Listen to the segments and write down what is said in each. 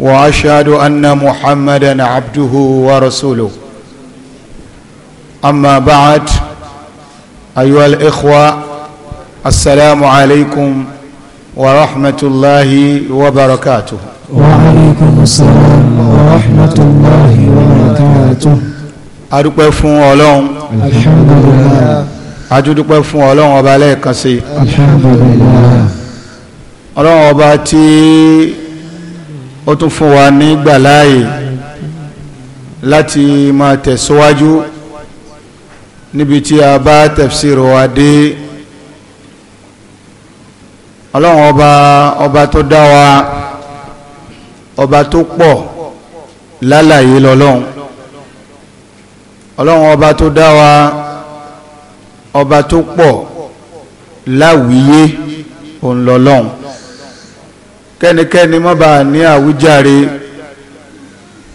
واشهد ان محمدا عبده ورسوله اما بعد ايها الاخوه السلام عليكم ورحمه الله وبركاته وعليكم السلام ورحمه الله وبركاته adúpẹ́ fún ọlọ́run alhamdulillah adúdúpẹ́ fún ọlọ́run ọba lẹ́ẹ̀kan sí alhamdulillah ọlọ́run ọba tí ó tún fún wa ní gbàláàyè láti máa tẹ̀síwájú níbi tí a bá tafsir wa dé ọlọ́run ọba ọba tó dá ọba tó pọ̀ lálàyé lọ́lọ́run ọlọ́run ọba tó dá ọba tó pọ̀ láwìíyé òun lọ́lọ́run kẹ́nikẹ́ni má bàa ní àwíjàre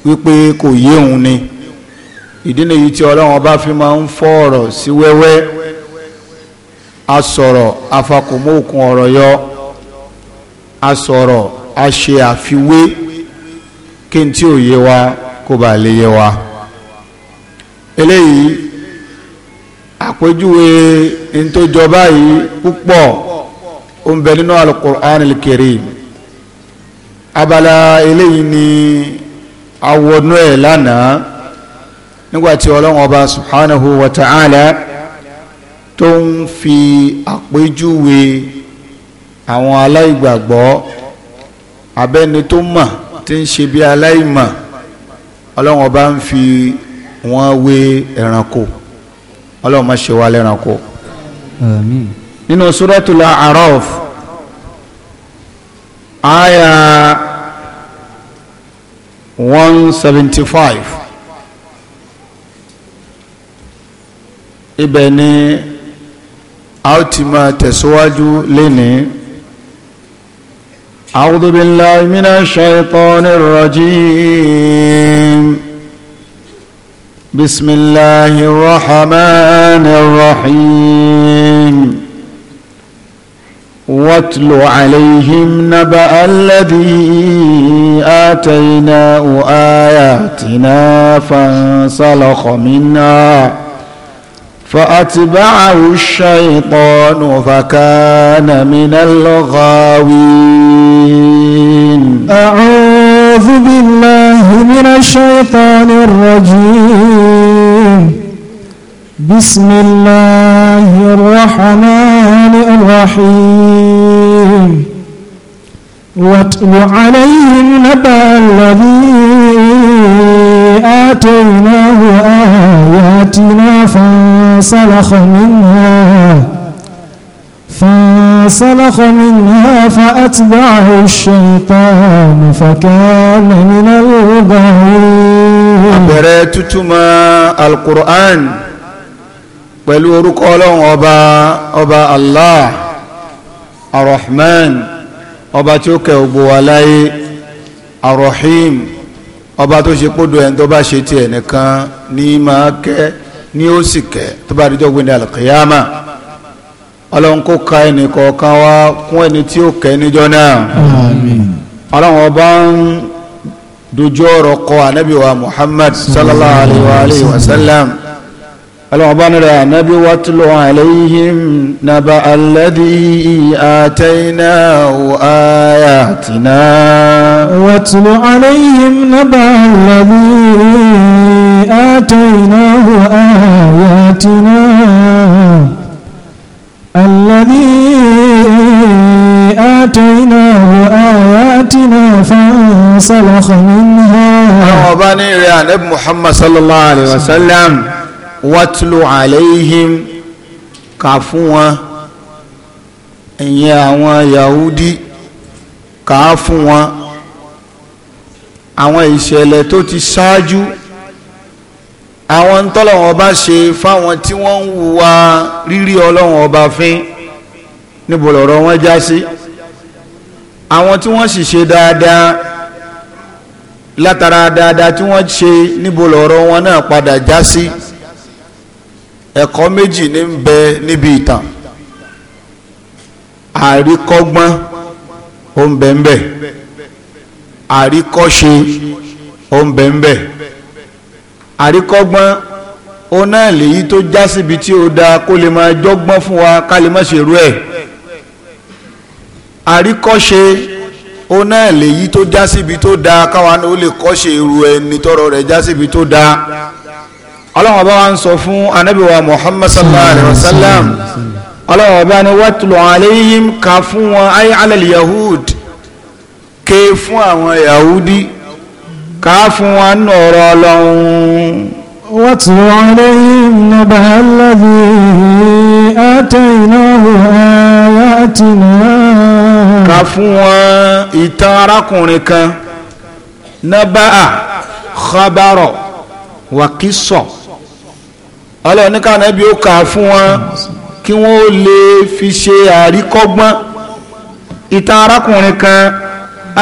wípé kò yé òun ni ìdí nìyí tí ọlọ́run ọba fi máa ń fọ́ ọ̀rọ̀ sí wẹ́wẹ́ asọ̀rọ̀ afakòmókun ọ̀rọ̀ yọ asọ̀rọ̀ aṣe àfiwé kí n tí ò yé wa kó bàa lè yé wa eléyìí àpèjúwe ntòjọba yìí púpọ̀ ó ń bẹ nínú alukur'an al abala eléyìí ni awọnú ẹ̀ lánàá nígbàtí ọlọ́run ọba subhanahu wa ta'ala tó ń fi àpéjúwe àwọn aláìgbàgbọ́ abẹ́ni tó mọ̀ tí ń ṣe bí aláìmọ̀ ọlọ́run ọba ń fi wọ́n wé ẹranko ọlọ́run má ṣe wá lẹ́ranko. nínú suratul A'raf aya 175 ibẹ̀ ni a ó ti máa tẹ̀síwájú lénìí أعوذ بالله من الشيطان الرجيم بسم الله الرحمن الرحيم واتل عليهم نبأ الذي آتيناه آياتنا فانسلخ منها فأتبعه الشيطان فكان من الغاوين أعوذ بالله من الشيطان الرجيم بسم الله الرحمن الرحيم واتل عليهم نبأ الذي آتيناه آياتنا فانسلخ منها فانسلخ منها فأتبعه الشيطان فكان من الغاوين أبرأت القرآن pẹ̀lú orúkọ ọlọ́run ọba ọba allah arrahman ọba tí ó kẹ́ ògbò wa láyé arrahim ọba tó ṣe kó do ẹni tó bá ṣe ti ẹnìkan ní máa kẹ́ ní ó sì kẹ́ tó bá dijọ́ gbẹ̀ndẹ̀ alqiyama ọlọ́run kó ka ẹnì kọ̀ọ̀kan wá kún ẹni tí ó kẹ́ níjọ́ náà ọlọ́run ọba ń dojú ọ̀rọ̀ kọ ànábì muhammad sallallahu alayhi wa sallam. الوعبان رأى نبي واتلو عليهم نبأ الذي آتيناه آياتنا واتلو عليهم نبأ الذي آتيناه آياتنا الذي آتيناه آياتنا فانسلخ منها الوعبان رأى نبي محمد صلى الله عليه وسلم wàtúlù àlẹ́yìn kà fún wọn ẹ̀yìn àwọn yahudi kà á fún wọn àwọn ìṣẹ̀lẹ̀ tó ti ṣáájú àwọn tọ́lọ́wọ́n ọba ṣe fáwọn tí wọ́n ń wùwà rírí ọlọ́wọ́n ọba fín níbo lọ̀rọ̀ já sí àwọn tí wọ́n sì ṣe dáadáa látara dáadáa tí wọ́n ṣe níbo wọn náà padà já sí. Si ẹ̀kọ́ méjì ní ń bẹ níbi ìtàn àríkọ́gbọ́n ó ń bẹ ń bẹ àríkọ́ṣe ó ń bẹ ń bẹ àríkọ́gbọ́n ó náà lèyí tó já síbi tí ó dáa kó lè máa jọ́gbọ́n fún wa ká lè má ṣe ẹ̀ àríkọ́ṣe ó náà lèyí tó já síbi tó dáa káwa ó lè kọ́ṣe irú ẹni tọ́rọ rẹ̀ já síbi tó dáa ọlọ́wọ́n bá wa ń sọ fún ànábì wa muhammad sallallahu alayhi wa sallam ọlọ́wọ́n bá ní wàtúlọ̀ alayhim ká fún wọn ayé alẹ́ yahud ké fún àwọn yahudi ká fún wọn nọ̀rọ̀ ọlọ́run. wàtúlọ̀ alayhim nàbà alladhi ataynahu ayatina. ká fún wọn ìtàn arákùnrin kan nàbà khabarọ̀ wàkísọ̀ ọlọ́run ní kànábí ó kà fún wọn kí wọ́n ó lè fi ṣe àríkọ́gbọ́n ìtàn arákùnrin kan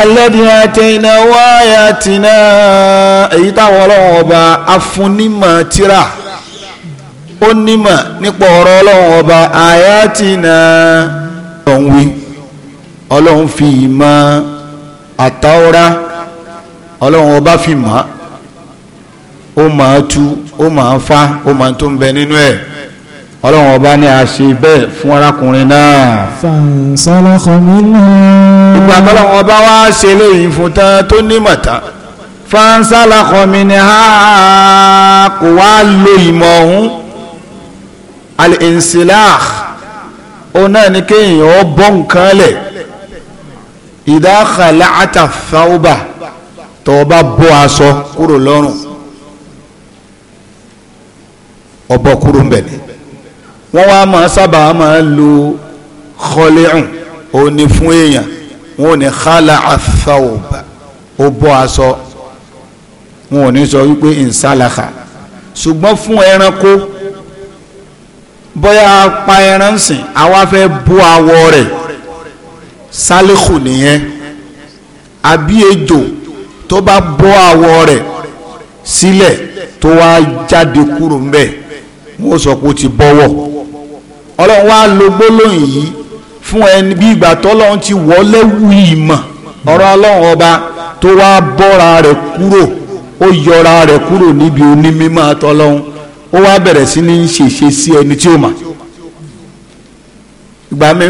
alẹ́bí àtẹ̀yìnà wáyà tìǹà èyí táwọn ọlọ́run ọba afúnímọ̀ tíra ó nímọ̀ nípa ọ̀rọ̀ ọlọ́run ọba àyà tìǹà ọlọ́run fi ìmọ̀ àtàwọ́rá ọlọ́run ọba fi mọ̀ ó máa tú ó máa fá ó máa tó ń bẹ nínú ẹ̀ ọlọ́run ọba ní a ṣe bẹ́ẹ̀ fún arákùnrin náà. fàǹsálàkọ̀mí náà. ìgbà tọ́lọ́run ọba wá ṣe léyìn fún tán tó ní mọ̀tá fàǹsálàkọ̀mí ni a kò wá lo ìmọ̀ ọ̀hún al-insilah òun náà ni kéèyàn ó bọ́ nǹkan lẹ̀ ìdáhàlà àtàfáwọ́bà tó o bá bọ́ aṣọ kúrò lọ́rùn ọbọ kúrò ń bẹ ni wọ́n wá máa sábà máa lo kọ́lẹ́hùn òní fún èèyàn wọn ò ní khala àfàwọ̀bà ó bọ́ aṣọ wọn ò ní sọ wípé ìsálàkà ṣùgbọ́n fún ẹranko bóyá pa ẹran sìn àwa fẹ́ bó awọ rẹ̀ sálíkù nìyẹn àbí ejò tó bá bó awọ rẹ̀ sílẹ̀ tó wá jáde kúrò ńbẹ̀ wọ́n sọ pé ó ti bọ́wọ̀ ọlọ́run wá lo gbólóhùn yìí fún ẹni bí ìgbà tọ́lọ́run ti wọlé wù ìmọ̀ ọ̀rọ̀ ọlọ́run ọba tó wá bọ́ra rẹ̀ kúrò ó yọra rẹ̀ kúrò níbi onímọ̀ ó wá bẹ̀rẹ̀ sí ní ṣèṣe sí ẹni tí ó gbogbo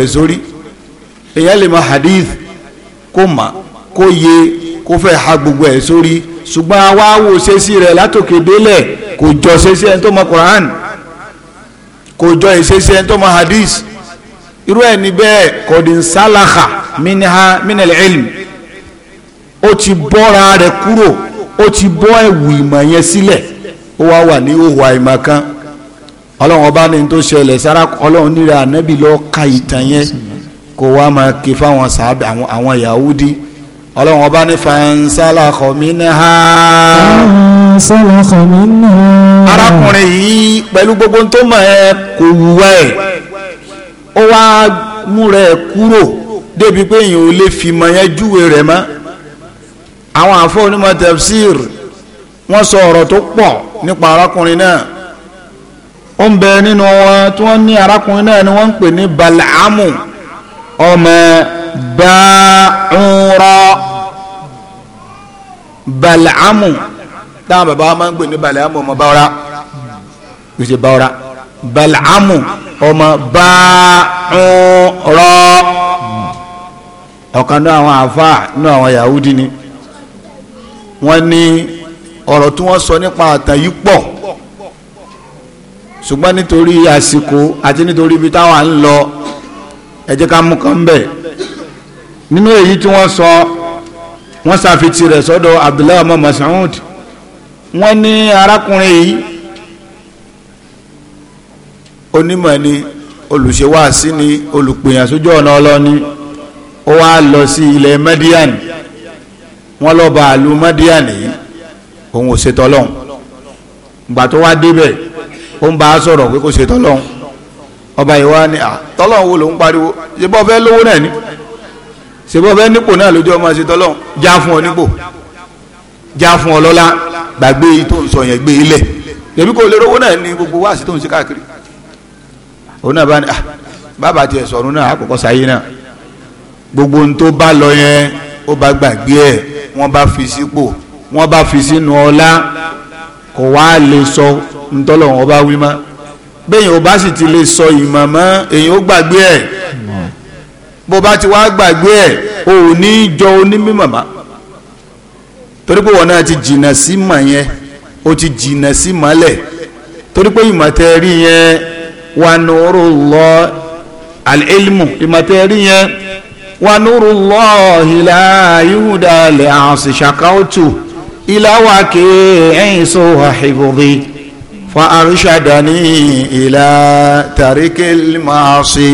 ẹ̀ sórí èèyàn lè mọ kó yé kó fẹ́ ha gbogbo ẹ̀ sórí ṣùgbọ́n àwa wò ṣesí rẹ̀ látòkè délẹ̀ kò jọ ṣesí ẹni tó mọ Quran kò jọ ìṣesí ẹni tó mọ hadith irú ẹ̀ ní bẹ́ẹ̀ kọ̀dín sálàkà minha minel ilm ó ti bọ́ra rẹ̀ kúrò ó ti bọ́ ẹ̀wù ìmọ̀ yẹn sílẹ̀ ó wá wà ní òwò àìmọ̀ kan ọlọ́run ọba ní tó ṣẹlẹ̀ sára ọlọ́run nílẹ̀ ànábì lọ́ọ́ ka ìtàn yẹn kó wá máa ké fáwọn sàábẹ̀ àwọn Yahudi ọlọ́run ọba ní fansalakha minha. fansalakha minha. arákùnrin yìí pẹ̀lú gbogbo tó mọ̀ ẹ́ kò wúwa ẹ̀ ó wá múra ẹ̀ kúrò débi pé èèyàn ò lè fi mọ̀ yẹn júwe rẹ̀ mọ́ àwọn àfọ onímọ̀ tafsir wọ́n sọ ọ̀rọ̀ tó pọ̀ nípa arákùnrin náà ó ń bẹ nínú wọn tí wọ́n ní arákùnrin náà ni wọ́n ń pè ní balaamu ọmọ bàcúrọ bàlàmù táwọn bàbá máa ń gbè ní bàlàmù ọmọ báwọra yóò ṣe báwọra bàlàmù ọmọ bàcúrọ ọ̀kan náà àwọn àáfàá náà àwọn Yahudi ni wọ́n ní ọ̀rọ̀ tí wọ́n sọ nípa àtàn yìí pọ̀ ṣùgbọ́n nítorí àsìkò àti nítorí ibi táwa ń lọ ẹ ká mú kan bẹ̀ nínú èyí tí wọ́n sọ wọ́n ṣàfitì rẹ̀ sọ́dọ̀ Abdullahi ọmọ Mas'ud wọ́n ní arákùnrin yìí onímọ̀ ni olùṣèwàásí ni olùpèyàn sójú ọ̀nà ọlọ́ni ó wá lọ sí ilẹ̀ Madian wọ́n lọ bá àlù Madian yìí òun ò ṣetọ́ lọ́hùn ìgbà tó wá débẹ̀ ó ń bá a sọ̀rọ̀ pé kò ṣetọ́ lọ́hùn ọba ìwá ni à tọ́lọ́hùn wo lòún pariwo ṣe bọ́ fẹ́ lówó náà ni ṣèbọ̀ fẹ́ nípò náà lójú ọmọ ṣe tọ́lọ́ já fún ọ nípò já fún ọ lọ́lá gbàgbé tó ń sọ yẹn gbé ilẹ̀ e tẹ̀bí kò lè rówó náà ní gbogbo wáàsí tó ń ṣe káàkiri òun náà bá ní ah, bàbá tiẹ̀ sọ̀rọ̀ náà àkọ́kọ́ sáyé náà gbogbo ohun tó bá lọ yẹn ó bá gbàgbé ẹ̀ wọ́n bá fi sípò wọ́n bá fi sínú ọlá kò wá lè sọ ntọ́lọ̀ wọn bá wí mọ́ bẹ́ẹ̀ yẹn ò bá sì ti lè sọ ìmọ̀ mọ́ èyí ó gbàgbé ẹ̀ bó bá ti wá gbàgbé ẹ̀ o ò ní jọ onímọ̀ bá torí pé wọn náà ti jìnnà sí mọ̀ yẹn o ti jìnnà sí mọ́lẹ̀ torí pé ìmọ̀tẹ́rí yẹn wà lọ alẹ́lmù ìmọ̀tẹ́rí yẹn wà lọ ìlà yúdà lẹ́ àṣì ṣàkáwùtù ìlà wà ẹ̀yìn sọ àhìbùdì fa àrùṣàdání ìlà tàríkìlì máa ṣe.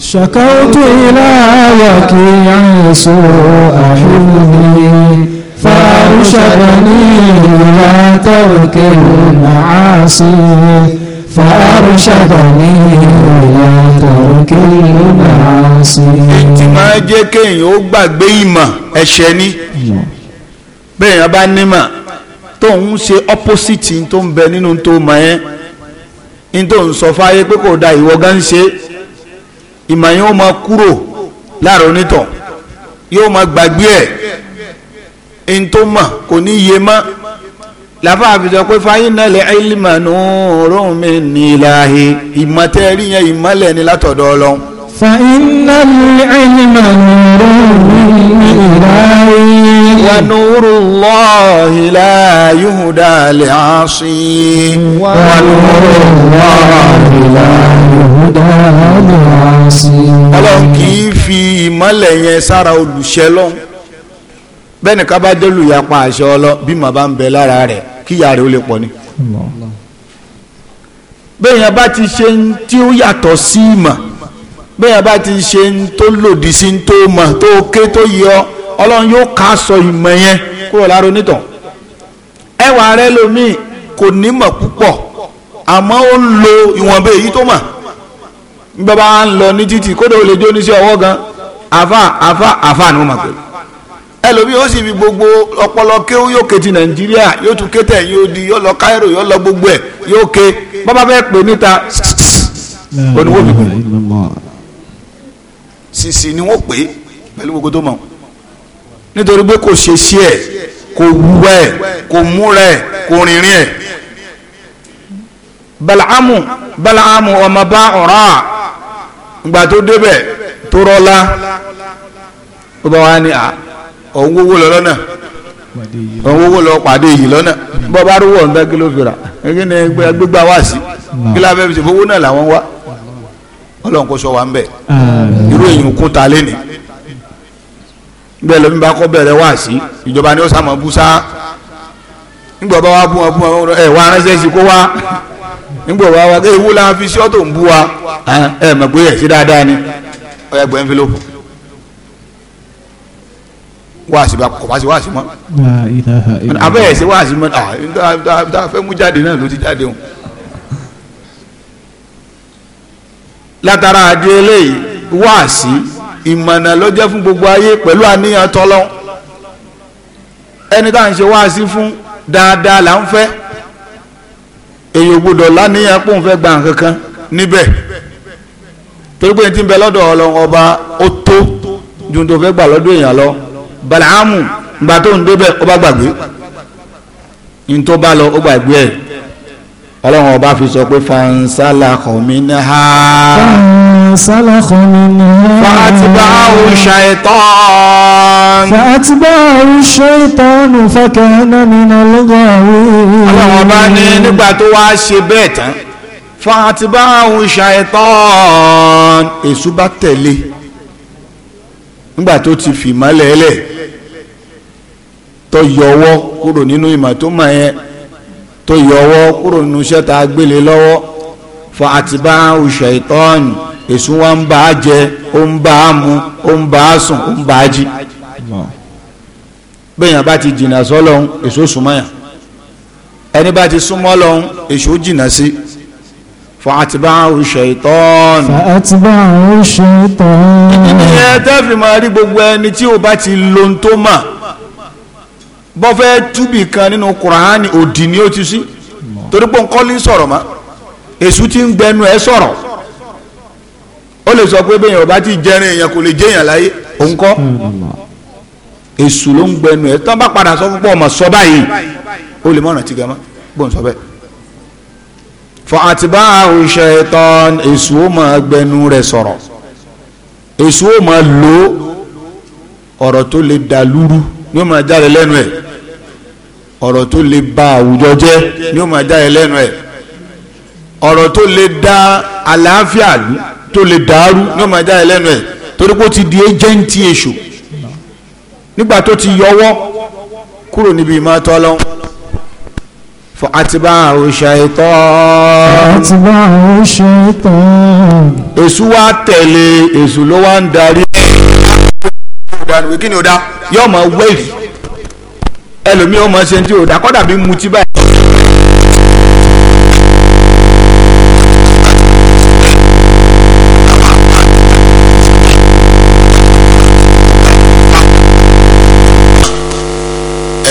شكوت إليك عن سوء حلمي فأرشدني إلى ترك المعاصي فأرشدني إلى ترك المعاصي. tí máa jẹ́ kéèyàn ó gbàgbé ìmọ̀ ẹ̀ṣẹ̀ ni bẹ́ẹ̀ yẹn bá nímọ̀ tó ń ṣe opposite tó ń bẹ nínú tó mọ̀ ẹ́ ní tó ń sọ fáyé pé kò da ìwọ gan ṣe é ìmọ̀ yẹn ó máa kúrò láàrá onítọ̀ yóò máa gbàgbé ẹ̀ ẹni tó mọ̀ kò ní yé mọ́ làbá àbìsọ pé fáyín náà lè ẹ́lìmọ̀ nù rún mi ní ìlàhí ìmọ̀ rí yẹn ìmọ̀lẹ̀ ni látọ̀dọ̀ ọlọ́run. fáyín náà lè ẹ́lìmọ̀ nù rún mi ní ìlàhí. ونور الله لا يهدى لعاصي ونور الله لا يهدى لعاصي ọlọ́run kì í fi ìmọ́lẹ̀ yẹn sára olùṣẹ́ lọ́n bẹ́ẹ̀ni ká bá délù yapa àṣẹ ọlọ bí màá bá ń bẹ lára rẹ̀ kí ìyá rẹ̀ ó lè pọ̀ ni. bẹ́ẹ̀ yẹn bá ti ṣe tí ó yàtọ̀ sí ìmọ̀ bẹ́ẹ̀ yẹn bá ti ṣe tó lòdì sí tó mọ̀ tó ké tó yọ ọlọ́run yóò ká sọ ìmọ̀ yẹn kúrò lára onítàn ẹwà rẹ lomi kò nímọ̀ púpọ̀ àmọ́ ó ń lo ìwọ̀nba èyí tó mọ̀ nígbàbá wa ń lọ ní títì kódà ó lè jó ní sí ọwọ́ gan àfà àfà àfà ni wọ́n máa pè ẹlòmí ó sì fi gbogbo ọpọlọ kéwú yóò ké ti nàìjíríà yóò tún ké tẹ̀ yóò di yóò lọ káírò yóò lọ gbogbo ẹ̀ yóò ké bàbá fẹ́ pè níta oníwó mi pè sísì ni wọ́n pè pẹ̀lú gbogbo tó mọ̀ nítorí pé kò ṣe sí ẹ̀ kò wúwa kò múra ko kò rìnrìn balaamu balaamu ọmọ bá ọ̀rá ìgbà tó débẹ̀ tó rọ́lá ó bá wá ní à òun gbogbo lọ lọ́nà òun gbogbo lọ pàdé yìí lọ́nà bọ́ bá rúwọ̀ ń bẹ́ kí ló wá sí kí fi ṣe fowó náà làwọn wá ọlọ́run bẹ́ẹ̀ lómi bá kọ́ bẹ̀rẹ̀ wá sí ìjọba ni ó sàmọ́ bú sá nígbà bá wa bú wọn bú wọn ẹ wá ránṣẹ́ sí kó wá nígbà bá wa ké ewu la fi sí ọ́tò ń bú wa ẹ mọ̀ pé ẹ̀sí dáadáa ni ọ̀yà gbọ́ envelope wá sí bá kọ̀ wá sí wá sí mọ́ abẹ́ ẹ̀sí wá sí mọ́ ah, ta fẹ́ mú jáde náà ló ti jáde o látara adé eléyìí wá sí ìmọ̀nà ló jẹ́ fún gbogbo ayé pẹ̀lú àníyàn tọ́lọ́ ẹni tá à ń ṣe wáàsí fún dáadáa là ń fẹ́ èyí ò gbọ́dọ̀ láníyàn pòun fẹ́ gba nǹkan kan níbẹ̀ torí pé ti ń bẹ lọ́dọ̀ ọlọ́run ọba ó tó ju tó fẹ́ gbà lọ́dọ̀ èèyàn lọ balaamu gbà tó ń débẹ̀ ó bá gbàgbé ní tó bá lọ ó gbàgbé ẹ̀ ọlọ́run ọba fi sọ pé fansalakha minha. fansalakha minha. fa'atba'ahu shaytan. fa'atba'ahu shaytan fakana minal ghawin. ọlọ́run ọba ní nígbà tó wá ṣe bẹ́ẹ̀ tán fa'atba'ahu shaytan. èṣù bá tẹ̀lé nígbà tó ti fìmọ́lẹ̀ ẹlẹ̀ tó yọwọ́ kúrò nínú ìmọ̀ tó mọ̀ yẹn tó yọwọ́ kúrò nínú iṣẹ́ tá a gbélé lọ́wọ́ fa àtibá ṣàìtọ́ọ̀nì èsùn wa ń bá a jẹ ó ń bá a mu ó ń bá a sùn ó ń bá a jí bẹ́ẹ̀yàn bá ti jìnnà sọ́lọ́hún èso súnmọ́yà ẹni bá ti súnmọ́ lọ́hún èso jìnnà sí fa àtibá ṣàìtọ́ọ̀nì. fa àtibá ṣàìtọ́ọ̀nì. ìdílé ẹ tẹ́ fi rí gbogbo ẹni tí o bá ti lo ń tó mà bọ́ fẹ́ túbì kan nínú kùránì òdì ni ó ti sí torí pé nǹkan ní sọ̀rọ̀ mọ́ èṣù ti ń gbẹnu ẹ sọ̀rọ̀ ó lè sọ pé bẹ́ẹ̀ ọba ti jẹrin èèyàn kò lè jẹyàn láyé òun kọ́ èṣù ló ń gbẹnu ẹ tán bá padà sọ fún pọ̀ ọmọ sọ báyìí ó lè mọ̀ràn tí gama bóun sọ bẹ́ẹ̀ fọ àtibá àwùṣe ìtàn èṣù ó máa gbẹnu rẹ̀ sọ̀rọ̀ èṣù ó máa lo ọ̀rọ̀ tó lè dà lúrú ni ó máa jáde lẹ́nu ẹ̀ ọ̀rọ̀ tó lè ba àwùjọ jẹ́ ni ó máa já ẹ lẹ́nu ẹ̀ ọ̀rọ̀ tó lè da àlàáfíà tó lè dàrú ni ó máa já ẹ lẹ́nu ẹ̀ torí pé ó ti di ẹ́jẹ̀ǹtì èṣù nígbà tó ti yọwọ́ kúrò níbi ìmọ̀tọ́ ọlọ́run fún àtibá òṣàìtọ́. àtibá òṣàìtọ́. èṣù wa tẹ̀lé èṣù ló wá ń darí. kí ni ó dá yóò máa wẹ̀rì ẹlòmíì ọmọ ṣe tí ò dá kọ́dà bí mu ti báyìí.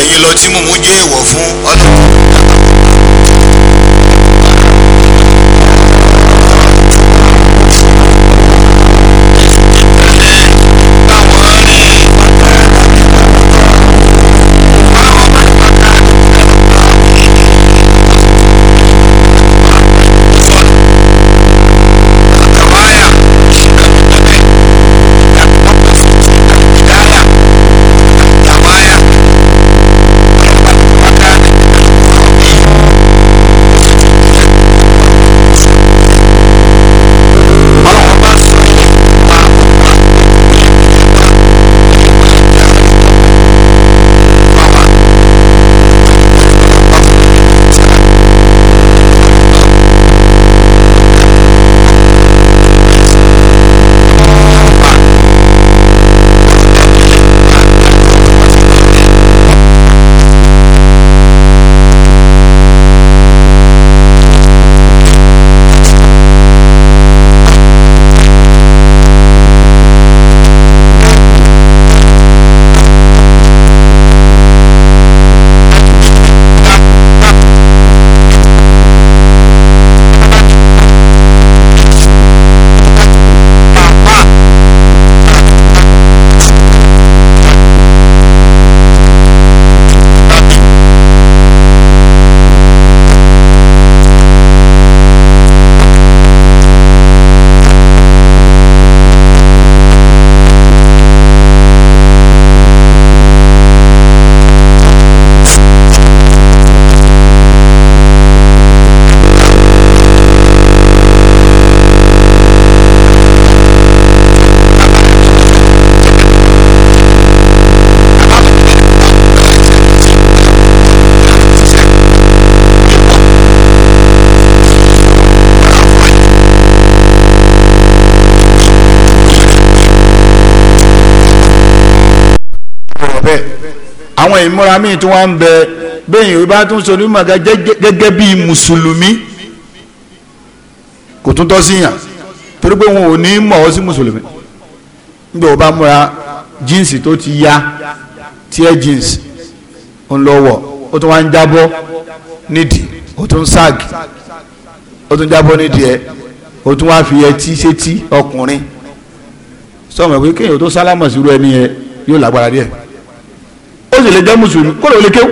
ẹ̀yin lọ tí mo mú jẹ́ èèwọ̀ fún ìmúra míì tí wọ́n ń bẹ bẹ́ẹ̀ yìí bá tún sọ̀rọ̀ ìmọ̀ gẹ́gẹ́ bíi mùsùlùmí kò tún tọ́ síyàn torí pé wọn ò ní mọ̀ ọ́ sí mùsùlùmí nígbà wọ́n bá múra jíǹsì tó ti ya tíẹ́ jíǹsì ń lọ wọ̀ ó tún wá ń jábọ́ nídìí ó tún ságì ó tún jábọ́ nídìí ẹ̀ ó tún wá fi ẹtí sétí ọkùnrin sọ̀rọ̀ pé kéèyàn tó sálámọ̀ sí irú ẹni yẹn yóò lágbára díẹ̀ ó sì lè jẹ́ mùsùlùmí kó lè kéwù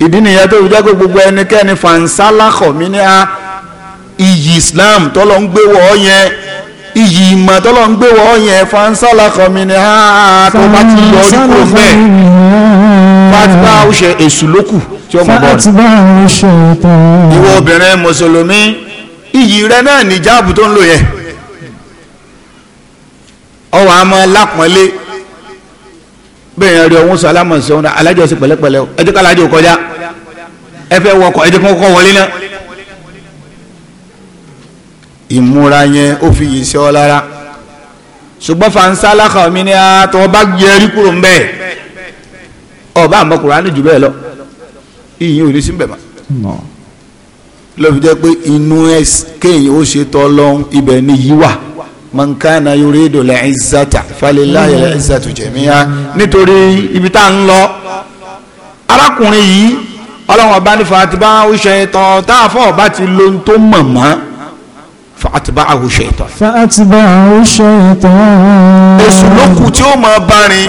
ìdí nìyẹn tó fi jẹ́ pé gbogbo ẹnikẹ́ni fansalakọ̀ mi ní a iyì islam tọ́lọ́ ń gbé wọ́ yẹn iyì ìmọ̀ tọ́lọ́ ń gbé wọ́ yẹn fansalakọ̀ mi ní a tó bá ti yọ orí kúrò bẹ́ẹ̀ fatiba ó ṣe èṣù lókù tí ó mọ̀ bọ́ọ̀lù ìwọ obìnrin mùsùlùmí iyì rẹ náà ní jáàbù tó ń lò yẹ ọwọ́ àmọ́ lápọ̀nlé bẹ́ẹ̀ yẹn rí ọ̀hún sálámà sẹ́wọ́n náà alájọ sí pẹ̀lẹ́pẹ̀lẹ́ o ẹjẹ́ ká alájọ kọjá ẹ fẹ́ wọkọ̀ ẹjẹ́ kọ́ kọ́ wọlé náà. ìmúra yẹn ó fi yìí sọ lára ṣùgbọ́n fansálàkà mi ni àtọ́ bá yẹrí kúrò ń bẹ́ẹ̀ ọba àmọ́ Kùránì jù bẹ́ẹ̀ lọ ìyìn ò ní sí bẹ̀rẹ̀ lọ́ọ́ fi jẹ́ pé inú ẹ̀ kéèyàn ó ṣe tọ́ lọ́hún man kana yuridu al-izzata falillahi al-izzatu jami'a nítorí ibi tá à ń lọ arákùnrin yìí ọlọ́run ọba ní fàtìbá oṣù ẹ̀tàn tá a fọ́ ọba ti lo tó mọ̀ mọ́ fàtìbá oṣù ẹ̀tàn. fàtìbá oṣù ẹ̀tàn. èṣù ló kù tí ó máa bá rin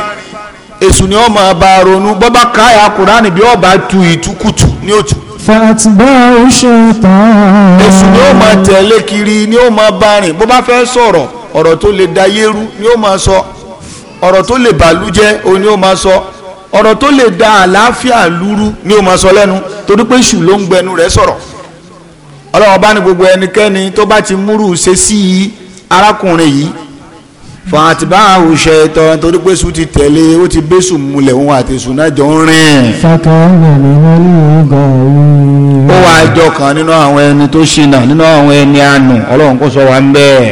èṣù ni ó máa bá ronú bọ́bá káyà kúránì bí ọba tu ìtukùtù ní òtù fàtìbáwò ṣètàn. èṣù ni ó máa tẹ̀lé kiri ni ó máa bá rìn bó bá fẹ́ sọ̀rọ̀ ọ̀rọ̀ tó lè dayé rú ni ó máa sọ ọ̀rọ̀ tó lè bàlújẹ́ ni ó máa sọ ọ̀rọ̀ tó lè da àlàáfíà lúrú ni ó máa sọ lẹ́nu torí pé èṣù ló ń gbẹnu rẹ̀ sọ̀rọ̀ ọlọ́wọ́n bá ní gbogbo ẹnikẹ́ni tó bá ti múrù ṣe sí arákùnrin yìí fàtìbáhù ṣẹ̀tọ́ torí pé sùn ti tẹ̀lé ó ti bẹ́ sùn múlẹ̀ òun àti sùn náà jọ ń rìn. fàkàrà ni wọ́n ní ọgọ́ òun. ó wá jọ kan nínú àwọn ẹni tó ṣìnà nínú àwọn ẹni àánú ọlọ́run kò sọ wá ń bẹ́ẹ̀.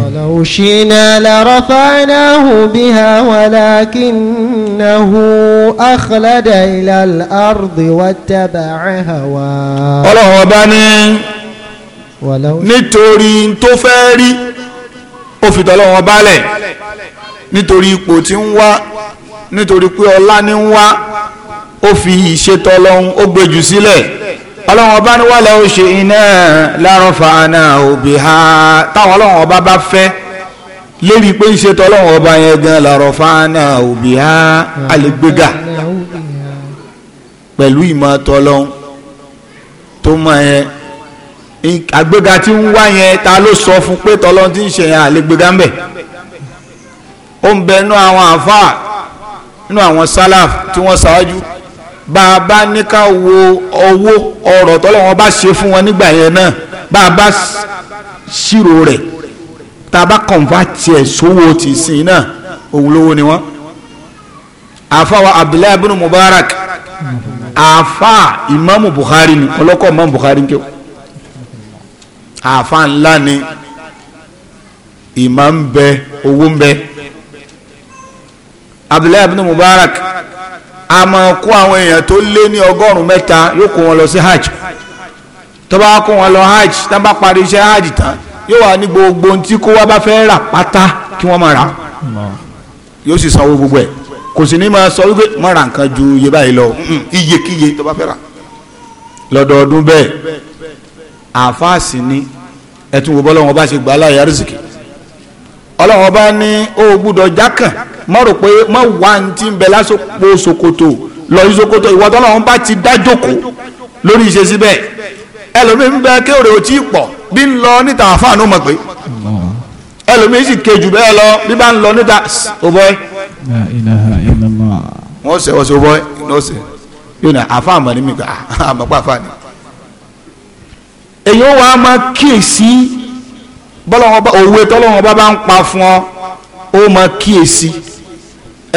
walau shina la rafa'nahu biha walakinnahu akhlada ilal ardi wattaba'a hawa. ọlọ́run ọba ní nítorí tó fẹ́ rí ó fi tọ́lọ́wọ́n balẹ̀ nítorí ipò tí ń wá nítorí pé ọlá ní ń wá ó fi ìṣètò ọlọ́run ó gbèjù sílẹ̀ ọlọ́run ọba ní wàlẹ̀ ó ṣe iná lárọ́ fàánà òbí ha táwọn ọlọ́run ọba bá fẹ́ lérí pé ìṣètò ọlọ́run ọba yẹn gan lárọ́ fàánà òbí ha àlégbéga pẹ̀lú ìmọ̀ tọ́lọ́run tó mọ̀ yẹn àgbéga tí ń wá yẹn ta ló sọ fún pé tọ́lọ́n ti ń ṣe yẹn àlégbéga ń bẹ̀ ó ń bẹ nínú àwọn àfáà nínú àwọn sálàf tí wọ́n ṣáájú bá a bá ní ká wo owó ọ̀rọ̀ tọ́lọ́ wọn bá ṣe fún wọn nígbà yẹn náà bá a bá ṣírò rẹ̀ tá bá kọ̀ǹfàtì ẹ̀ sówó tì sí náà òun lówó ni wọ́n àfáà Abdullahi bin Mubarak àfáà Imamu Bukhari ni ọlọ́kọ̀ Imamu Bukhari ń kéwọ́ àfa ńlá ni ìmọ̀ ń bẹ owó ń bẹ Abdullahi Mubarak a àwọn èèyàn tó lé ní ọgọ́rùn-ún mẹ́ta yóò lọ sí hajj tó bá kó wọn lọ hajj tó bá parí iṣẹ́ hajj tán yóò wà ní gbogbo ohun tí kó wá bá fẹ́ rà pátá kí gbogbo ẹ̀ kò sì ní máa sọ wípé ra nǹkan ju iye àfáàsì ni ẹ̀tún wo bọ́lọ́wọ́n bá ṣe gbà láyé arísìkì ọlọ́wọ́n bá ní ó gbúdọ̀ jákàn mọ́ rò pé mọ́ wà ní ti ń bẹ lásòpò ṣòkòtò lọ sí ṣòkòtò ìwọ tọ́lọ́wọ́n bá ti dájòkó lórí ìṣe síbẹ̀ ẹlòmíín bẹ kéèrè ò tí ì pọ̀ bí ń lọ níta àfáànù mọ̀ pé ẹlòmíín sì kejì bẹ́ẹ̀ lọ bí bá ń lọ níta ò bọ́ ẹ. wọ́n sẹ́wọ́sẹ́ ò bọ́ ẹ ní ọ̀sẹ̀ yóò ní àfáàmọ̀ ní mi kà àmọ́ pàfáà ni èyí ó wàá máa kíyèsí bọ́lọ́wọ́n bá òwe tọ́lọ́wọ́n bá bá ń pa fún ọ ó máa kíyèsí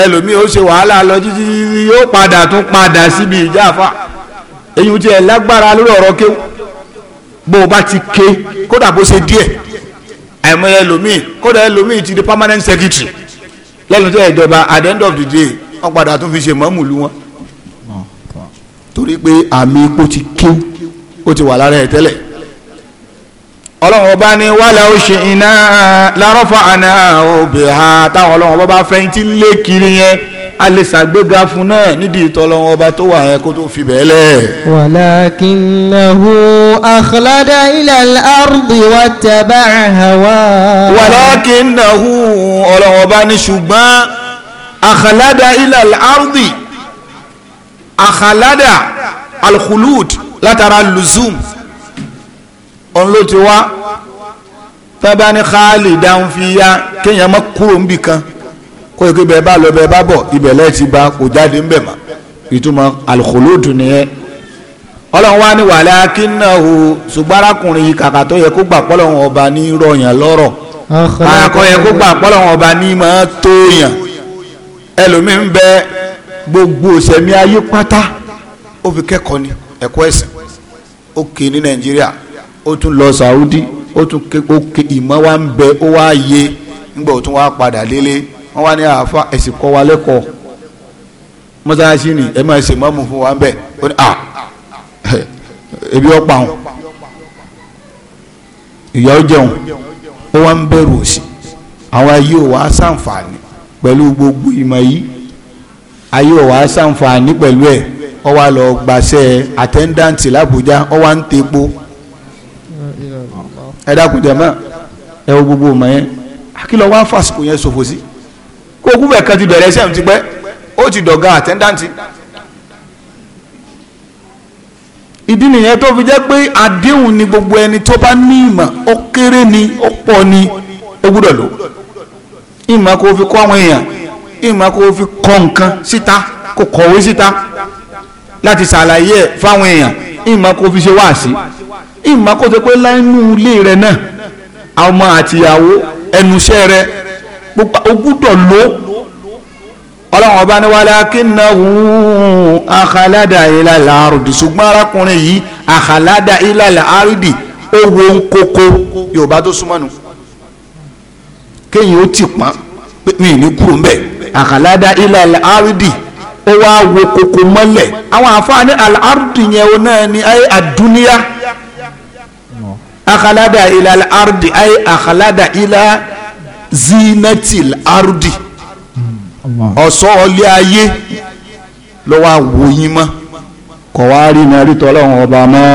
ẹlòmíì ó ṣe wàhálà lọ títí yóò padà tún padà síbi ìjà àfa èyí ó tiẹ̀ lágbára lórí ọ̀rọ̀ kéwù bó o bá ti ké kódà bó ṣe díẹ̀ àìmọye ẹlòmíì kódà ẹlòmíì ti di permanent secretary lẹ́nu tó ìjọba at the end of the day wọ́n padà tún fi ṣe mọ́mùlú wọn torí pé àmì ipò ti kéwù ó ti wà lára ẹ̀ tẹ́lẹ̀ ọlọ́run ọba ní wàlẹ̀ ó ṣe iná lárọ́fà àná òbí ha táwọn ọlọ́run ọba bá fẹ́ tí ń lé kiri yẹn a lè ṣàgbéga fún náà nídìí ìtọ́lọ́run ọba tó wà yẹn kó tó fi bẹ́ẹ̀ lẹ̀. wàlákìnnahu akhlada ila al-ardi wa taba'a hawa. wàlákìnnahu ọlọ́run ọba ní ṣùgbọ́n akhlada ila al-ardi akhlada látara luzum òun ló ti wá tábà ní khalidan fiya kéèyàn má kúrò níbì kan kó o kí bẹ́ẹ̀ bá lọ bẹ́ẹ̀ bá bọ̀ ibẹ̀ lẹ́ẹ̀ ti ba kò jáde ńbẹ̀ mọ́ ìtumọ̀ al-khulud nìyẹn ọlọ́run wá ní walakinahu ṣùgbọ́n arákùnrin yìí kàkà tó yẹ kó gbà pọ́lọ́run ọba ní rọ̀yàn lọ́rọ̀ akọ yẹ kó gbà pọ́lọ́run ọba ní máa tó yàn bẹ gbogbo ìṣẹ̀mí ayé pátá ó fi kẹ́kọ̀ọ́ ní ẹ̀kọ́ ẹ̀sìn ó kì í ní nàìjíríà ó tún lọ Saudi ó tún ó ké ìmọ̀ wa ń bẹ ó wá yé nígbà tún wá padà délé wọ́n wá ní àáfà ẹ̀sìn kọ́ wa lẹ́kọ̀ọ́ mọ́sálásí ni ẹ máa ṣe wa ń bẹ̀ ó ní à ebi wọn ìyá ó jẹun ó wá ń bẹ̀rù òsì àwọn ayé ò wá gbogbo ìmọ̀ yìí ayé ò wá ṣàǹfààní pẹ̀lú ẹ̀ wá lọ gbàṣẹ́ làbújá wá ń ẹ dákun jàmá ẹ wo gbogbo ọmọ yẹn akílọ̀ wá fàsìkò yẹn ṣòfò sí kó ogún bẹ̀ẹ̀ kan ti bẹ̀rẹ̀ ẹsẹ̀ ti pẹ́ ó ti dọ̀gá àtẹ́ndáǹtì ìdí nìyẹn tó fi jẹ́ pé àdéhùn ni gbogbo ẹni tó bá ní ìmọ̀ ó kéré ni ó pọ̀ ni ó gbúdọ̀ lò ìmọ̀ kó fi kọ́ àwọn èèyàn ìmọ̀ kó fi kọ́ nǹkan síta kó kọ̀wé síta láti ṣàlàyé ẹ̀ fáwọn èèyàn ìmọ̀ kó fi ṣe wáàsí ìmọ̀ kó ṣe pé láìnú ilé rẹ̀ náà ọmọ àtìyàwó ẹnuṣẹ́ rẹ̀ ó gbúdọ̀ lò ọlọ́run ọba ní walakinahu akhalada ilal ardi ṣùgbọ́n arákùnrin yìí akhalada ilal ardi ó ń koko yorùbá tó súnmọ́ nù kéyìn ó ti pọ́n pé mi ní kúrò ń bẹ̀ akhalada ilal ardi ó wá wo koko mọ́lẹ̀ àwọn àfáà ní al yẹn ó náà ní ayé akhalada ila al-ardi ay akhalada ila zinatil ardi ọ̀sọ́ ọlé ayé ló wá wò yín mọ́ kọ̀ wá rí ní arítọ́ ọlọ́run ọba mọ́.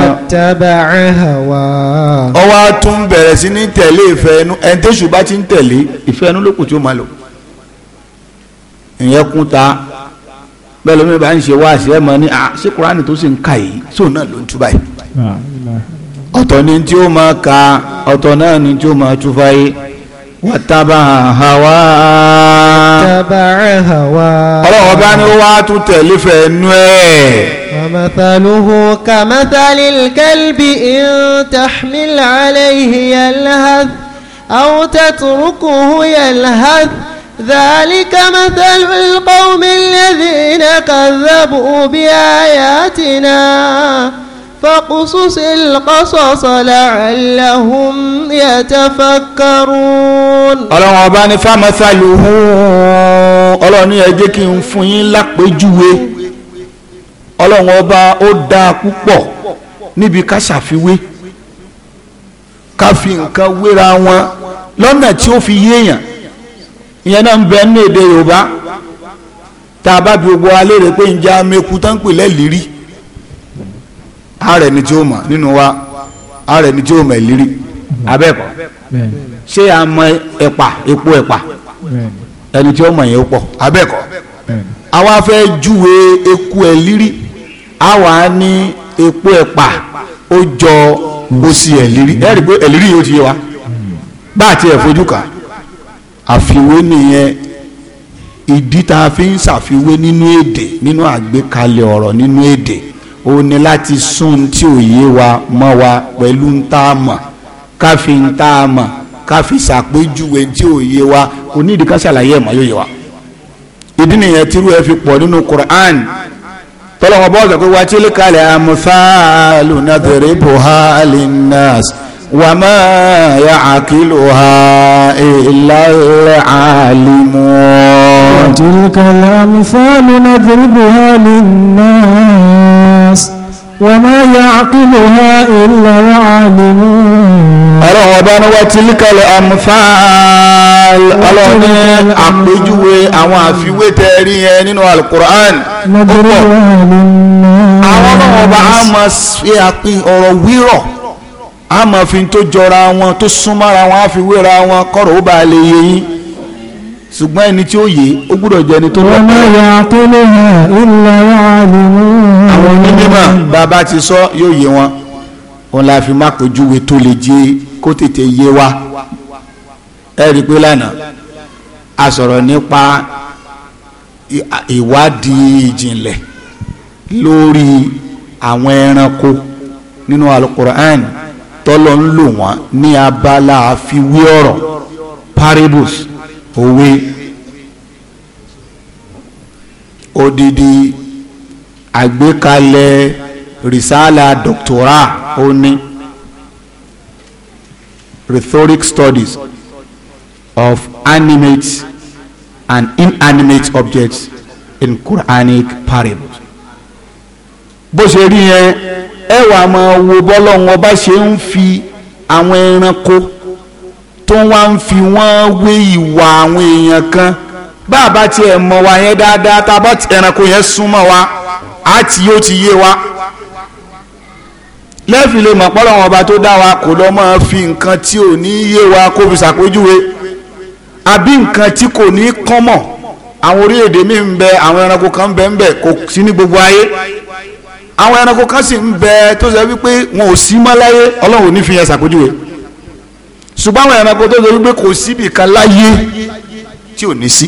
wàtábàá hàwà. ọwọ́ a tún bẹ̀rẹ̀ sí ní tẹ̀lé ìfẹ́ ẹnu ẹni tẹ́sù bá ti ń tẹ̀lé ìfẹ́ ló kù tí ó máa lò. ìyẹn kún ta bẹ́ẹ̀ lómi bá ń ṣe wá àṣẹ mọ́ ní ah, ṣé kúránì tó sì ń kà yìí sóun náà ló ń tú báyìí ọ̀tọ̀ ni tí ó máa ka ọ̀tọ̀ náà ni tí ó máa tú fáyé wàtàbà àhàwà ọlọ́wọ́ bá ní ó wá tún tẹ̀lé fẹ́ nú ẹ̀ wàmàtàlúhù kàmàtàlì kẹ́lbì in tahmil alayhi ذلك مثل القوم الذين كذبوا بآياتنا فاقصص القصص لعلهم يتفكرون ọlọ́run ọba ní fámọ́sálùhún ọlọ́run ní ẹ jẹ́ kí n fún yín lápèjúwe ọlọ́run ọba ó dáa púpọ̀ níbi ká ṣàfiwé ká fi nǹkan wéra wọn lọ́nà tí ó fi yéèyàn ìyẹn náà ń bẹ ní èdè yorùbá tá a bá bi gbogbo alẹ́ rẹ̀ pé ń jẹ́ amẹ́kú tán pè lẹ́lìírí ààrẹ ni tí ó nínú wa ààrẹ ni tí ó mọ̀ ṣé a mọ ẹ̀pà epo ẹ̀pà ẹni tí ó mọ̀ yẹn ó pọ̀ abẹ́ẹ̀kọ́ àwa fẹ́ júwe eku ẹ̀lírí àwa ní epo ẹ̀pà ó jọ òsì ẹ̀lírí wa bá a ti ẹ̀ fojú àfiwé nìyẹn ìdí tá a fi ń ṣàfiwé nínú èdè nínú ó ní láti sún tí ò yé wa mọ́ wa pẹ̀lú ń tá a mọ̀ ká fi ń tá a mọ̀ ká fi ṣàpèjúwe tí ò yé wa onídìí ká ṣàlàyé ẹ̀mọ́ yóò yé wa ìdí nìyẹn tí irú ẹ fi pọ̀ nínú Qur'an tọ́lọ́wọ́ bọ́ọ̀lù pé wá tí lè kalẹ̀ amúfáàlù nàdẹ̀rẹ̀ buhá linnas wà máa yà àkìlò ha ìlàlẹ̀ àlìmọ́. wà tí lè kalẹ̀ amúfáàlù nàdẹ̀rẹ̀ buhá linnas. وما يعقلها إلا العالمون ọlọ́run ọba ní wọ́n ti líkàlẹ̀ amfààl ọlọ́run ní àpèjúwe àwọn àfiwé tẹ rí yẹn nínú alukur'an púpọ̀ àwọn ọlọ́run ọba a máa ṣe àpín ọ̀rọ̀ wírọ̀ a máa fi tó jọra wọn tó súnmọ́ra wọn a fi wéra wọn kọ́rọ̀ ó bá lè yẹ yín ṣùgbọ́n ẹni tí ó yé ó gbúdọ̀ jẹ́ ẹni tó lọ́pọ̀. wọ́n máa yà tó lè yà illa alimun. àwọn onímọ̀ bàbá ti sọ yóò yé wọn òun la fi má pèjúwe tó lè jẹ́ kó tètè yé wa ẹ rí i pé lánàá a sọ̀rọ̀ nípa ìwádìí ìjìnlẹ̀ lórí àwọn ẹranko nínú alukur'an tọ́lọ́ ń lò wọ́n ní abala àfiwé ọ̀rọ̀ parables òwe odidi àgbékalẹ̀ risala doctora ó ní rhetoric studies of animate and inanimate objects in Quranic parables. bó ṣe rí yẹn ẹ wàá máa wo bọ́lọ́ wọn bá ṣe ń fi àwọn ẹranko tó wá ń fi wọ́n wé ìwà àwọn èèyàn kan bá a bá tiẹ̀ mọ̀ wá yẹn dáadáa tá a ẹranko yẹn súnmọ́ wa á ti yóò ti yé wa lẹ́ẹ̀fì lè mọ̀ pọ́lọ́ wọn ọba tó dá wa kò lọ́ mọ́ fi nǹkan tí ò ní yé wa kó fi ṣàpèjúwe àbí nǹkan tí kò ní kọ́mọ̀ àwọn orílẹ̀-èdè mi ń bẹ ṣùgbọ́n àwọn ẹranko tó dorí pé kò síbi kan láyé tí ò ní sí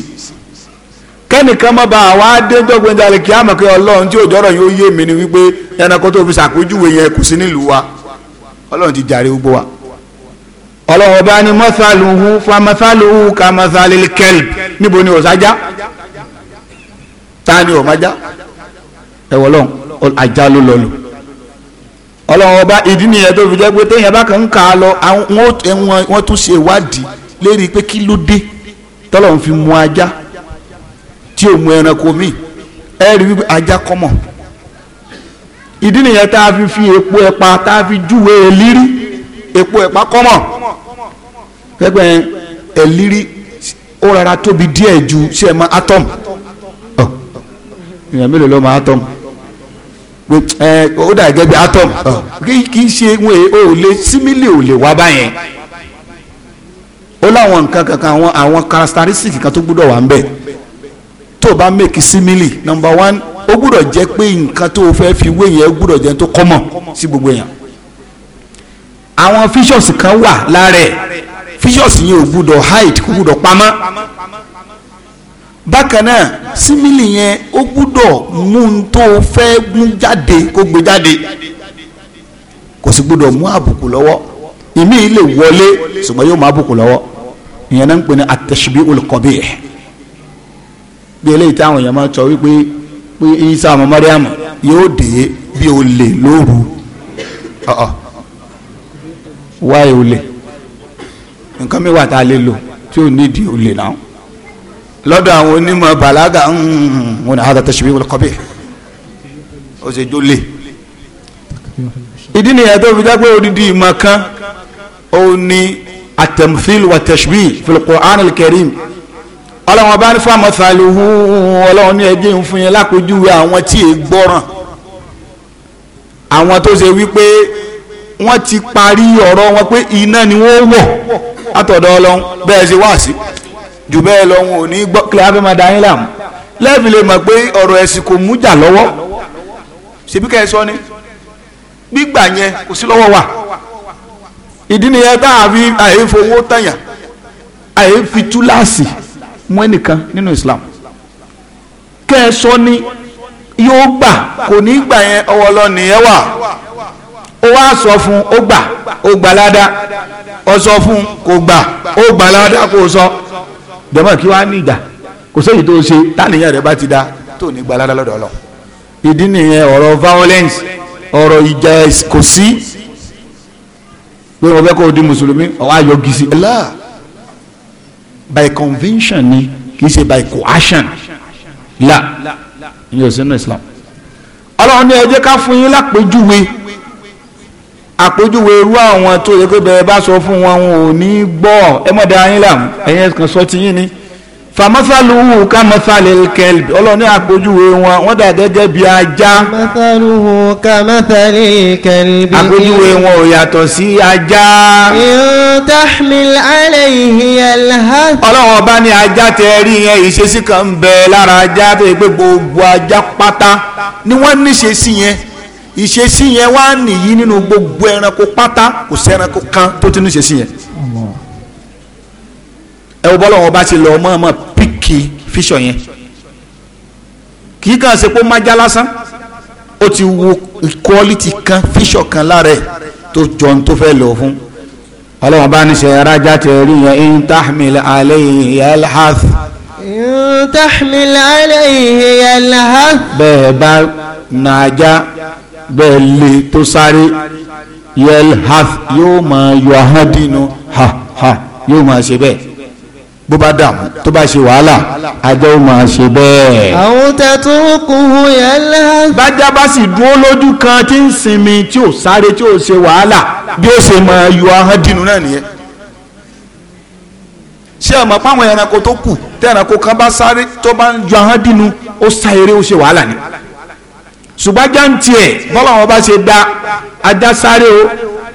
kẹ́nìkan má ba àwọn adéjọ́gbẹ́ndàlẹ̀ kí á mọ̀ pé ọlọ́run tí òjọ́rọ̀ yóò yé mi ni wípé ẹranko tó fi ṣàpèjúwe yẹn kò sí nílùú wa ọlọ́run ti jàre gbogbo wa ọlọ́run ọba ni mọ́sálùhù famasaluhu kamasalil kelb níbo ni ọ̀sájá ta ni ọ̀májá ẹ̀wọ̀ lọ́hùn ajá ló lọ́lù ọlọ́run ọba ìdí nìyẹn tó fi jẹ́ pé téèyàn bá kàn ń kà á lọ wọ́n tún ṣe ìwádìí lérí pé kí ló dé tọ́lọ́run fi mú ajá tí ò mú ẹranko míì ẹ rí wípé ajá kọ́mọ̀ ìdí nìyẹn tá a fi fi epo ẹ̀pà tá a fi júwe ẹ̀lírí epo ẹ̀pà kọ́mọ̀ pẹ́pẹ́ ẹ̀lírí ó rárá tóbi díẹ̀ ju ṣe é mọ atom èèyàn mélòó ló mọ atom pé ẹ eh, ó dà gẹ́gẹ́ bí atom kì í ṣe wọn ò lè símílì ò lè wá báyẹn ó láwọn nǹkan kankan àwọn àwọn kan tó gbúdọ̀ wà ń bẹ̀ tó o bá make símílì number one ó gbúdọ̀ jẹ́ pé nǹkan tó o fẹ́ fi wé yẹn ó gbúdọ̀ jẹ́ tó common sí gbogbo èèyàn àwọn features kan wà lára ẹ̀ features yẹn ò gbúdọ̀ hide kò gbúdọ̀ pamọ́ bákan náà símìlì yẹn ó gbúdọ̀ mú un tó fẹ́ gún jáde kó gbé jáde kò sì gbúdọ̀ mú àbùkù lọ́wọ́ ìmí lè wọlé ṣùgbọ́n yóò má àbùkù lọ́wọ́ ìyẹn náà ń pè ní at-tashbihul qabih bí eléyìí táwọn èèyàn máa ń sọ wípé pé isa ọmọ mariam yóò dé bí o lè lóru wáyé o lè nǹkan mi wà tá a lè lò tí ò nídìí o lè náà lọ́dọ̀ àwọn onímọ̀ bàlágà hmm, wọn ni hada tashbihul qabih ó ṣe jó lè ìdí nìyẹn tó fi jẹ́ pé odidi ìmọ̀ kan ó ní at-tamthil wa tashbih fil Qur'an al-Karim ọlọ́wọ́n bá ní fáwọn sàlùhù ọlọ́wọ́n ní ẹjẹ́ ń fún yẹn lápòjúwe àwọn tí è gbọ́ràn àwọn tó ṣe wípé wọ́n ti parí ọ̀rọ̀ wọn pé iná ni wọ́n wọ̀ látọ̀dọ̀ ọlọ́run bẹ́ẹ̀ ṣe wá sí jù bẹ́ẹ̀ lọ wọn ò ní gbọ́ kílẹ̀ abẹ́ máa da yín láàmú lẹ́ẹ̀fì lè mọ̀ pé ọ̀rọ̀ ẹ̀sìn kò mú jà lọ́wọ́ ṣèbí kẹ́ ẹ sọ ni gbígbà yẹn kò sí lọ́wọ́ wa ìdí nìyẹn tá a fi àyè fowó tàyàn àyè fi túláàsì mú ẹnìkan nínú Islam kẹ́ ẹ sọ ni yóò gbà kò ní gbà yẹn ọwọ́ lọ nìyẹn wà ó wá sọ fún ó gbà ó gbà ládàá ó sọ fún kò gbà ó gbà ládàá kò sọ jọmọ kí wàá ní ìjà kò sẹ́yìn tó ṣe tánìyàn rẹ bá ti da tó ní gba ládàá lọ́dọ̀ ọlọ ìdí nìyẹn ọ̀rọ̀ violence ọ̀rọ̀ ìjà kò sí pé wọn fẹ́ kó o di mùsùlùmí ọwọ ayọ gisi ẹ by convention ni kì í ṣe by coercion la ìyẹn ò sínú Islam ọlọ́run ní ẹ jẹ́ ká fún yín lápèjúwe àpèjúwe irú àwọn tó yẹ pé bẹ́ẹ̀ bá sọ fún wọn wọn ò ní gbọ́ ẹ mọ̀ dára yín làwọn ẹ̀yẹ kan sọ ti yín ni fàmọ́sálùhù ká mọ́sálẹ̀ kẹlbì ọlọ́ni àpèjúwe wọn wọ́n dà gẹ́gẹ́ bí ajá mọ́sálùhù wọn ò yàtọ̀ sí ajá ọlọ́run ọba ní ajá tẹ rí yẹn ìṣesí kan ń lára ajá tó yẹ pé gbogbo ajá pátá ni wọ́n níṣe sí yẹn ìṣesí yẹn wá nìyí nínú gbogbo ẹranko pátá kò sí ẹranko kan tó ti ní ìṣesí yẹn ẹ wo bọ́lá wọn bá ti lọ ọmọ ọmọ píkì fíṣọ yẹn kì í kàn ṣe pé ó má já lásán ó ti wo quality kan fíṣọ kan lára ẹ tó jọ ohun tó fẹ́ lò fún. ọlọ́run bá ní ṣe rájà tẹ̀ rí yẹn in tahmil alayhi yalhath. in tahmil alayhi yalhath. bẹ́ẹ̀ bá nàájà bẹ́ẹ̀ lè tó sáré yelhath yóò máa yọ ahọ́n dínú ha ha yóò máa ṣe bẹ́ẹ̀ bó bá dààmú tó bá ṣe wàhálà ajá ó máa ṣe bẹ́ẹ̀. àwọn tẹ̀tún kùn yẹn lẹ́. bájá bá sì dúró lójú kan tí ń sinmi tí ò sáré tí ò ṣe wàhálà bí ó ṣe máa yọ ahọ́n náà nìyẹn ṣé ọmọ páwọn ẹranko tó kù tẹ ẹranko kan bá sáré tó bá ń ju ahọ́n ó sá ó ṣe wàhálà ni ṣùgbọ́n jáǹtì ẹ̀ bọ́lá wọn bá ṣe da ajá sáré o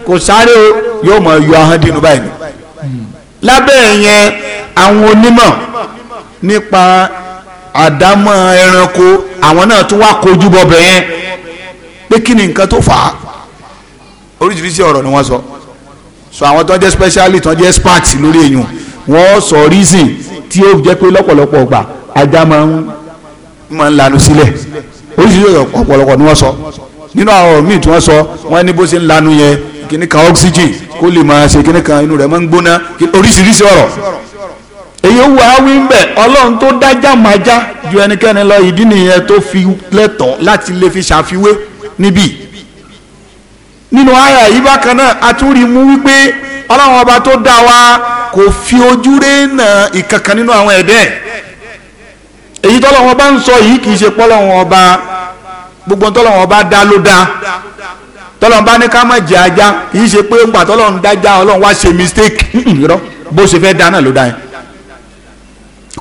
kò sáré o yóò mọ̀ yọ ahọ́n dínú báyìí ni. lábẹ́ yẹn àwọn onímọ̀ nípa àdámọ́ ẹranko àwọn náà tún wá kojú bọ̀bẹ̀ yẹn pé kí ni nǹkan tó fà á oríṣiríṣi ọ̀rọ̀ ni wọ́n sọ so àwọn tó ń jẹ́ specialist tó ń jẹ́ expert lórí èèyàn wọ́n sọ reason tí ó jẹ́ pé lọ́pọ̀lọpọ̀ gbà ajá máa ń lanu sílẹ̀ oríṣiríṣi ọ̀pọ̀lọpọ̀ ni wọ́n sọ nínú àwọn míì tí wọ́n sọ wọ́n ní bó ṣe ń lanu yẹn kíní kan oxygen kó lè máa ṣe kíní kan inú rẹ̀ máa ń gbóná oríṣiríṣi ọ̀rọ̀ èyí wù awí ń bẹ̀ ọlọ́run tó dájà máa já ju ẹnikẹ́ni lọ ìdí nìyẹn tó fi lẹ́tọ̀ọ́ láti lè fi ṣàfiwé níbí nínú ara yìí bákan náà a tún rí mú wípé ọlọ́run ọba tó dá wa kò fi ojú rẹ̀ nà ìkankan nínú àwọn ẹ̀dẹ́ ẹ̀ èyí tọ́lọ́wọ́n bá ń sọ yìí kì í ṣe pọ́lọ́wọ́n ọba gbogbo tọ́lọ́wọ́n ọba dá ló dá tọ́lọ́wọ́n bá ní ká má jẹ ajá kì í ṣe pé ńgbà tọ́lọ́wọ́n dájá ọlọ́run wá ṣe mistake irọ́ bó ṣe fẹ́ dá náà ló dá yẹn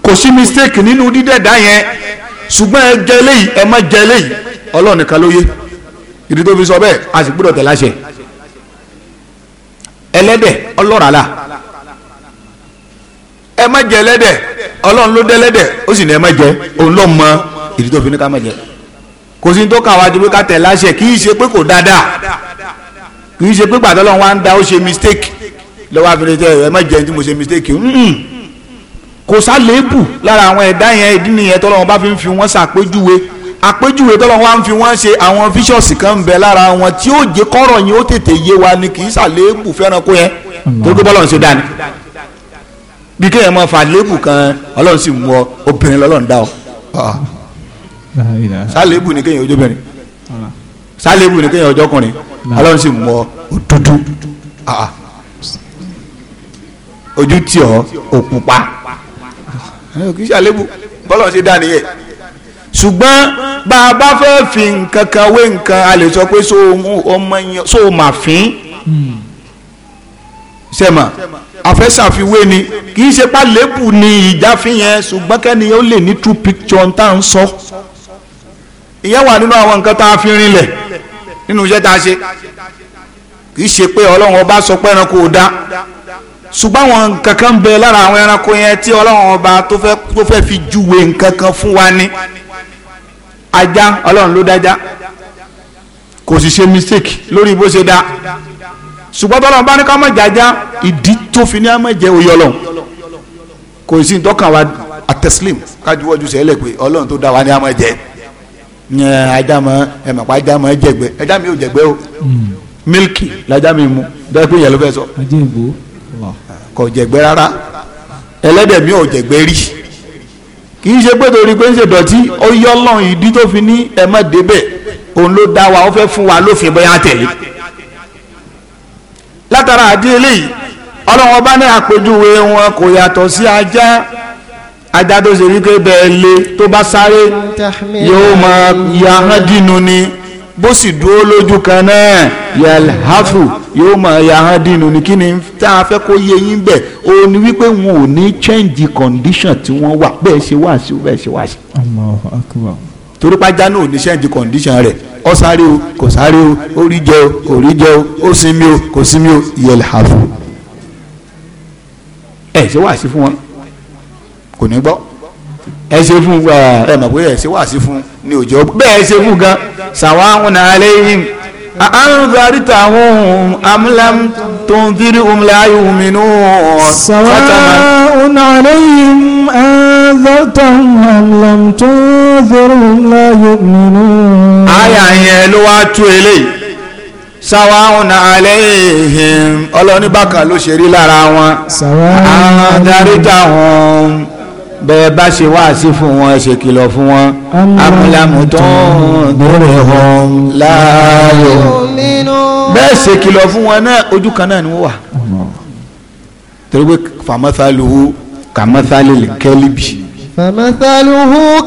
kò sí mistake nínú dídẹ̀dá yẹn ṣùgbọ́n ẹ jẹ eléyìí ẹ má jẹ eléyìí ọlọ́run nìkan ló yé ìdí tó fi sọ bẹ́ẹ̀ a sì gbọ́dọ̀ tẹ̀ ẹlẹ́dẹ̀ ọlọ́ràlà ẹ má jẹ ẹlẹ́dẹ̀ ọlọ́run ló dẹ́lẹ́dẹ̀ ó sì ní ẹ má jẹ òun ló mọ ìdí tó fi ní ká má jẹ kò sí ní tó kàn wá ju pé ká tẹ̀ láṣẹ kì í ṣe pé kò dáadáa kì í ṣe pé gbàtọ́ lọ́run wá ń da ó ṣe mistake lọ́wọ́ àfihàn tẹ ẹ má jẹun tí mo ṣe mistake kò sálébù lára àwọn ẹ̀dá yẹn ìdí nìyẹn tọ́lọ́run bá fi ń fi wọ́n ṣàpèjúwe àpèjúwe tọ́lọ́run wá ń fi wọ́n ṣe àwọn fíṣọ̀sì kan ń bẹ lára wọn tí ó jẹ́ kọ́rọ̀ yẹn ó tètè yé wa ni kì í sálébù fẹ́ranko yẹn mm-hmm. tó gbé bọ́lọ̀ ń ṣe dání bí kéèyàn máa fa lébù kan ọlọ́run sì mú ọ obìnrin lọ́lọ́run dá ọ. Ah. sálébù ni kéèyàn ojóbìnrin sálébù ni kéèyàn ọjọ́kùnrin ọlọ́run sì mú ọ òdúdú ah. ojú tí ọ òpupa kì í sálébù bọ́lọ̀ ṣe dá nìyẹn ṣùgbọ́n bá a bá fẹ́ fi nǹkan kan wé nǹkan a lè sọ pé so o yẹn so màfín. Hmm sẹ́mà àfẹ́sàfiwé ni kì í ṣe pálébù ni ìjáfihàn ṣùgbọ́n kẹ́ni ó lè ní true picture tá à ń sọ ìyẹn wà nínú àwọn nǹkan tá a fi rinlẹ̀ nínú iṣẹ́ tá a ṣe kì í ṣe pé ọlọ́run ọba sọ pé ẹranko ò dá ṣùgbọ́n àwọn nǹkan kan bẹ lára àwọn ẹranko yẹn tí ọlọ́run ọba tó fẹ́ tó fẹ́ fi júwe nǹkan kan fún wa ni ajá ọlọ́run ló dájá kò sì ṣe mistake lórí bó ṣe dá ṣùgbọ́n tọ́lọ́run bá ní ká mọ̀ jájá ìdí tó fi ní àmọ̀ jẹ́ oyè ọlọ́run kò sí ní tọ́kàn wa àtẹ̀sílìm kájúwọ́jú sẹ́lẹ̀ pé ọlọ́run tó dá wa ní àmọ̀ jẹ́ yẹn ajá mọ ẹ mọ̀ pé ajá mọ jẹgbẹ́ ẹ̀dá mi ò jẹgbẹ́ o hmm. mílíkì lajá mi mu dájú pé yẹn ló fẹ́ sọ kò jẹgbẹ́ rárá ẹlẹ́dẹ̀ mi ò jẹgbẹ́ rí kì í ṣe pé torí pé ń ṣe dọ̀tí ó ọlọ́run ìdí tó fi ní ẹ má débẹ̀ òun ló dá wa ó fẹ́ fún wa lófin bóyá tẹ̀lé látara àdí eléyìí ọlọ́run ọba ní àpèjúwe wọn kò yàtọ̀ sí ajá ajá tó ṣe wípé bẹ́ẹ̀ le tó bá sáré yóò máa ya hàn dínú ni bó sì dúró lójú kan náà yalhafu yóò mọ yahan dínú ni kí ni tá a fẹ́ kó yé yín bẹ̀ o ní wípé wọn ò ní change condition tí wọ́n wà bẹ́ẹ̀ ṣe wá sí bẹ́ẹ̀ ṣe wá sí. torí pàjá náà ò ní change condition rẹ̀ ọ sáré o kò sáré o ó rí jẹ o kò rí jẹ o ó sinmi o kò sinmi o yẹlẹ àfọ ẹ ṣe wá sí fún wọn kò ní gbọ́ ẹ ṣe fún ẹ mọ̀ pé ẹ ṣe wá sí fún ní òjò bẹ́ẹ̀ ṣe fún gan sàwọn àwọn nàá lẹ́yìn. أأنذرتهم أم لم تنذرهم لا يؤمنون سواء عليهم أنذرتهم أم لم تنذرهم لا يؤمنون آية yẹn ló wá tú eléyìí sawa'un alayhim ọlọ́ni bákan ló ṣe rí lára wọn àwọn darí táwọn bẹ́ẹ̀ bá ṣe wá sí fún wọn ẹ ṣe kìlọ̀ fún wọn amúlámùtán bẹ̀rẹ̀ wọn láàyò bẹ́ẹ̀ ṣe kìlọ̀ fún wọn náà ojú kan náà ni wọ́n wà torí pé fàmọ́sálùú kàmọ́sálì kẹ́líbì. fàmọ́sálùú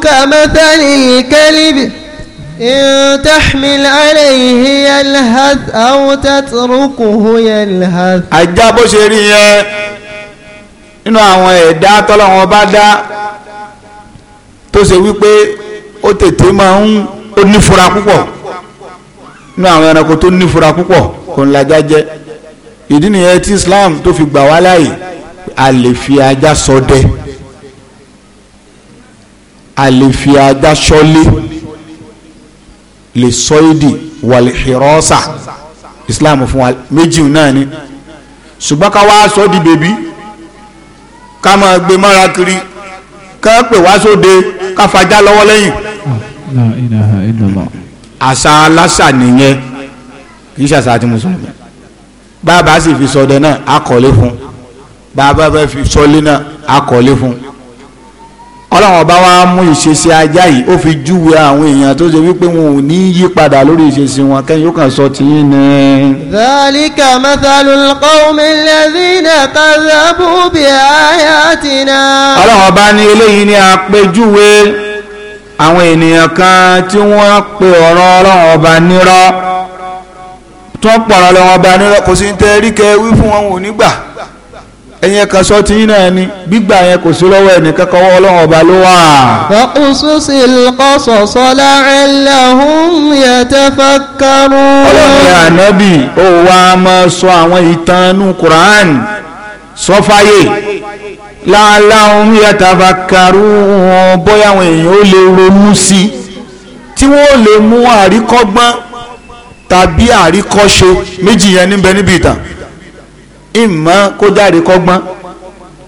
kàmọ́sálì kẹ́líbì in tahmil alayhi yalhaz aw tatrukuhu yalhaz. ajá bó ṣe rí yẹn nínú àwọn ẹ̀dá tọ́lọ́wọ́n bá dá tó ṣe wípé ó tètè máa ń ó nífura púpọ̀ nínú àwọn ẹranko tó nífura púpọ̀ kò ń lajá jẹ́ ìdí nìyẹn tí Islam tó fi gbà wá láàyè a lè fi ajá ṣọdẹ a lè fi ajá ṣọ́lé lè sọ wàlìhìrọ́sà Islam fún wa méjì náà ni ṣùgbọ́n ká wá sọ di bèbí ká máa gbé mọ́ra kiri ká pè wá sóde ká fajá lọ́wọ́ lẹ́yìn. àṣà aláṣà nìyẹn kì í ṣàṣà àti mùsùlùmí bá a bá sì fi sọdẹ náà akọ̀lé fún bá a bá fẹ́ fi sọlé náà akọ̀lé fún ọlọ́run ọba wa mú ìṣesí ajá yìí ó fi júwe àwọn èèyàn tó ṣe wípé wọn ò ní yí padà lórí ìṣesí wọn kẹ́yìn ó kàn sọ tìyín ni. zalika mathalul qawmi alladhina kazabu bi ayatina. ọlọ́run ọba ní eléyìí ni àpèjúwe àwọn ènìyàn kan tí wọ́n pe ọ̀rọ̀ ọlọ́run ọba nírọ́ tó ń pọ̀rọ̀ ọlọ́run ọba nírọ́ kò sí ní tẹ́ wí fún wọn ò ní ẹ̀yẹn kan sọ tí yínà ẹni gbígbà yẹn kò sí lọ́wọ́ ẹni kẹ́kọ̀ọ́ ọlọ́run ọba ló wà. fọ́kùsùsì lọ́sọ̀ sọ́lá ẹlẹ́hùn yẹtẹfẹ́kẹ́rù. ọlọ́run yà ànábì ó wá máa sọ àwọn ìtàn inú Quran sọfáyé láàláhùn yẹtẹfẹ́kẹ́rù bóyá àwọn èèyàn ó lè ronú sí i tí wọ́n lè mú àríkọ́gbọ́n tàbí àríkọ́ṣe méjì yẹn níbẹ̀ níbi ìtàn ìmọ̀ kó dáre kọ́gbọ́n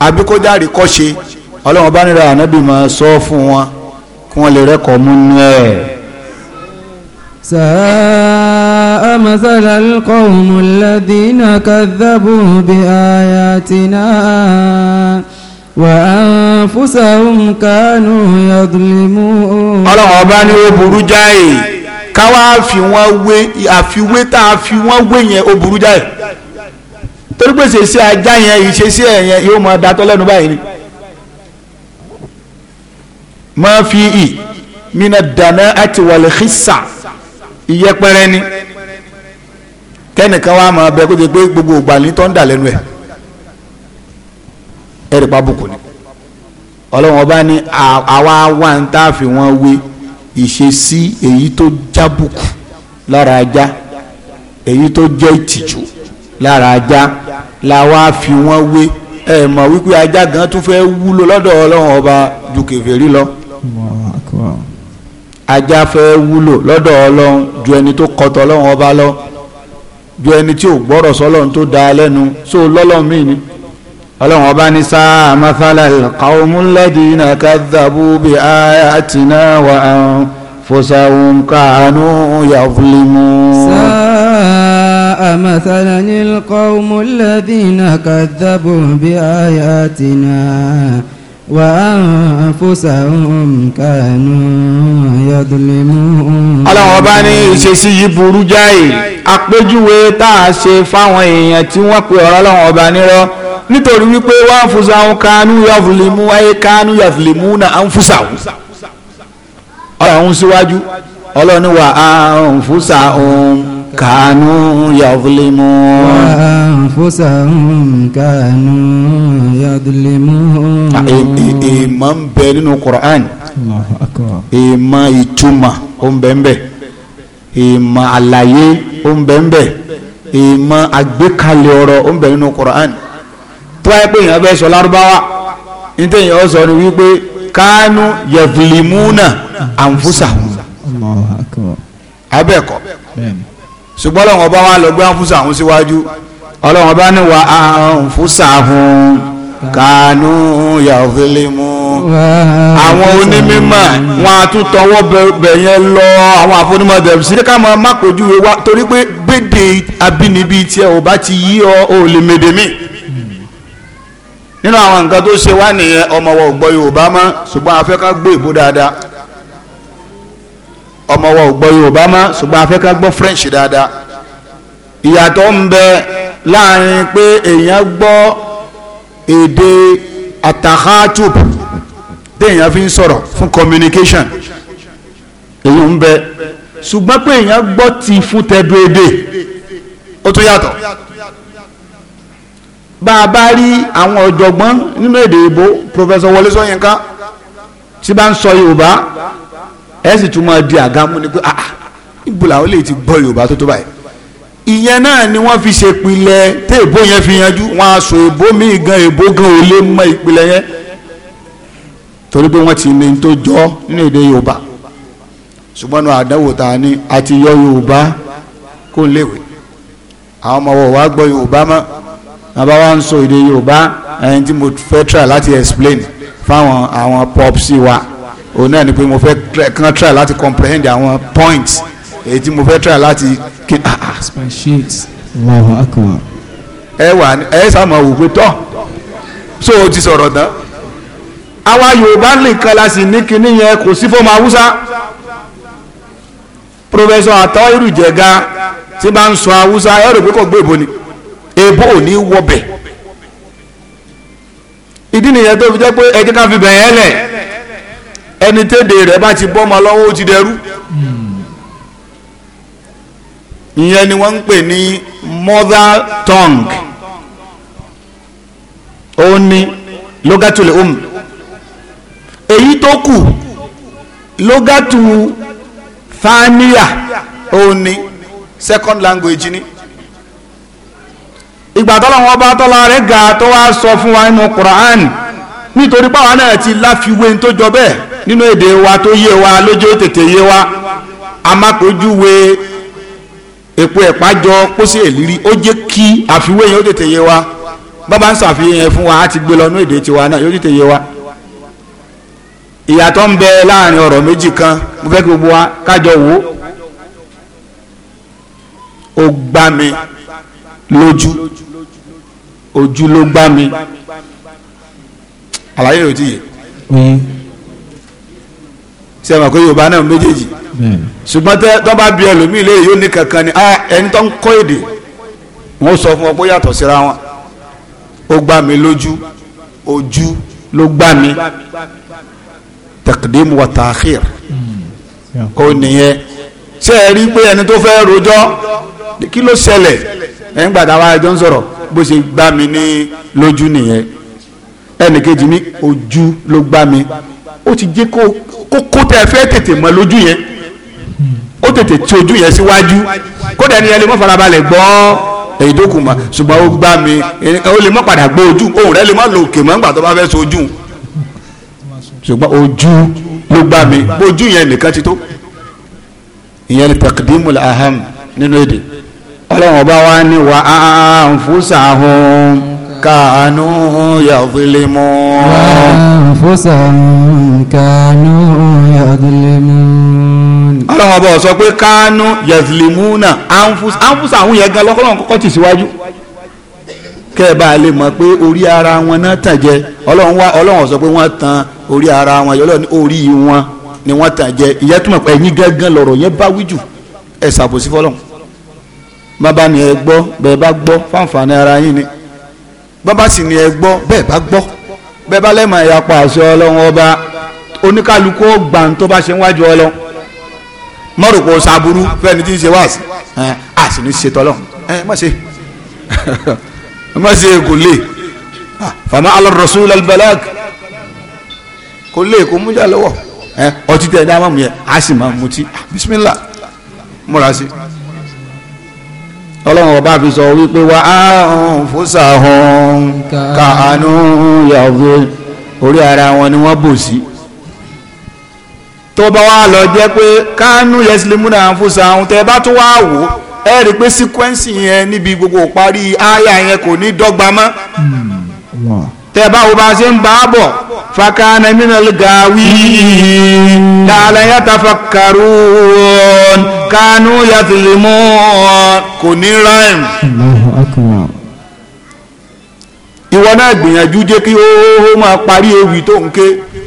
àbí kó dáre kọ́ṣe ọlọ́run bá nira ànábì máa sọ fún wọn kí wọ́n lè rẹ́kọ̀ọ́ mú nú ẹ̀. ساء مثل القوم الذين كذبوا بآياتنا وأنفسهم كانوا يظلمون ọlọ́run ọba ni ó burú jáì ká wá wé àfiwé tá a wé yẹn ó burú jáì torí pé ṣèṣe ajá yẹn ìṣesí ẹ̀ yẹn yóò máa datọ́ lẹ́nu báyìí ni máa fi ì mina dànà àti wàlẹ̀ xisa ìyẹpẹrẹ ni kẹ́nìkan wa máa bẹ kó tó pé gbogbo ògbàlì tó ń dà lẹ́nu ẹ̀ ẹ̀rì pàbùkù ni ọlọ́run ọba ní àwa wà ń tá a fi wọ́n wé ìṣesí èyí tó jábùkù lára ajá èyí tó jẹ́ ìtìjú lára ajá la wá fi wọ́n wé ẹ mọ̀ wípé ajá gan tún fẹ́ wúlò lọ́dọ̀ ọlọ́run ọba ju kèfèrí lọ ajá fẹ́ wúlò lọ́dọ̀ ọlọ́run ju ẹni tó kọtọ̀ ọlọ́run ọba lọ ju ẹni tí ò gbọ́rọ̀ sọlọ́run tó da lẹ́nu só lọ́lọ́run mí ni ọlọ́run ọba ní sáà mathala alqawmu alladhina kadhabu bi ayatina wa anfusahum kanu yazlimun. sáà. ساء مثلا القوم الذين كذبوا بآياتنا وأنفسهم كانوا يظلمون ọlọ́run ọba ní ìṣesí yìí burú jáì àpèjúwe tá a ṣe fáwọn èèyàn tí wọ́n pe ọ̀rọ̀ ọlọ́run ọba nírọ́ nítorí wípé wọ́n ànfúsàhún kánú yọ̀fùlìmú ayé kánú yọ̀fùlìmú náà ànfúsàhún ọ̀rọ̀ ọ̀hún síwájú ọlọ́run wà ànfúsàhún. كانوا يظلمون وأنفسهم كانوا يظلمون ìmọ̀ ń bẹ nínú Qur'an ìmọ̀ ìtumọ̀ ó ń bẹ ń bẹ ìmọ̀ àlàyé ó ń bẹ ń bẹ ìmọ̀ àgbékalẹ̀ ọ̀rọ̀ ó ń bẹ nínú Qur'an tó wáyé pé èèyàn bẹ́ sọ lárúbáwá ní tẹ̀yìn ọ sọ ni wípé kánú yadhlimuna anfusahum abẹ́ẹ̀kọ́ ṣùgbọ́n ọlọ́run ọba wa lọ gbé ànfúsà ọ̀hún síwájú ọlọ́run ọba ní wa ànfúsà ọ̀hún kánú yàfẹ́lẹ́mú àwọn onímọ̀ wọn àtúntọwọ́ bẹ̀yẹn lọ àwọn àfọnímọ̀ dẹ̀bù sí ká máa má kojú wa torí pé gbèdè abínibí tiẹ̀ ò bá ti yí ọ ò lè mèdè mí nínú àwọn nǹkan tó ṣe wá nìyẹn ọmọ wa ò gbọ́ Yorùbá mọ́ ṣùgbọ́n afẹ́ ká gbọ́ èbó dáadáa ọmọ wa ò gbọ́ yorùbá mọ́ ṣùgbọ́n a fẹ́ ká gbọ́ french dáadáa ìyàtọ̀ ń bẹ láàrin pé èèyàn gbọ́ èdè atakhatub téèyàn fi ń sọ̀rọ̀ fún communication èyí ń bẹ ṣùgbọ́n pé èèyàn gbọ́ ti fún tẹ̀dù èdè ó tún yàtọ̀ bá a bá rí àwọn ọ̀jọ̀gbọ́n nínú èdè ìbò professor Wọlé Ṣóyínká tí bá ń sọ yorùbá ẹ sì tún máa di àgámú ni pé ah ibo ah, làwọn lè ti gbọ́ yorùbá tó tó báyìí ìyẹn náà ni wọ́n fi ṣe ìpìlẹ̀ tí èbó yẹn fi yanjú wọ́n á sọ èbó míì gan èbó gan ò lè mọ ìpìlẹ̀ yẹn torí pé wọ́n ti ní tó jọ nínú èdè yorùbá ṣùgbọ́n àdánwò ta ni a ti yọ yorùbá kó n léwe àwọn ọmọ wọ̀ wá gbọ́ yorùbá mọ́ bàbá wa ń sọ èdè yorùbá ẹni tí mo fẹ́ try láti explain fáwọn àwọn pọ́psì wa òun náà ni pé mo fẹ́ kàn try láti comprehend àwọn points èyí tí mo fẹ́ try láti kí ah ah. spreadsheet lọ́wọ́ akọ̀wà. ẹ wà ẹ sàmọ̀ wò pé so o ti sọ̀rọ̀ tán àwa Yorùbá nìkan la sì ní kinní yẹn kò sí fún ọmọ Haúsá professor àtọ́ irùjẹ̀ga tí bá ń sọ Haúsá ẹ rò pé kò gbé èbó ni èbó ò ní wọbẹ̀ ìdí nìyẹn tó fi jẹ́ pé ẹ ká fi bẹ̀yẹn lẹ̀ ẹni tẹ́dẹ̀ rẹ̀ bá ti bọ́mọ lọ́wọ́ ó ti dẹrú ìyẹn ni wọ́n ń pè ní mother tongue ó ní lógátù lè um èyí tó kù lógátù faniya ó ní second language ni ìgbà tọ́lọ́wọ́n bá tọ́lọ́ rẹ̀ ga tó wá sọ fún wa nínú Qur'an. No nítorí báwa náà ti láfiwé tó jọ bẹ́ẹ̀ nínú èdè wa tó yé wa lójó tètè yé wa a má kojú we èpo ẹ̀pá jọ kó sí èlírí ó jẹ́ kí àfiwé yẹn ó tètè yé wa bàbá ń ṣàfihàn yẹn fún wa á ti gbé lọ ní èdè tiwa náà yóò tètè yé wa ìyàtọ̀ ń bẹ láàrin ọ̀rọ̀ méjì kan mo fẹ́ kí gbogbo wa kájọ wò ó gbá mi lójú ojú ló gbá mi àlàyé rẹ̀ ò ti yé ṣe mọ̀ pé yorùbá náà méjèèjì hmm. ṣùgbọ́n tó bá bí ẹlòmíì lè yóò ní kankan ni ah, ẹni tó ń kọ́ èdè wọ́n sọ fún ọ pé yàtọ̀ síra wọn ó gbá mi lójú ojú ló gbá mi taqdim wa ta'khir hmm. ó nìyẹn ṣe é rí pé ẹni tó fẹ́ rojọ́ kí ló ṣẹlẹ̀ ẹ̀ ń gbàdá wa ẹjọ́ ń sọ̀rọ̀ bó ṣe gbá mi ní lójú nìyẹn ẹnìkejì mi ojú ló gbá mi ó ti jẹ́ kó kó tẹ́ ẹ fẹ́ tètè mọ lójú yẹn ó tètè ti ojú yẹn síwájú kódà ẹni yẹn lè mọ́ farabalẹ̀ gbọ́ èyí tó kù mà ṣùgbọ́n ó gbá mi ó lè mọ́ padà gbọ́ ojú òun rẹ̀ lè mọ́ lò òkè mọ́ nígbà tó bá fẹ́ so ojú ṣùgbọ́n ojú ló gbá mi bójú yẹn nìkan ti tó ìyẹn ni takdimul aham nínú èdè ọlọ́run ọba wa ni wà á ń fún sàhún. كانوا يظلمون أنفسهم كانوا يظلمون ọlọ́run ọba sọ pé kánú yẹ̀sìlìmúnà ánfúsà àwọn yẹn gan lọ́kọ́lọ́run kọ́kọ́ tì síwájú kẹ́ẹ̀bá lè mọ̀ pé orí ara wọn náà tàn jẹ ọlọ́run wá ọlọ́run sọ pé wọ́n tan orí ara wọn yọ ọlọ́run orí wọn ni wọ́n tàn jẹ ìyẹn túmọ̀ pé ẹ̀yin gángan lọ̀rọ̀ yẹn bá wíjù ẹ̀ ṣàbòsí fọlọ́run bàbá ni ẹ gbọ́ bẹ́ẹ̀ bá gbọ́ fáǹfààní ara yín ni bàbá sì ni ẹ gbọ́ bẹ́ẹ̀ bá gbọ́ bẹ́ẹ̀ bá lẹ́mọ̀ ẹ̀yà pa àṣẹ ọlọ́run ọba oníkálukú ọgbà tó bá ṣe ń wájú ọlọ́ mọ́rùkù ṣàbúrú fẹ́ni tí ń ṣe wáàsí ẹ̀ àṣì ní ṣe tọ́lọ́ ẹ̀ má ṣe má ṣe kò lè ah, fama alarasul albalag kò lè kò mú jà lọ́wọ́ ẹ̀ ọtí tẹ̀ dá má mú yẹ àṣì má mú ti ah, bisimilá múra sí tọ́lọ́wọ́n ọba fi sọ wípé wà á fúsàhùn kàánú yàgò orí ara wọn ni wọ́n bò sí tó bá wá lọ jẹ́ pé kánú yẹsìlímúnà fúsàhùn tẹ́ bá tún wá wò ẹ rí i pé síkwẹ́ǹsì yẹn níbi gbogbo parí àyà yẹn kò ní dọ́gba mọ́ tẹ́ bá wo bá ṣe ń bá a bọ̀ fakana minal gawi làlàyé tafakkarun kánú yàtìlì mú ọ kò ní ráìm ìwọ náà gbìyànjú jẹ́ kí ó máa parí ewì tó ń ké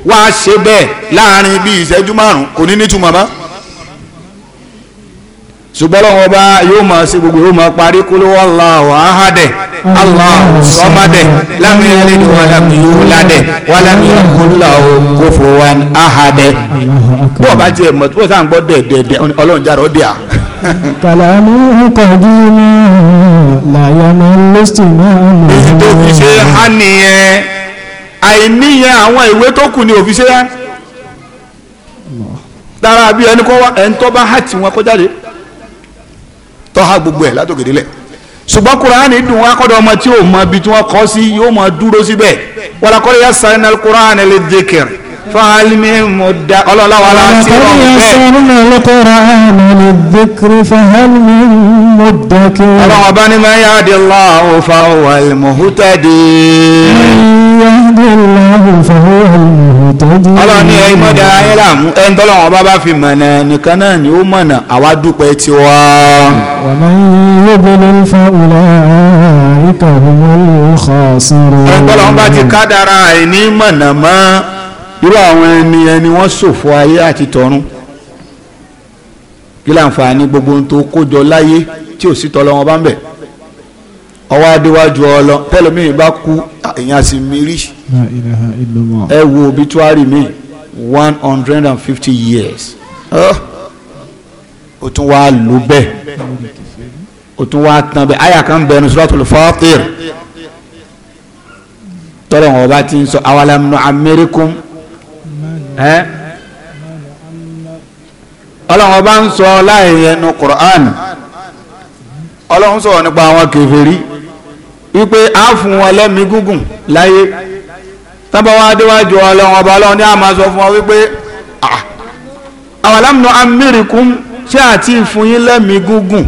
wá ṣe bẹ́ẹ̀ láàrin bí ìṣẹ́jú márùn-ún kò ní nítumọ̀ mọ́ ṣùgbọ́n wọn bá yóò máa ṣe gbogbo yóò máa parí kul wallahu ahadẹ Allahu sọmadẹ lam yalid wa lam yulad wa lam yakul lahu kufuwan ahadẹ. bó o bá tiẹ̀ mọ̀ tó o sàn gbọ́ dẹ̀dẹ̀dẹ̀ ọlọ́run jára ó dẹ̀ à. kalamuhu qadimu la yamallu istima'uhu. èyí tó fi ṣe á nìyẹn àìníyẹn àwọn ìwé tó kù ni òfin ṣe á. dára bí ẹni kọ́ ẹni tó bá hàtì wọn kọjá de tọ́ha gbogbo ẹ̀ látòkèdè lẹ̀ ṣùgbọ́n kuraani dùn wá kọ́dọ̀ ọmọ tí yóò mọ ibi tí wọ́n kọ́ sí yóò mọ dúró síbẹ̀ wàlàkọ́rẹ́ yà sàrẹ́nà kuraani lè dé fàálímì mọ̀dá ọlọ́láwà láti rọ̀ bẹ́ẹ̀. ọlọ́wọ́ bá ní máa yáàdì láàwò fáwọ̀ àlùmọ̀hútàdì. ọlọ́ni ẹ̀yìn mọ́dá ayélujára ẹni tọ́lọ́wọ́n bá bá fi mọ̀nà nìkan náà ni ó mọ̀nà àwa dúpẹ́ tiwa. wàmọ́ yóò bẹ̀rẹ̀ fún wọn bá ti kádàrá àìní mọ̀nà mọ́ irú àwọn ẹni ẹni wọ́n ṣòfò ayé àti tọ̀run kí láǹfààní gbogbo ohun tó kójọ láyé tí ò sí tọ́lọ́ wọn bá ń bẹ̀ ọwọ́ adéwájú ọlọ tẹlẹmíì bá kú èèyàn sì mìírì ẹ wo obituary mi one hundred and fifty years ó tún wá lù bẹ́ẹ̀ ó tún wá tán bẹ́ẹ̀ àyà kan bẹ̀rù suratul Fatir tọ́lọ̀ wọn bá ti ń sọ awalam amẹ́ríkùn. ẹ́ ọlọ́run bá ń sọ láì ẹnu Qur'an ọlọ́run sọ̀rọ̀ nípa àwọn kèfèrí wípé a fún wọn lẹ́mí gúngùn láyé tábà wá ọlọ́run ọba ọlọ́run ní a máa sọ fún wọn wípé àwọn alámùnà amírìkún ṣé àti ìfún yín lẹ́mí gúngùn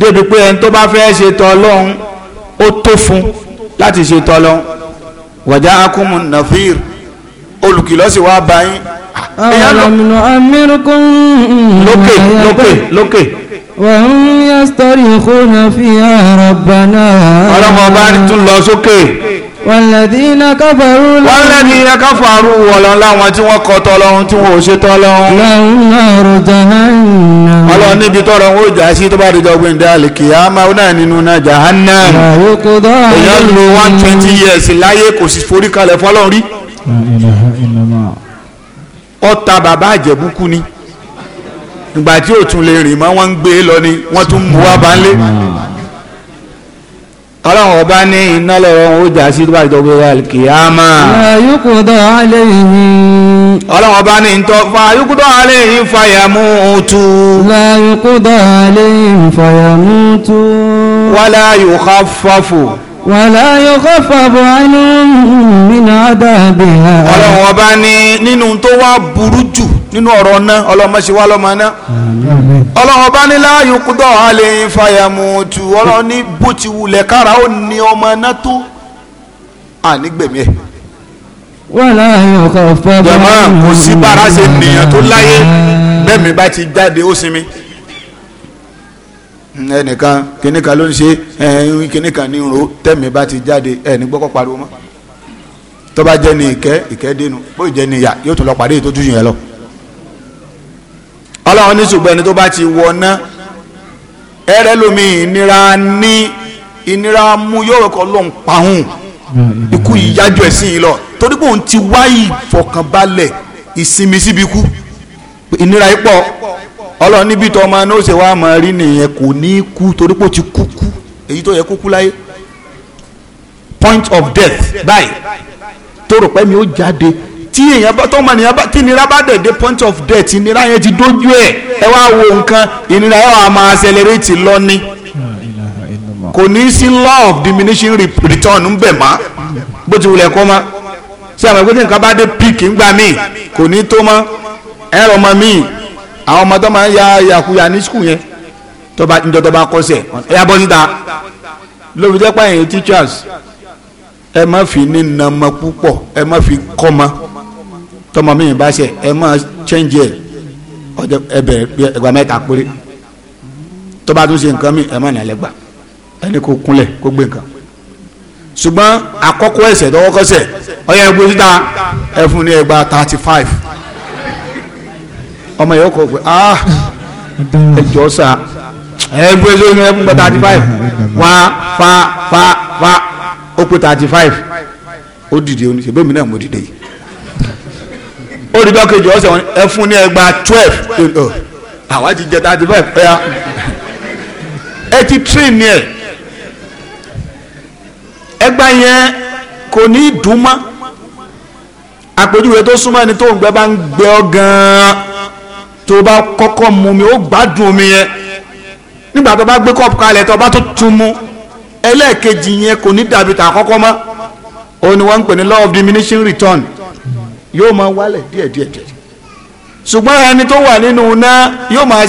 débi pé ẹni tó bá fẹ́ ṣe tọ́ ọlọ́run ó tó fún láti ṣe ọlọ́run wàjá akúmù nàfíìrì olùkìlọ̀ sì wá bá yín. ọ̀làmùnà amírùkún lókè lókè lókè. wọ́n yẹ sítọ́rì ìkóná fi àrọ̀ bàná. ọlọ́mọ bá tún lọ sókè. wàlẹ́dínà káfàrú lọ́wọ́. wàlẹ́dínà káfàrú wọ̀lọ́ láwọn tí wọ́n kọ tọ́lọ́run tí wọ́n ò ṣe tọ́lọ́run. làwọn ọ̀rọ̀ jahanna. ọlọ́run níbi tọ́lọ́run ó jà sí tó bá dojọ́ gbé ní dáàlì kìyàmá ó náà nínú náà jahanna. èèyàn lo one twenty years láyé kò sì forí kalẹ̀ fọlọ́run rí ọta bàbá àjẹbùkù ni ìgbà tí ò tún lè rìn mọ́ wọ́n ń gbé e lọ ni wọ́n tún mú wá bá ń lé ọlọ́run ọba ní iná lọ́rọ̀ ó jà sí tó bá jọ pé wà kìámà. ayúkúdọ̀ alẹ́ yìí. ọlọ́run ọba ní ntọ́ fa ayúkúdọ̀ alẹ́ yìí fàyàmú tu. ayúkúdọ̀ alẹ́ yìí fàyàmú tu. wala yukhaffafu wàlá yọkọ́ fàbọ̀ àánú nínú àdáàbìhà. ọlọ́run ọba ní nínú tó wá burú jù nínú ọ̀rọ̀ náà ọlọ́mọṣẹ́wá lọ́mọ náà ọlọ́run ọba ní láàyò kúdọ̀ alẹ́ fàyàmùtù ọlọ́run ní bó ti wulẹ̀ kára ó ní ọmọ náà tó ànígbẹ̀mí ẹ̀. wàlá yọkọ́ fàbọ̀ àánú nínú àdáàbìhà. jọ̀mọ́ kò sí bára ṣe nìyàn tó láyé bẹ́ẹ̀ mi bá ti jáde ó ẹnìkan kìnìkan ló ń ṣe ẹ̀ẹ́n kìnìkan ní ro tẹ̀mí bá ti jáde ẹ̀ẹ́nì gbọ́kọ̀ pariwo mọ́ tó bá jẹ́ ní ìkẹ́ ìkẹ́ dénú bó jẹ́ ní ìyà yóò tún lọ pàdé ètò tuntun yẹn lọ. ọlọ́run ní ṣùgbọ́n ẹni tó bá ti wọ ná ẹrẹ́ lomi ìnira ní ìnira mú yóò kọ́ ló ń pahùn ikú yìí ẹ̀ sí yìí lọ torí pé òun ti wá ìfọ̀kànbalẹ̀ ìsinmi síbi ikú ìnira yìí pọ̀ ọlọ́run níbi tó ọmọ náà ṣe wá máa rí nìyẹn kò ní kú torí pé ó ti kú kú èyí tó yẹ kó kú láyé point of death báyìí tó rò pé mi ó jáde tí èèyàn bá tọ́mọ nìyẹn bá tí ìnira bá dẹ̀dẹ̀ point of death ìnira yẹn ti dójú ẹ̀ ẹ wá wo nǹkan ìnira yẹn wà á máa accelerate lọ ni kò ní sí law of diminishing return ń bẹ̀ mọ́ bó ti wulẹ̀ kọ́ mọ́ sí àwọn ìpínlẹ̀ nǹkan bá dé peak ńgbà míì kò ní tó mọ́ ẹ̀rọ mọ́ míì àwọn ọmọ tó máa ń ya yakuya ní skul yẹn tó bá njọ tó bá kọsẹ̀ ẹ̀yà bọ́ síta lóbi jẹ́ pààyàn teachers ẹ má fi ní nàmọ púpọ̀ ẹ má fi kọ́mọ tọmọ mi bá ṣe ẹ má change ẹ ọjọ́ ẹbẹ ẹgbà mẹ́ta péré tó bá tún ṣe nǹkan mi ẹ má nà lẹ́gbà ẹni kò kúnlẹ̀ kó gbé nǹkan ṣùgbọ́n àkọ́kọ́ ẹ̀sẹ̀ tọwọ́kọ́sẹ̀ ọ̀yà ẹ̀gbọ́n síta ẹ fún ní ẹgbà thirty five ọmọ yẹn kọ pé ah ẹjọ sá ẹ gbé e sóyún ẹ gbọ́ thirty five Wa fa fa fa ó pé thirty five ó dìde ó ní ṣe bẹ́ẹ̀ mi náà mo dìde yìí ó rí dọ́kejì ọ̀sẹ̀ wọn ẹ fún ní ẹgbàá twelve oh, àwa ti jẹ thirty five ẹ̀yà ẹ ti train ni ẹ ẹgbàá yẹn kò ní í dùn mọ́ àpèjúwe tó súnmọ́ ẹni tó ń gbẹ bá ń gbẹ ọ gan-an tó bá kọ́kọ́ mu mi ó gbádùn omi yẹn nígbà tó bá gbé kọ́ọ̀pù kalẹ̀ tó bá tó tún mu ẹlẹ́ẹ̀kejì yẹn kò ní dàbí tà kọ́kọ́ mọ́ ni pè ní law of diminishing return yóò máa wálẹ̀ díẹ̀díẹ̀ díẹ̀ ṣùgbọ́n ẹni tó wà nínú iná yóò máa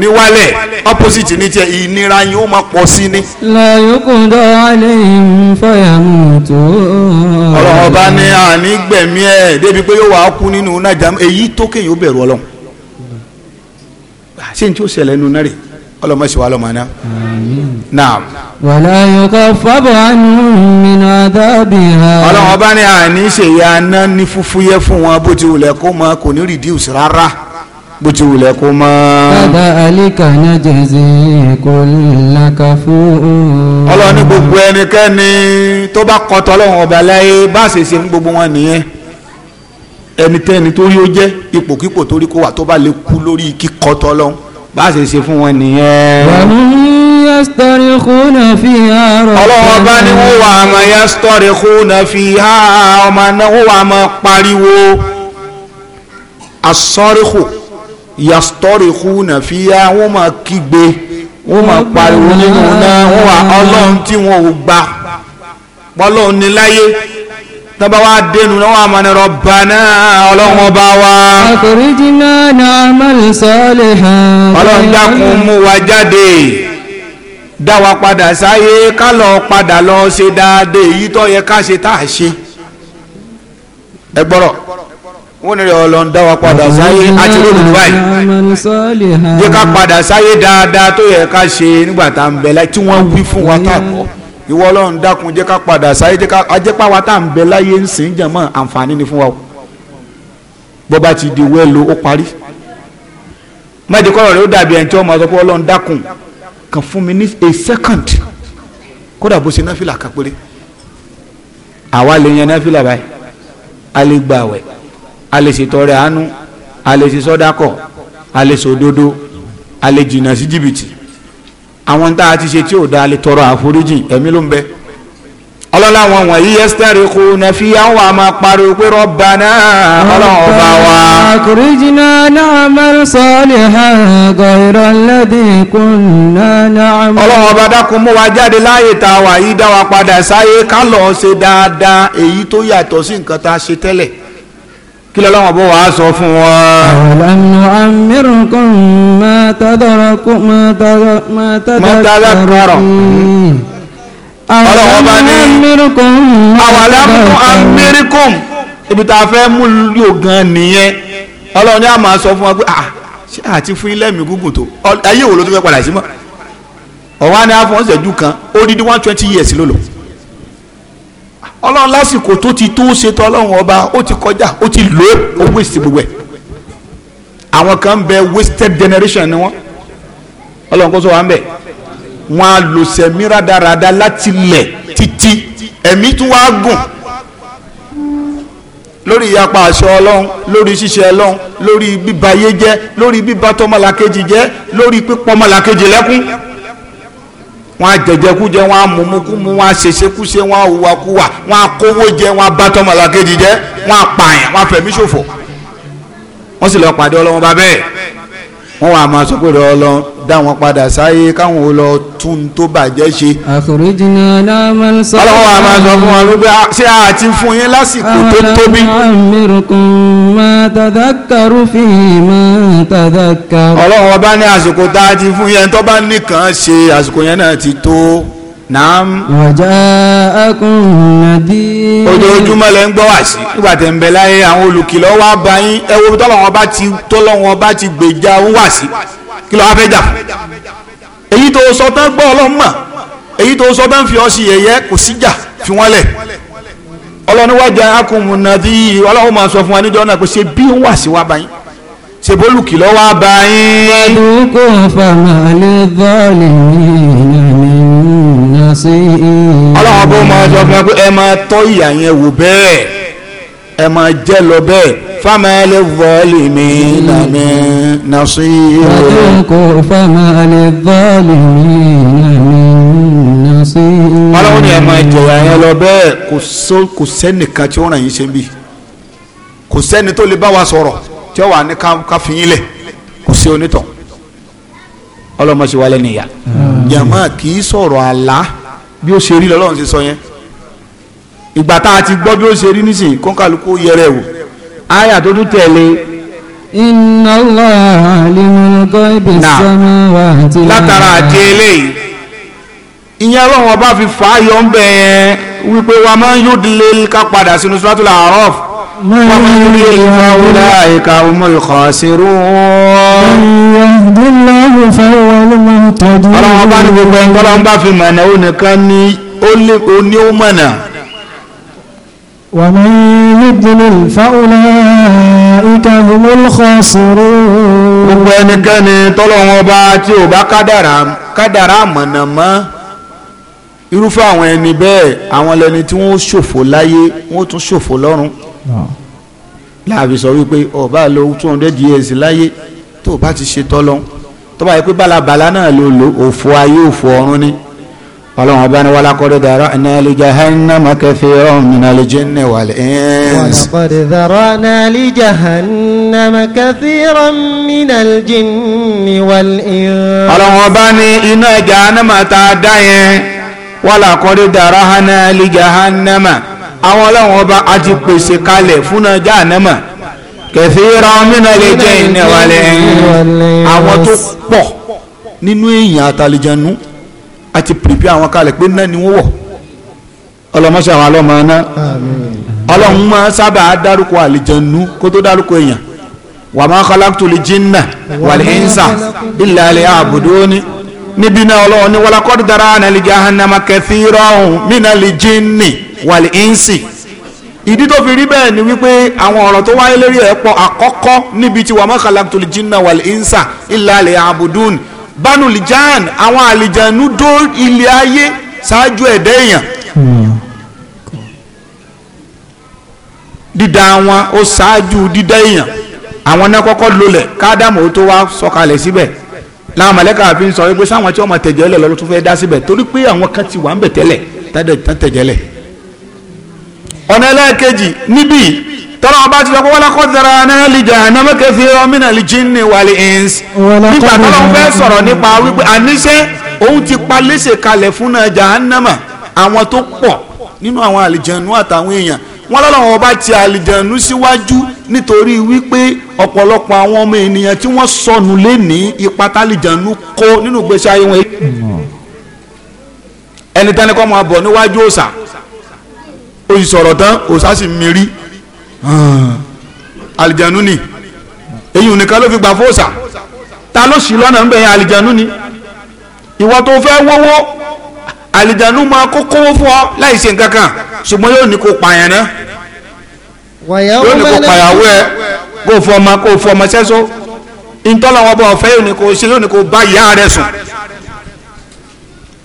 ní wálẹ̀ opposite ní tiẹ̀ ìnira yóò máa pọ̀ sí ni. tó. ọ̀rọ̀ ọba ni àní gbẹ̀mí ẹ̀ débi pé yóò wá kú nínú iná jàm èyí tó kéèyàn bẹ̀rù ọlọ́run ṣé n tí ó ṣẹlẹ̀ ọlọmọ sì wà lọmọ naam. wàlá yọkọ fábọ̀ àánú mi náà dábì ha. ọlọ́run ọba ní àní ṣèyá náà ní fúfúyẹ́ fún wọn bó ti wulẹ̀ kó mọ kò ní reduce rárá bó ti wulẹ̀ kó mọ́. bàbá àlíkà náà jẹ̀sí kò lákà fún òun. gbogbo ẹnikẹ́ni tó bá kọ́ tọ́lọ́run ọba láyé bá ṣèṣe ní gbogbo wọn nìyẹn ẹnitẹ́ni tó yóò jẹ́ ipòkípò torí kó wà tó bá lè kú lórí kíkọ́ tọ́lọ́hún bá a ṣe ṣe fún wọn nìyẹn. yastarikuna fiha rọ̀. ọlọ́wọ́ bá ní wọ́n wà á mọ yastarikuna fiha ọmọ náà wọ́n wà á mọ pariwo asọ́rìkù yastarikuna fiha wọ́n máa kígbe wọ́n máa pariwo nínú náà wọ́n wà ọlọ́run tí wọ́n ò gbà bọ́lọ́run ní láyé tọ́ba wa dénú náà wà mọ́ ni rọ̀bánà ọlọ́run ọba wa. àkòríjìnà náà mọ́lẹ̀ sọ́ọ́lẹ̀ hàn. ọlọ́run dákun mú wa jáde dá wa padà sáyé ká lọ padà lọ ṣe dáadé èyí tó yẹ ká ṣe tá a ṣe. ẹ gbọ́rọ̀ wọ́n ní ọlọ́run dá wa padà sáyé àti lónìí báyìí. yẹ ká padà sáyé dáadáa tó yẹ ká ṣe nígbà tá a ń bẹ̀lẹ̀ tí wọ́n wí fún wa ká kọ́ ìwọ ọlọ́run dákun jẹ́ ká padà sáyé jẹ́ ká ajẹ́pá wa tá à ń bẹ láyé ń sìn jẹ̀mọ́ àǹfààní ni fún wa o bó bá ti di wẹ́ẹ̀lò ó parí mẹ́jẹ kọ́rọ̀ rẹ̀ ó dàbí ẹni tí wọ́n máa sọ pé ọlọ́run dákun kàn fún mi ní a second kódà bó ṣe náfìlà kan péré àwa lè yan náfìlà báyìí a lè gba àwẹ̀ a lè ṣètọrẹ àánú a lè ṣe sọ́dákọ̀ a lè ṣòdodo a lè jìnnà sí jìbìtì àwọn tá a ti ṣe tí ò da lè tọrọ àforíjì ẹ̀mí ló ń bẹ ọlọ́lá wọn wọ̀nyí yẹ́sítẹ́rì kù nàfi àwọn àmà pariwo pé rọ́bà náà ọlọ́run ọba wa. àkùrìjìnà náà mẹ́rin sọ́ọ̀lì àgọ́ ìrọ̀lẹ́dì kùnà náà. ọlọ́run ọba dákun mú wa jáde láàyè tá a wà yìí dá wa padà sáyé ká lọ́ọ́ ṣe dáadáa èyí tó yàtọ̀ sí nǹkan tá a ṣe tẹ́lẹ̀ kí lọ́lọ́wọ́ bó wàá sọ fún wọn. àlànà amírùkún mọ́tàdọ́rọ̀kún mọ́tàdọ́rọ̀. ọlọ́wọ́ bá ní àwàlámù amírùkún ibi tá a fẹ́ mú yóò gan nìyẹn ọlọ́run ní máa sọ fún wa pé à ah, ṣé àti fún ilé mi gúngùn tó ayé wo ló tún fẹ́ padà sí mọ́ ọ̀wá ni a fọ́n ṣẹ́jú kan ó dídí one twenty years ló ọlọ́run lásìkò tó ti tó ṣetán ọlọ́run ọba ó ti kọjá ó ti lò ó waste gbogbo ẹ̀ àwọn kan ń bẹ wasted generation ni wọ́n ọlọ́run kó sọ wá ń bẹ̀ wọ́n á lò sẹ̀mí rádaràda láti lẹ̀ títí ẹ̀mí tún wá gùn lórí ìyapa àṣọ ọlọ́run lórí ṣíṣe ọlọ́run lórí bíba ayé jẹ́ lórí bíba tọmọlàkejì jẹ́ lórí pípọ́mọlàkejì lẹ́kún wọn àjẹjẹkújẹ wọn àmúmúkúmú wọn àṣeṣekúṣe wọn àwùwàkúwà wọn àkówó jẹ wọn àbátọmọlàkejì jẹ wọn àpààyàn wọn àfẹmíṣòfò wọn sì lọ pàdé ọlọ́wọ́n bá wọ́n wà máa sọ pé rẹ ọlọ́run dá wọn padà sáyé káwọn ò lọ tún tó bàjẹ́ ṣe. àkùrẹ́jìnà lámàlú sọ. ọlọ́run wà sọ fún wọn wípé ah, ṣé a ti fún yín lásìkò tó tóbi. àmìrùkùn máa tàdákàrú fi máa tàdákàrú. ọlọ́run ọba ní àsìkò tá a ti fún yẹn tó bá nìkan ṣe àsìkò yẹn náà ti tó naam. waja'akum nadhir. ojoojúmọ́ lẹ ń gbọ́ wá sí. nígbà tẹ̀ ń bẹ láyé àwọn olùkìlọ̀ wá bá yín ẹ wo tọ́lọ́wọ́n bá ti tọ́lọ́wọ́n bá ti gbèjà ń wá sí kí ló wá fẹ́ jà. èyí tó sọ tán gbọ́ ọlọ́mọ èyí tó sọ tán fi ọ́ sí yẹ̀yẹ́ kò síjà fi wọ́n lẹ̀. ọlọ́ni waja'akum nadhir ọlọ́run máa sọ fún wa níjọ́ náà pé ṣe bí ń wá sí wá bá yín ṣèbólùkìlọ̀ wá bá yín. wàlúùkù fàmà lè bọ́ọ̀lì yìí ọlọ́run bó máa sọ fún ẹ pé ẹ máa tọ́ ìyà yẹn wò bẹ́ẹ̀ ẹ máa jẹ́ lọ bẹ́ẹ̀ fama le mi na mi na si ye. kò fama le mi na mi na si ye. ni ẹ máa jẹ̀yà yẹn lọ bẹ́ẹ̀ kò sẹ́nìkan tí ó ràn yín ṣe ń kò sẹ́ni tó lè bá wa sọ̀rọ̀ tí ó wà ní ká yín lẹ̀ kò sí onítọ̀ ọlọ́mọ ṣe wálé nìyà jàmáà kì í sọ̀rọ̀ àlá bí ó ṣe rí lọ́lọ́run ṣe sọ yẹn ìgbà tá a ti gbọ́ bí ó ṣe rí nísìnyí kọ́ńkàlùkù yẹrẹ wò áyà tó tún tẹ̀lé inna Allah alimul ghaibi samawati látara àti eléyìí ìyẹn ọlọ́run ọba fi fàáyọ̀ ń bẹ̀ wípé wa man yudlil ká padà sínú suratul A'raf ومن يضلل فأولئك هم الخاسرون يهد الله فهو المهتدي ọlọ́run ọba ní gbogbo ẹni tọ́lọ́run bá fi mọ̀nà ó nìkan ní ó lè ní ó mọ̀nà. ومن يضلل فأولئك هم الخاسرون. gbogbo ẹnikẹ́ni tọ́lọ́run ọba tí ò bá kádàrá kádàrá irúfẹ́ àwọn ẹni bẹ́ẹ̀ àwọn lẹni tí wọ́n ṣòfò láyé wọ́n tún ṣòfò lọ́run láàbí sọ wípé ọba lo two hundred years láyé tó o bá ti ṣe tọ́lọ́ tó bá yẹ pé balabala náà ló lo òfò ayé òfò ọ̀run ni ọlọ́run ọba ni wàlá kọ́dé dara iná lè jahannama kathiran minal jinni wal ins. wàlàkọ́dé dara iná lè jahannama kathiran minal jinni wal ins. ọlọ́run ọba ni iná jahannama tá a dá yẹn wàlàkọ́dé dara iná lè jahannama àwọn ọlọ́run ọba a ti pèsè kalẹ̀ fúnà jáànámà kẹfìrà ọmọnà lè jẹ iná wàlẹ̀ àwọn tó pọ̀ nínú èèyàn àtàlìjànú a ti pèpè àwọn kalẹ̀ pé náà ni wọ́n wọ̀ ọlọmọṣẹ àwọn alọmọ náà ọlọ́run máa sábà dárúkọ àlìjànú kó tó dárúkọ èèyàn wà máa kọ́láktù lè jìnnà wàlẹ̀ ẹ̀ńsà ilẹ̀ alẹ́ àbùdó ni níbi náà ọlọ́run ni wọ́lá kọ́ dára náà kẹfìrà ọ̀hún mí wàlì ínsì ìdí tó fi rí bẹ́ẹ̀ ni wípé àwọn ọ̀rọ̀ tó wáyé lórí ẹ̀ pọ̀ àkọ́kọ́ níbi tí wàmọ́ kàlàkùtò lè jìnnà wàlì ínsà ilà àlẹ́ àbùdùn banulijan àwọn àlìjànú dó ilé ayé ṣáájú ẹ̀dẹ́ èèyàn dídá wọn ó ṣáájú dídá èèyàn àwọn náà kọ́kọ́ lólẹ̀ kádàmù tó wá sọ̀kalẹ̀ síbẹ̀ láwọn mọ̀lẹ́kà fi ń sọ wípé sáwọn tí wọ́n mọ̀ tẹ̀jẹ̀ lẹ̀ tó fẹ́ dá síbẹ̀ torí pé àwọn kan ti wà ń bẹ̀ tẹ́lẹ̀ tẹ́jẹ̀ ọ̀nà ẹlẹ́ẹ̀kejì níbí tọ́lá ọba ti sọ pé wọ́lá kọ́tara náà lìjà ànámọ́ kẹfì ọmọnà lìjínì wàlẹ̀ ẹ̀ǹs nígbà tọ́lá ń fẹ́ sọ̀rọ̀ nípa wípé àníṣe òun ti pa léṣe kalẹ̀ fún náà jahannama àwọn tó pọ̀ nínú àwọn àlìjẹ̀nu àtàwọn èèyàn wọ́n lọ́lọ́wọ́ ọba ti àlìjẹ̀nu síwájú nítorí wípé ọ̀pọ̀lọpọ̀ àwọn ọmọ ènìyàn tí wọ́n sọnù lé ní ipa tálìjẹ̀nu kó nínú ìgbésí ayé wọn. Hmm. ẹni kọ́ máa bọ̀ níwájú òòsà ó sì sọ̀rọ̀ tán òòṣà sì mírí ah. àlìjànú ni èyí fi gbà fóòṣà ta ló sì lọ́nà ń bẹ̀yẹn àlìjànú ni ìwọ tó fẹ́ wọ́wọ́ àlìjànú máa kó kówó fún ọ láì ṣe nǹkan kan ṣùgbọ́n yóò ní kó pààyàn náà yóò ní kó pàyàwó ẹ kó fọ ọmọ kó fọ ọmọ ọ̀fẹ́ yóò ní kó ṣe yóò ní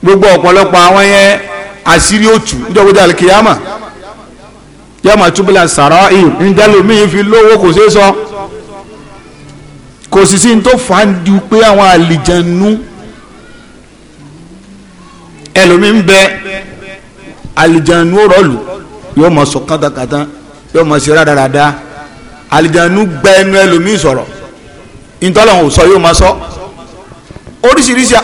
gbogbo ọ̀pọ̀lọpọ̀ àwọn yẹn àṣírí òtù níjọ́ gbọ́dọ̀ yóò máa túbúlẹ̀ sàrọ́ ì ń dẹ́lómi fi lówó kò ṣeé sọ kò sì sí ní tó fà á ju pé àwọn àlìjẹnú ẹlòmí ń bẹ àlìjẹnú rọlù yóò máa sọ kátàkátà yóò máa ṣe rádaràda àlìjẹnú gba ẹnu ẹlòmí sọ̀rọ̀ ìtọ́lọ́hún sọ yóò máa sọ oríṣiríṣi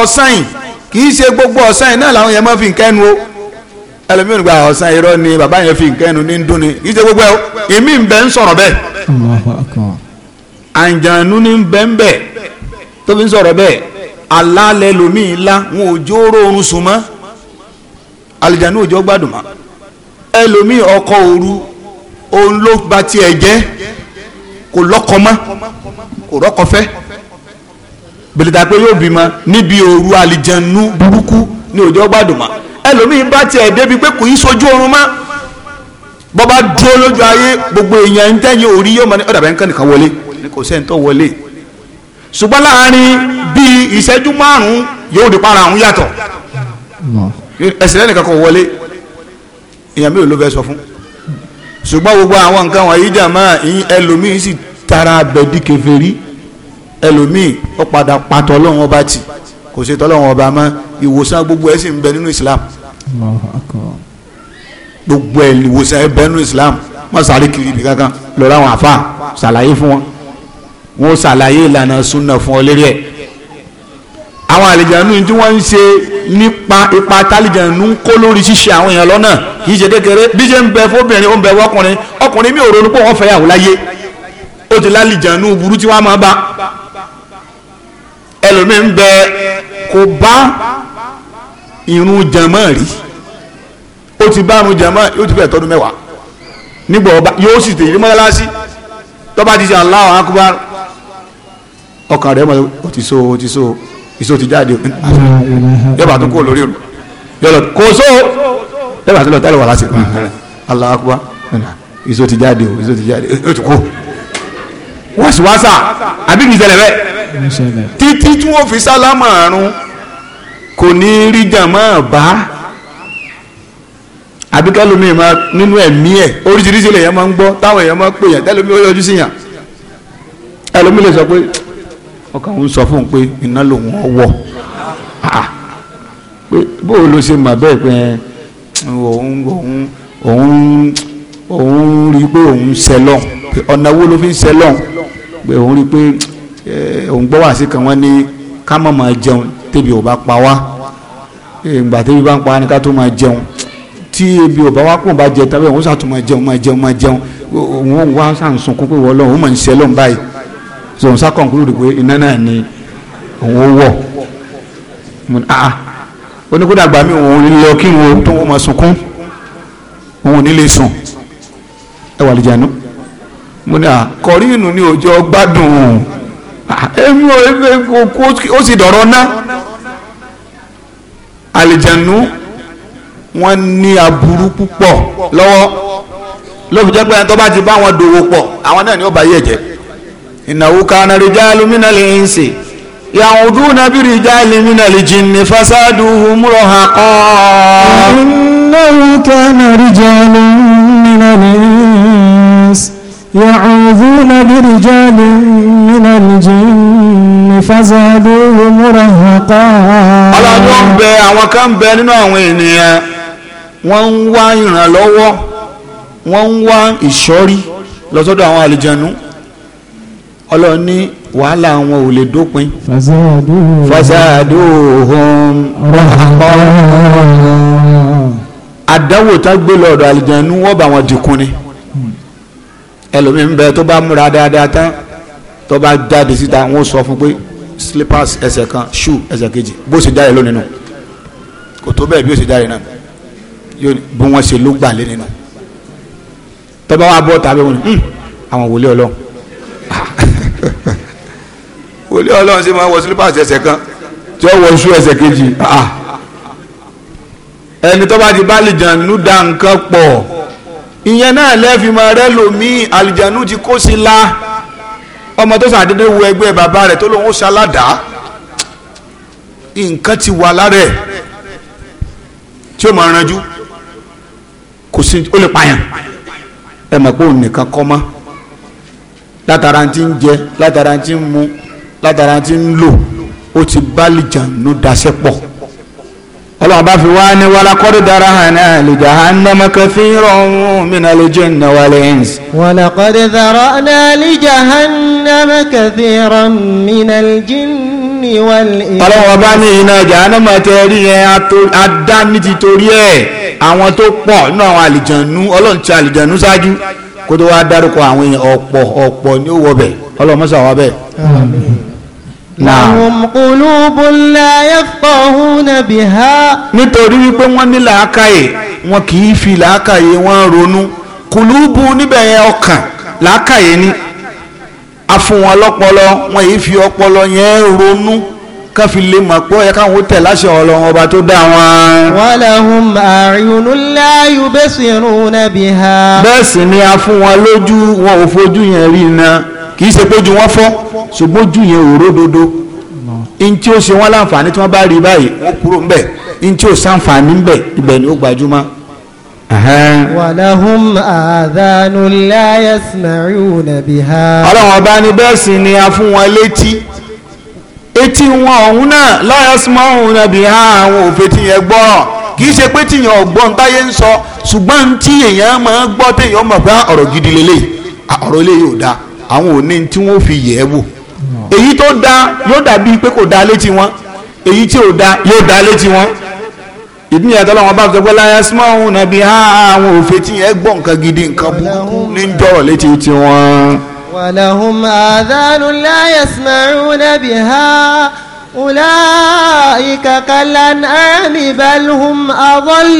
ọ̀sán yìí kì í ṣe gbogbo ọ̀sán yìí náà làwọn yẹn máa fi kẹ́nu o ẹlẹ́mìíràn gba ọ̀sán irọ́ ni bàbá yẹn fi nǹkan ẹnu ní dún ni kì í ṣe gbogbo ẹ̀ èmi ń bẹ ń sọ̀rọ̀ bẹ́ẹ̀. àǹjànú ní bẹ́ ń bẹ̀ tó fi ń sọ̀rọ̀ bẹ́ẹ̀ alálẹ̀ lomiin la wọn ò jó oorun sùn mọ́ alìjànú òjò gbádùn mọ́ ẹlòmíì ọkọ̀ òru òun ló ba tiẹ̀ jẹ́ kò lọ́kọ mọ́ kò rọ́kọ fẹ́ bèlè dàpé yóò bímọ níbi òru alìjànú burúkú ní òjò gbádùn mọ́ ẹlòmíín bá tiẹ̀ débi pé kò í sojú oorun mọ́ bọ́ba dúró lójú ayé gbogbo èèyàn ń tẹ̀yìn orí yóò mọ ní ọ̀dà bẹ́ẹ̀ nìkan wọlé ní kò sẹ́ni tó wọlé ṣùgbọ́n láàárín bíi ìṣẹ́jú márùn-ún yóò di para àwọn yàtọ̀ ẹsẹ̀ lẹ́nu kankan wọlé èèyàn mi ò ló fẹ́ sọ fún ṣùgbọ́n gbogbo àwọn nǹkan wọ̀nyí jà máa ẹlòmíín sì tara abẹ́dí kèfèrí ẹlòmíì ó padà pàtọ́ lọ́wọ́n ọba tì kò ṣe tọ́lọ́wọ́n ọba mọ́ ìwòsàn gbogbo ẹ̀ sì ń bẹ nínú Islam gbogbo ẹ̀ ìwòsàn ẹ̀ bẹ́ẹ̀ nù islam wọ́n sáré kiri ibi kankan lọ́ra àwọn àfa ṣàlàyé fún wọn wọ́n ṣàlàyé ìlànà súnà fún ọ lérí ẹ̀ àwọn àlìjànú tí wọ́n ń ṣe nípa ipa tálìjànú ń kó lórí ṣíṣe àwọn èèyàn lọ́nà kì í ṣe kékeré bí ṣe ń bẹ fóbìnrin ó ń bẹ fọkùnrin ọkùnrin mi ò ronú pé wọ́n fẹ́ yàwó láyé ó ti lálìjànú burú tí wọ́n máa bá ẹlòmíín bẹ kò bá irun jẹmọ́ rí ó ti bá àrùn jama yóò ti fẹ́ tọdún mẹ́wàá nígbà ọba yóò sì tèyí mọ́lásí tọ́ba ti ṣe Allahu akbar ọkàn rẹ̀ mọ̀ ó ti so ó ti so ìṣó ti jáde yọba tó kó lórí òru yọlọ kò so yọba tó lọ tẹ́lẹ̀ wà láti Allahu akbar ìṣó ti jáde o ìṣó ti jáde o ti kó wáṣíwáṣà àbí mi ṣẹlẹ̀ bẹ́ẹ̀ títí tí wọ́n fi sálámà àrùn kò ní rí jama bá àbí kẹlòmíì ma, nínú ẹ̀mí ẹ̀ oríṣiríṣi lèèyàn máa ń gbọ́ táwọn èèyàn máa ń pè yàn tẹlòmíì ó yọjú sí yàn ẹlòmíì lè sọ pé ọkàn òun sọ fún un pé iná lòun ọwọ́ pé bó ló ṣe mà bẹ́ẹ̀ pé òun òun òun òun rí i pé òun ṣẹlọ ọ̀nà wo ló fi ń ṣẹlọ pé òun rí i pé òun gbọ́ wá sí kan wọ́n ní ká má máa jẹun tẹ́bi ò bá pa wá ìgbà tẹ́bi bá ń pa ni ká tó máa jẹun tí ebi ò bá wá kó bá jẹ tàbí òun sàtún máa jẹun máa jẹun máa jẹun òun wá sàǹsùn kó pé wọ́n lọ́wọ́ òun máa ń ṣe lọ́n báyìí so òun sá kọ̀ǹkúrò rẹ̀ pé iná náà ni òun ó wọ̀ ah oníkódà ah. gbàmí òun ò ní lọ kí wọn tó wọn máa sunkún òun ò ní lè sùn ẹ wà lè jànú mo ní à ah, kọrí inú ní o gbádùn o ah, ò o sì dọ̀rọ̀ ná àlìjànú wọ́n ní aburú púpọ̀ lọ́wọ́ lóbi jẹ́ pé ẹni tó bá ti bá wọn dòwò pọ̀ àwọn náà ni ó bá yẹ̀ jẹ́ ìnáwó kanáà rí jáàlú mínà lè ń sè يعودون برجال من الجن فسادوهم رهقا إنه كان رجال من الإنس يعوذون برجال من الجن فزادوهم رهقا. Ọlọ́run ń bẹ àwọn kan bẹ nínú àwọn ènìyàn wọ́n ń wá ìrànlọ́wọ́ wọ́n ń wá ìṣọ́rí lọ́sọ́dọ̀ àwọn àlùjànnú ọlọ́run ní wàhálà wọn ò lè dópin. fasadu hum rahmọ. àdánwò tá gbé lọ́dọ̀ àlùjànnú wọ́n bá wọn dìkun ni ẹlòmíín bẹ tó bá múra dáadáa tán tó bá jáde síta wọn sọ fún pé slippers ẹsẹ̀ kan shoe ẹsẹ̀ kejì bó ṣe jáde lónìí nù kò tó bẹ́ẹ̀ bí ó ṣe jáde náà bí wọ́n ṣe ló gbà lé nínú tọ́ba wa bọ́ tàbí wọn hmm, àwọn wòlé ọlọ́run wòlé ọlọ́run ṣe máa wọ sílípàsì ẹsẹ̀ kan tí ó wọ oṣù ẹsẹ̀ kejì ah, ah. ẹni tọ́ba ti bá àlìjànú dá nǹkan pọ̀ ìyẹn náà lẹ́ẹ̀fì máa rẹ́ lòmíì àlìjànú ti kó sí la ọmọ tó sàdédé wo ẹgbẹ́ bàbá rẹ̀ tó lóun ó ṣaládàá nǹkan ti wà lára ẹ̀ tí ó máa ranjú kò sí ó lè pààyàn ẹ mọ̀ pé òun nìkan kọ́ mọ́ látara ti ń jẹ látara ti ń mu látara ti ń lò ó ti bálìjànú daṣẹ́ pọ̀ ọlọ́run bá fi wá ní wàlá kọ́dé dára hànà li jahannama kathiran minal jinni wal ins. wàlá kọ́dé dára hànà li jahannama kathiran minal jinni ọlọ́wọ́ bá ní iná jahannama tẹ́ rí yẹn adá ní ti torí ẹ̀ àwọn tó pọ̀ nínú àwọn àlìjànú ọlọ́run ti àlìjànú ṣáájú kó tó wá dárúkọ àwọn èèyàn ọ̀pọ̀ ọ̀pọ̀ ní ó wọbẹ̀ ọlọ́mọṣà wà bẹ́ẹ̀. lahum qulubun la yafqahuna biha. nítorí wípé wọ́n ní làákàyè wọn kì í fi làákàyè wọn ronú kùlùbù níbẹ̀ ọkàn làákàyè ni a fún wọn lọ́pọlọ wọn yìí fi ọpọlọ yẹn ronú ká fi lè mọ̀ pé ó káwọn tẹ̀ láṣẹ ọlọ́run ọba tó dá wọn. walahum a'yunun la yubsiruna biha. bẹ́ẹ̀ sì ni a fún wọn lójú wọn ò fojú yẹn rí iná kì í ṣe pójú wọn fọ́ ṣùgbọ́n ojú yẹn ò ródodo in tí ó ṣe wọn láǹfààní tí wọ́n bá rí báyìí wọ́n kúrò ń bẹ̀ in tí ó ṣàǹfààní ń bẹ̀ ibẹ̀ ni ó gbajúmọ̀. wàláhùn àdánù láyẹ̀sìmáyù nàbí ha. ọlọ́run ọba ni bẹ́ẹ̀ sì ni a fún wọn létí etí wọn ọ̀hún náà láyẹ̀sìmáyù nàbí ha àwọn òfin ti yẹ gbọ́ràn kì í ṣe pé ń sọ ṣùgbọ́n tí èèyàn máa gbọ́ téèyàn mọ̀ ah, ọ̀rọ̀ gidi lélẹ̀ ah, ọ̀rọ̀ ilé yóò da àwọn tí wọ́n fi yẹ̀ wò da yóò dàbí da létí wọn èyí da yóò wọn ìdí ìyàtọ̀ làwọn bá fi sọ pé láyé símọ́hún nàbí há àwọn òfin tí yẹn gbọ́ nǹkan gidi nǹkan burúkú ní ń jọ̀rọ̀ létí tiwọn. wàlàhùn àdánù láyé símọ́hún nàbí há ulaika kalan'ami bal hum adall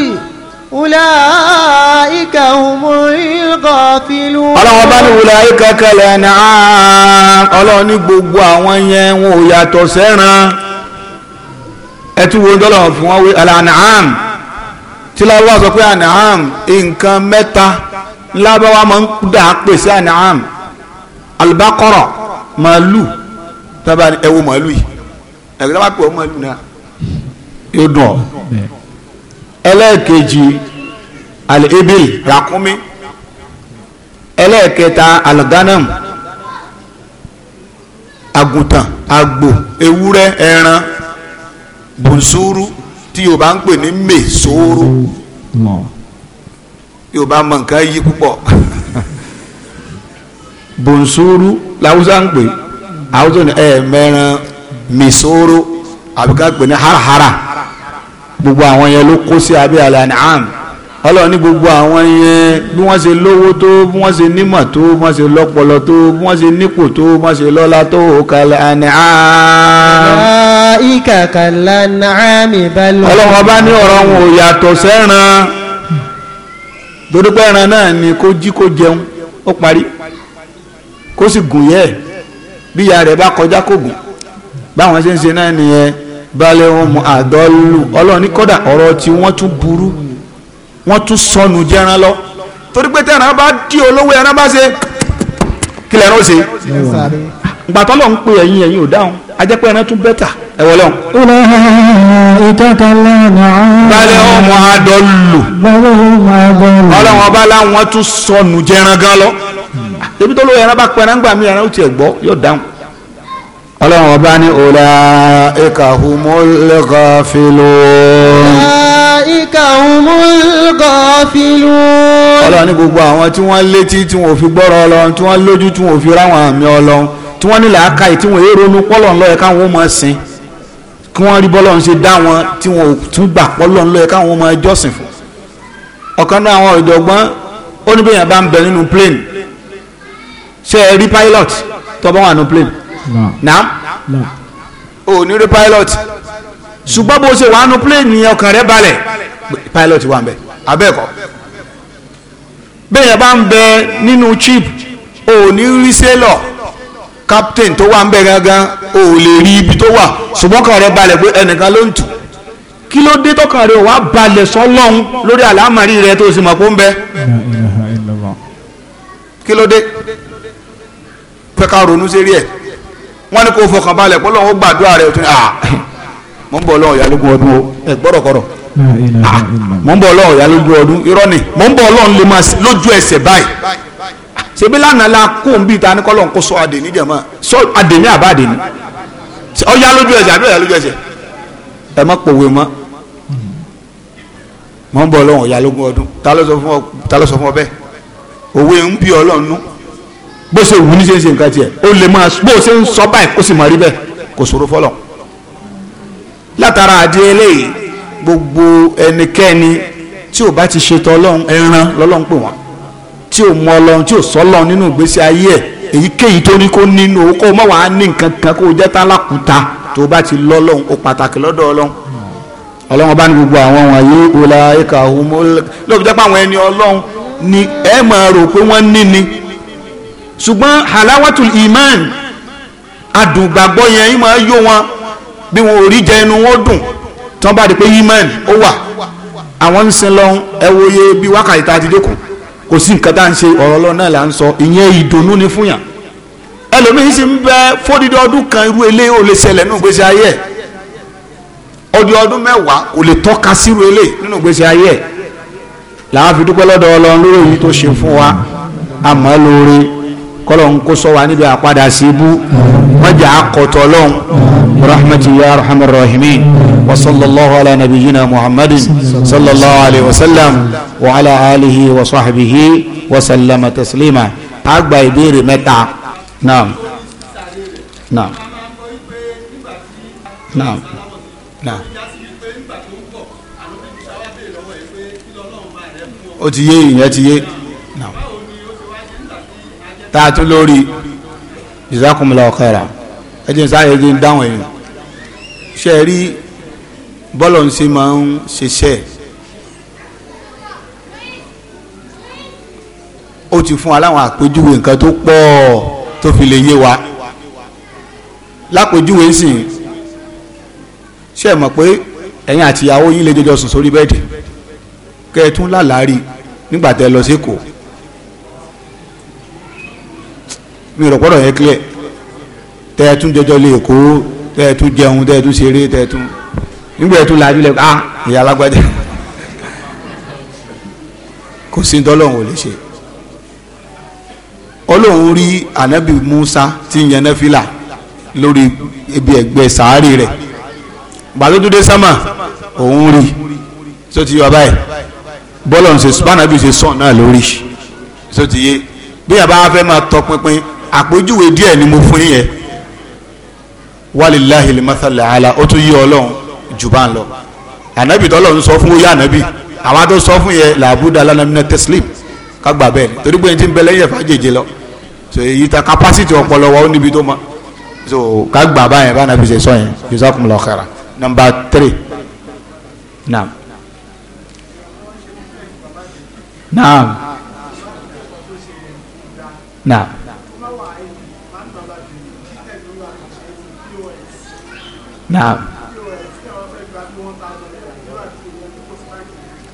ulaika humul ghafilun. ọlọ́wọ́n bá ní ulaika kalan'ami ọlọ́run ní gbogbo àwọn yẹn wọn ò yàtọ̀ sẹ́ran. ẹtú wo dọ́lọ̀ fún wọn wí tí lọ́wọ́ sọ pé anaam nǹkan mẹ́ta lábáwá máa ń dà á pè sí albakọrọ màálù tábà ẹ wo màálù yìí ẹ̀rọ bá pè ọ́ náà yóò dùn ẹlẹ́ẹ̀kejì ẹlẹ́ẹ̀kẹta àgùntàn bùnsúrú tí yorùbá ń pè ní mèsòrò yorùbá mọ nǹkan yí púpọ̀ bùnsúrú làwùjọ ń pè àwùjọ ní ẹ eh, mẹran mèsòrò àbíká pè ní harahara gbogbo àwọn yẹn ló kó sí abẹ́ àlàní àmì ọlọ́run ní gbogbo àwọn yẹn bí wọ́n ṣe lówó tó bí wọ́n ṣe nímọ̀ tó bí wọ́n ṣe lọ́pọlọ tó bí wọ́n ṣe nípò tó bí wọ́n ṣe lọ́lá tó kàlẹ́ àní àá. ìkà kàlà náà mi bá lọ. ọlọ́run ọba ní ọ̀rọ̀ wọn ò yàtọ̀ sẹ́ran torí ẹran náà ni kó jí kó jẹun ó parí kó sì gùn yẹ bí ìyá rẹ̀ bá kọjá kó gùn báwọn ṣe ń ṣe náà nìyẹn balẹ̀ wọn mọ àdọ́lù ọlọ́run ní kọ́dà ọ̀rọ̀ tí wọ́n tún burú wọ́n tún sọnù jẹran lọ torí pé tẹ̀ran bá dí olówó ẹran bá ṣe kílẹ̀ ẹran ó ṣe gbàtọ́ lọ́n ń pè ẹ̀yìn ẹ̀yìn ò dáhùn ajẹ́pẹ́ ẹran tún bẹ́tà ẹ̀wọ̀ lọ́n. balẹ̀ ọmọ adọ́lù ọlọ́run ọba láwọn tún sọnù jẹran gan lọ ebi tó lóye ẹran bá pẹran gbà mí ẹran ó tiẹ̀ gbọ́ yóò dáhùn. ọlọ́run ọba ní ọ̀la ẹ̀ka humul ulaika humul ghafilun. gbogbo àwọn tí wọ́n létí tí wọ́n fi gbọ́rọ̀ ọlọ́run tí wọ́n lójú tí wọ́n fi ráwọn àmì ọlọ́run tí wọ́n ní làákàyè tí wọ́n èrònú pọ́lọ̀ ńlọ́yẹ káwọn ó sìn kí wọ́n rí bọ́lọ́run ṣe dá wọn tí wọ́n tún gbà pọ́lọ̀ ńlọ́yẹ káwọn ó máa jọ́sìn fún. ọ̀kan náà àwọn ọ̀jọ̀gbọ́n ó bá ń bẹ nínú plane ṣe é rí pilot tó bá wà nínú plane ṣùgbọ́n bó ṣe wàánu pléènì ọkàn rẹ balẹ̀ pilot wà ń bẹ abẹ́ẹ̀kọ́ bẹ́ẹ̀ yẹn bá ń bẹ nínú chip ò ní rí sẹ́lọ̀ captain tó wà ń bẹ gangan ò lè rí ibi tó wà ṣùgbọ́n ọkàn rẹ balẹ̀ pé ẹnìkan ló ń tù kí ló dé tọkàn rẹ wàá balẹ̀ sọlọ́hún lórí àlámàrí rẹ tó sì mọ̀ pé ó ń bẹ kí ló dé pé ká ronú sí rí ẹ wọ́n ní kó fọkàn balẹ̀ pé Ọlọ́hun ó gbàdúrà rẹ ò tún ní à. Ah! mọ̀ ń bọ̀ ọlọ́run ọdụ ọdún o ẹ gbọ́dọ̀ kọ̀rọ̀ ah, mọ̀ ń bọ̀ ọlọ́run ìyá ọdún ni mọ̀ ń bọ̀ ọlọ́run lè máa lójú ẹsẹ̀ báyìí ṣebí lánàá la kó n bí ta ni kọ́lọ́n kó sọ àdèní jẹ̀mọ́ sọ àdèní àbá àdèní ọ̀yá lójú ẹsẹ̀ àbí lójú ẹ má pòwe ń ọdún ta ló sọ fún ọ ya òwe ń bí ọlọ́run nú bó ṣe wù ní ṣe ń ṣe nǹkan tiẹ̀ ó lè máa bó ṣe ń sọ báyìí kó sì máa rí bẹ́ẹ̀ kò ṣòro fọlọ́run látara àdí eléyìí gbogbo ẹnikẹ́ni tí ò bá ti ṣètò ọlọ́run ẹran lọ́lọ́run pè wọ́n tí ò mọ ọlọ́run tí ò sọ ọlọ́run nínú ìgbésí ayé ẹ̀ èyíkéyìí tó ní kó nínú owó kó mọ̀ wàá ní nǹkan kan kó jẹ́ tálákùúta tó bá ti lọ́ ọlọ́run ó pàtàkì lọ́dọ̀ ọlọ́run ọlọ́run bá ní gbogbo àwọn wọ̀nyí ọ̀la ẹ̀ka ọ̀húnmọ́ lóòótọ́ jẹ́ pé àwọn ẹni ọlọ́run ni ẹ máa rò pé wọ́n ní ni ṣùgbọ́n halawatul iman adùngbàgbọ́ yẹn yìí máa yó wọn bí wọn ò rí jẹ inú wọn dùn tí wọn bá di pé yimẹ́n ó wà àwọn ń sin lọ́hún ẹ wo iye bí wákàtí tá a ti dẹ́kun kò sí nǹkan tá à ń ṣe ọ̀rọ̀ lọ náà là ń sọ ìyẹn ìdùnnú ni fún yàn ẹlòmíín sì ń bẹ fódìdí ọdún kan irú eléyìí ò lè ṣẹlẹ̀ nínú ìgbésí ayé ẹ̀ ọdí ọdún mẹ́wàá ò lè tọ́ka sírú eléyìí nínú ìgbésí ayé làwọn fi dúpẹ́ lọ́dọ̀ Ọlọ́run lórí èyí tó ṣe fún wa àmọ́ lóore kọ́lọ̀ ń kó sọ wa níbi àpadà sí ibú mọ́jà àkọ́tọ̀ lọ́n rahmatu ya arhamar rahimin wa sallallahu ala nabiyyina muhammadin sallallahu alaihi wasallam wa ala alihi wa sahbihi wa sallama taslima a gba ìbéèrè naam naam naam naam ó ti yé ìyẹn ti yé tá a tún lórí jazakumullahu khairan ẹ jẹ́ sáyé ẹ jẹ́ dáhùn ẹ̀yìn ṣe é rí bọ́lọ̀ ń ṣe máa ń ṣiṣẹ́ ó ti fún wa láwọn àpèjúwe nǹkan tó pọ̀ tó fi lè yé wa lápèjúwe sìn ṣe é mọ̀ pé ẹ̀yin àtìyàwó yín lè jọjọ sùn sórí bẹ́ẹ̀dì kẹ́ ẹ tún lálàárí nígbà tẹ́ lọ sí Èkó mi rò pọ́dọ̀ yẹn clear tẹ́ ẹ tún jọjọ lè kó tẹ́ ẹ tún jẹun tẹ́ ẹ ṣeré tẹ́ nígbà ẹ lajú lẹ ah ìyá alágbádẹ kò sí dọ́lọ́hún ò lè ṣe ọlọ́run rí anabi musa tí ń yẹn nẹ́fìlà lórí ibi ẹ̀gbẹ́ sàárì rẹ̀ gbàdúdúdé sámà òun rí tó ti yọ báyìí bọ́lọ̀ ń ṣe bánabi ṣe sàn náà lórí tó ti yé bí yàrá bá fẹ́ máa tọpinpin àpèjúwe díẹ̀ ni mo fún yẹn wàlíláhi lèmásàlẹ̀ àlà ó tún yí ọlọ́run jù bá ń lọ ànábì tọ́lọ̀ ń sọ fún ó yá ànábì àwọn àtọ́ sọ fún yẹn làbúdà alánàmínà tẹ́sílìm kágbà bẹ́ẹ̀ ni torí pé ẹni tí ń bẹ lẹ́yìn ẹ̀fà jèjì lọ so èyí ta capacity ọpọlọ wa ó níbi tó ma so kágbà báyẹn bá ànábì ṣe sọ yẹn jazakumullahu khaira number three naam naam naam. naam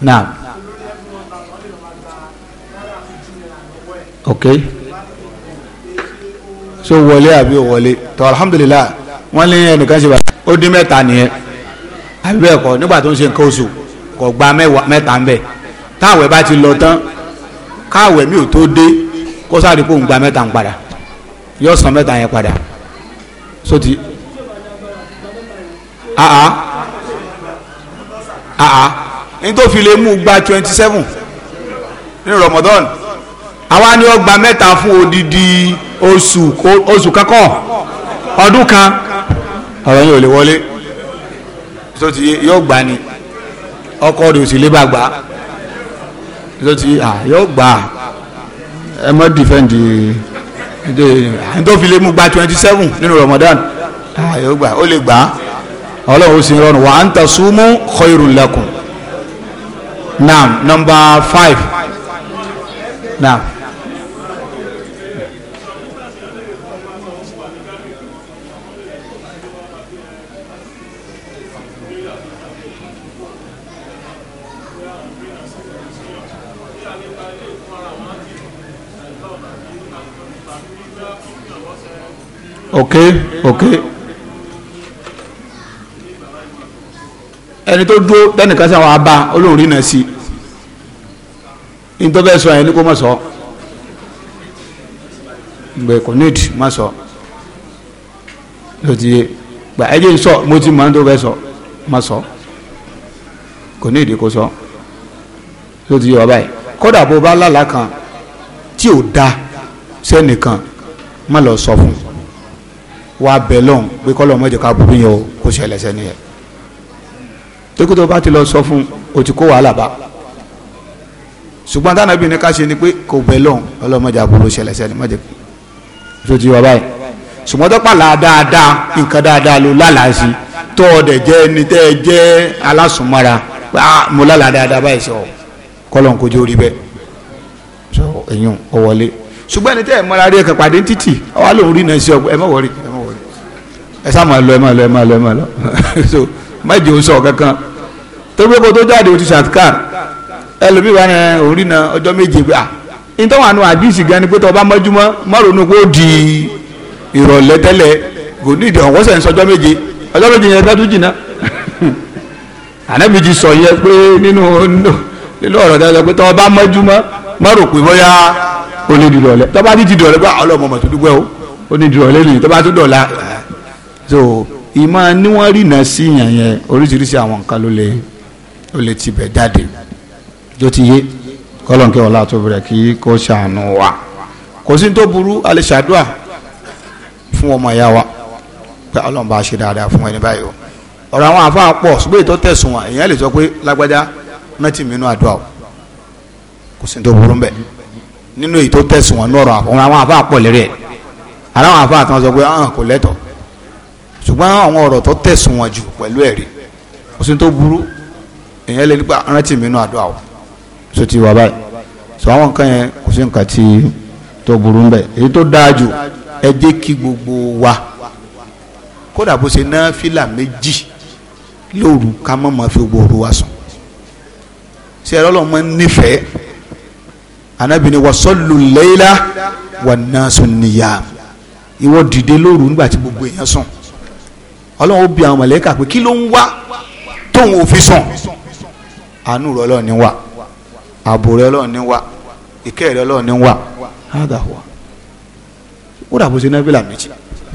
naam ok so wọlé àbí wọlé tó alhamdulilah wọn lé ẹnìkan ṣe bàtà ó dín mẹ́ta nìyẹn àbí bẹ́ẹ̀ kọ́ nígbà tó ń ṣe nǹkan oṣù kò gba mẹ́ta ń bẹ̀ táwẹ̀ bá ti lọ tán káwẹ̀ mi ò tó dé kó sáré kó ń gba mẹ́ta ń padà yóò san mẹ́ta yẹn padà Ah ah, ah, ah. ní tó fi lè mú gba twenty seven ní Ramadan àwa ni ó mẹ́ta fún odidi oṣù oṣù kankan ọdún kan ọ̀rọ̀ yìí ò lè wọlé tó ti yóò gbà ni ọkọ rẹ̀ ò sì lè bá gbà tó ti yóò gbà ẹ mọ́ dìfẹ́ǹdì ẹ̀ tó fi lè mú gba twenty seven nínú Ramadan yóò gbà ó lè gbà á. ọlọ́run ó sì rọrùn wa an tasumu khairul lakum naam number five naam. okay okay ẹni tó dúró tẹnìkan sí àwọn abá olóhùn rí náà sí i ní tó fẹ́ sọ yẹn ní kó má sọ gbẹ kò ní ìdí má sọ lọ́tí yé gbà ẹ jẹ́ sọ mo ti mọ̀ ní tó sọ má sọ kò ní ìdí kó sọ lọ́tí yé ọba yìí kódà bó bá lálàá kan tí ò da sẹ́nìkan má lọ sọ fún wa bẹ̀ lọ́hùn pé kọ́lọ́ mọ́jọ ká burú yẹn o kó ṣẹlẹ̀ sẹ́ni tókù tó bá ti lọ sọ fún o ti kó wàhálà bá ṣùgbọ́n táwọn ẹbí ní ká ṣe ni pé kò bẹ̀ lọ́hùn ọlọ́mọdé àbúrò ṣẹlẹ̀ sẹ́ni mọ́jẹ́ tó ti wá báyìí ṣùgbọ́n tó pàlà dáadáa nǹkan dáadáa ló lálàá sí tó ọdẹ jẹ́ ẹni tẹ́ ẹ jẹ́ alásùnmọ́ra pé ah mo lálàá dáadáa báyìí sọ kọ́lọ̀ nǹkan orí bẹ́ẹ̀ sọ ẹ̀yìn ọ̀wọ́lé ṣùgbọ́n ẹni tẹ́ ẹ mọ́ra rí ẹ̀kẹ́ pàdé títì ọwọ́ lòun rí náà sí ọgbẹ́ ẹ má wọrí ẹ má wọrí ẹ sá máa lọ ẹ má lọ ẹ má lọ ẹ má lọ so má jẹun sọ kankan tó gbé kó tó jáde o ti ṣàtìkàr ẹlòmíì wà ní orí eh, na ọjọ́ méje pé ah, à nítorí àwọn àdìsí gan ni pé tọba mọ́júmọ́ mọ́rònú pé ó di ìrọ̀lẹ́ tẹ́lẹ̀ kò ní ìdí ọ̀wọ́sẹ̀ ń sọjọ́ méje ọjọ́ méje yẹn tẹ́tù jìnnà ànábì ti sọ yẹ pé nínú nínú ọ̀rọ̀ dáadáa pé tọba mọ́júmọ́ mọ́rò pé bóyá ó lè di ìrọ̀lẹ́ tọba ti di ìrọ̀lẹ́ pé ah, ọlọ́mọ mọ̀ tó dúpẹ́ o ó ní ìrọ̀lẹ́ nìyí tọba tó dọ̀la so ìmọ̀ níwọ̀n rìnà sí yàn yẹn oríṣiríṣi àwọn nǹkan ló lè ó lè tibẹ̀ jáde tó ti yé kọ́lọ́nkẹ́ ọ̀la tó bẹ̀rẹ̀ kí kó ṣàánú wa kò sí tó burú a lè ṣàdúà fún ọmọ ìyá wa pé ọlọ́run bá ṣe dáadáa fún ẹni báyìí o ọ̀rọ̀ àwọn àfáà pọ̀ ṣùgbọ́n ètò tẹ̀sùn wa èèyàn lè sọ pé lágbájá mẹ́tì mínú àdúrà o kò sí tó burú mbẹ nínú èyí tó tẹ̀sùn wọn nọ̀rọ̀ àwọn àwọn àfáà pọ̀ lérí ẹ̀ àwọn àfáà kan sọ pé ọ̀hún kò lẹ́tọ̀ ṣùgbọ́n àwọn ọ̀rọ̀ tó tẹ̀sùn wọn jù pẹ̀lú ẹ̀rí kò sí tó burú èyàn lè nípa rántí mi nínú àdúrà o so ti wà báyìí so àwọn nǹkan yẹn kò sí nǹkan tí tó burú bẹ́ẹ̀ èyí tó dáa jù ẹ jẹ́ kí gbogbo wa kódà bó ṣe ná fílà méjì lóru ká mọ̀ mọ́ fi gbòòrò wa sùn ṣe ẹ̀rọ lọ́mọ nífẹ̀ẹ́ anábìíní wọ́sọ́lù lẹ́yìnlá wà náà sùn nìyà ìwọ dìde lóru nígbà tí gbogbo èèyàn sùn ọlọ́run ó bi àwọn mọ̀lẹ́kà pé kí ló ń wá tóun ò fi sùn àánú rẹ Ọlọ́run ni wà ààbò rẹ Ọlọ́run ni wà ìkẹ́ rẹ Ọlọ́run ni wà hádà wà ó dàbò sí nábìlà méjì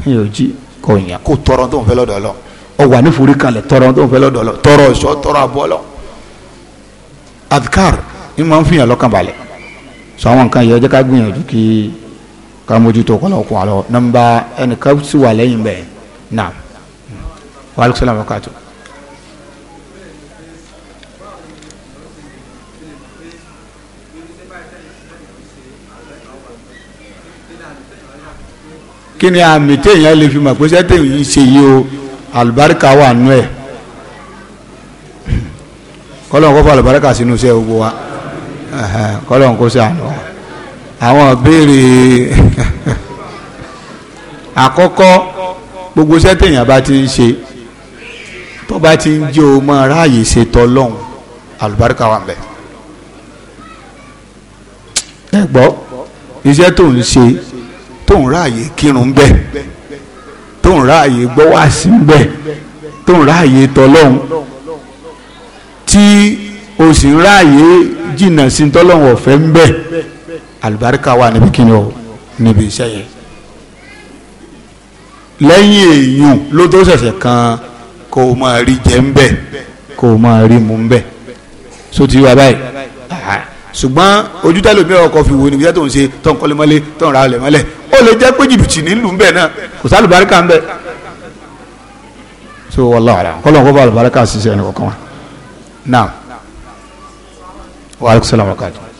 ẹ̀yìn ò jí kò yàn kó tọrọ tó ń fẹ́ lọ́dọ̀ Ọlọ́run ọ wà ní forí kalẹ̀ tọrọ tó ń fẹ́ lọ́dọ̀ Ọlọ́run tọrọ ìṣọ́ tọrọ àbọ̀ Ọlọ́run adkar ni máa ń fi hàn lọ́kàn balẹ̀ sọ àwọn nǹkan yìí ọjọ́ ká gbìyànjú kí ká mójútó ọ̀pọ̀lọpọ̀ àlọ́ nọ́mbà ẹnìkan sì wà lẹ́yìn bẹ́ẹ̀ náà wàhálà sọlá mọ́kàtó. kí ni àmì téèyàn lè fi mọ̀ pé sẹ́tẹ̀ yìí ṣe yìí o àlùbáríkà wà nú ẹ̀ kọ́lọ́n kó fọ àlùbáríkà sínú iṣẹ́ gbogbo wa kọ́lọ́n kó ṣe àná àwọn béèrè àkọ́kọ́ gbogbo sẹ́tẹ̀ yìí bá ti ń ṣe tó bá ti ń jẹ́ o máa ráàyè ṣe tọ́lọ́hún àlùbáríkà wà bẹ́ẹ̀ ẹ gbọ́ iṣẹ́ tó ń ṣe tóun ráàyè kírun bẹ́ẹ̀ tóun ráàyè gbọ́ wáàsí bẹ́ẹ̀ tóun ráàyè tọ́lọ́hún tí o sì ń ráàyè jìnnà sí tọ́lọ́hún ọ̀fẹ́ ń bẹ́ẹ̀ àlùbáríkà wà níbi kíni o níbi iṣẹ́ yẹn lẹ́yìn èèyàn ló tó ṣẹ̀ṣẹ̀ kan kó o máa rí jẹ ń bẹ̀ kó o máa rí mu ń bẹ̀ so ti wá báyìí ṣùgbọ́n ojú ọkọ̀ fi wo ni bíyà tó ń ṣe tó mọ́lé tó ń mọ́lẹ̀ ó lè jẹ́ pé jìbìtì nílùú ń bẹ̀ náà kò sá àlùbáríkà ń bẹ̀ so wallahu alam kọ́lọ̀ kó bá àlùbáríkà ṣiṣẹ́ ẹnì kọ̀ọ̀kan wa naam wa aleykum salaam wa rahmatulah.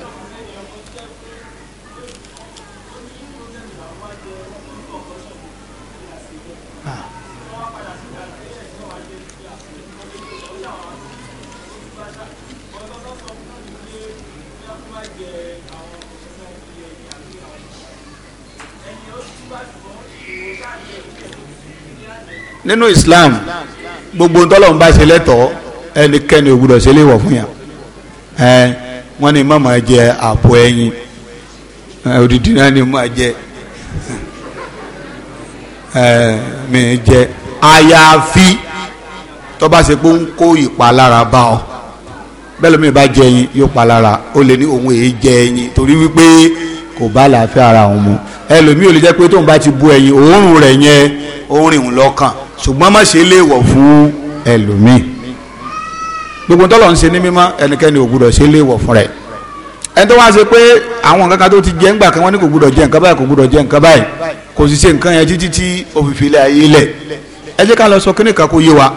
nínú Islam gbogbo ntọ́lọ́run bá ṣe lẹ́tọ̀ọ́ ẹnikẹ́ni ò gbúdọ̀ ṣe lè wọ̀ fún yàn ẹ wọ́n ní má máa jẹ àpò ẹyin odidi náà ni máa jẹ ẹ mi jẹ àyàfi tó bá ṣe pé ń kó ìpalára bá ọ bẹ́ẹ̀ lómi bá jẹ ẹyin yóò palára ó lè ní òun èyí jẹ ẹyin torí wípé kò bá àlàáfíà ara òun mu ẹlòmíì ò lè jẹ́ pé tóun bá ti bu ẹyin òórùn rẹ̀ yẹn ó rìn òun lọ́kàn ṣùgbọ́n má ṣe lè wọ̀ fún ẹlòmíì gbogbo tọ́lọ̀ ń ṣe ní mímọ́ ẹnikẹ́ni ò gbúdọ̀ ṣe lè wọ̀ fún rẹ̀ ẹni tó wá ṣe pé àwọn nǹkan kan tó ti jẹ́ ńgbà kan wọ́n ní kò gbúdọ̀ jẹ́ nǹkan báyìí kò gbúdọ̀ jẹ́ nǹkan báyìí kò sì ṣe nǹkan yẹn títí tí òfìfì ilẹ̀ ayé lẹ̀ ẹ jẹ́ ká lọ sọ kíní kan kó yé wa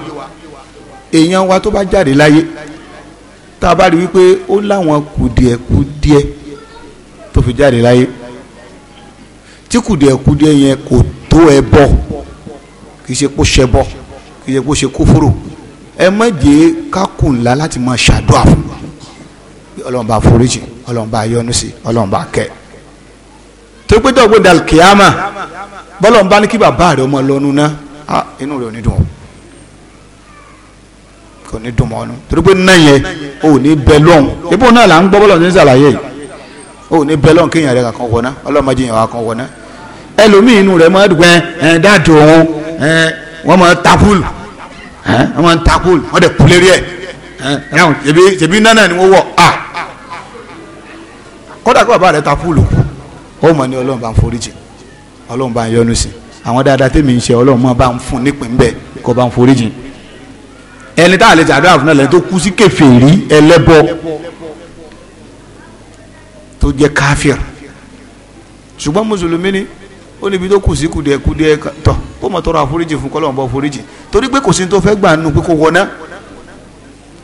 èèyàn wa tó bá jáde láyé tá a bá rí wípé ó láwọn kùdìẹ̀kùdìẹ̀ tó fi jáde láyé tí kùdìẹ̀kùdìẹ̀ yẹn kò tó ẹ bọ̀ kì í ṣe kó ṣẹbọ kì í ṣe kó ṣe kófóró ẹ má jẹ́ kákùn ńlá láti máa ṣàdúrà fún Ọlọ́run bá foríjì Ọlọ́run bá yọ́nú sí Ọlọ́run bá kẹ́ tó pé dọ́gbọ́n dàlùkìyàmà bọ́lọ́run bá ní kí bàbá rẹ̀ ọmọ lọ́nu ná inú rẹ̀ ò ní dùn ọ́ kò ní dùn mọ́ ọ́nú torí pé náà yẹn ò ní bẹ lọ́hùn ibò náà là ń gbọ́ bọ́lọ́run ní sàlàyé yìí ò ní bẹ lọ́hùn kéèyàn rẹ̀ kàn wọ̀ ná Ọlọ́run má kàn wọ̀ ná inú rẹ̀ má dùn ẹ̀ dáàdùn òun ẹ wọ́n máa takul ẹ wọ́n máa takul wọ́n dẹ̀ kulé rí ẹ ẹ ṣèbí ṣèbí nánà ni wọ́n wọ̀ a kódà kí bàbá rẹ̀ takul o ó mọ̀ ní ọlọ́run bá ń foríjì ọlọ́run bá ń yọ́nú sí àwọn dáadáa tèmi ń ṣe ọlọ́run máa bá ń fún nípìn bẹ́ẹ̀ kó bá ń foríjì ẹni tá a lè ṣàdúrà fún náà lẹ́ni tó kú sí kèfèrí ẹlẹ́bọ tó jẹ́ káfíà ṣùgbọ́n mùsùlùmí ni ó níbi tó kù sí kùdìẹ̀kùdìẹ̀ tọ̀ kó mọ̀ tọrọ àforíjì fún kọ́lọ́n bọ́ àforíjì torí pé kò sí tó fẹ́ gbà nù pé kò wọná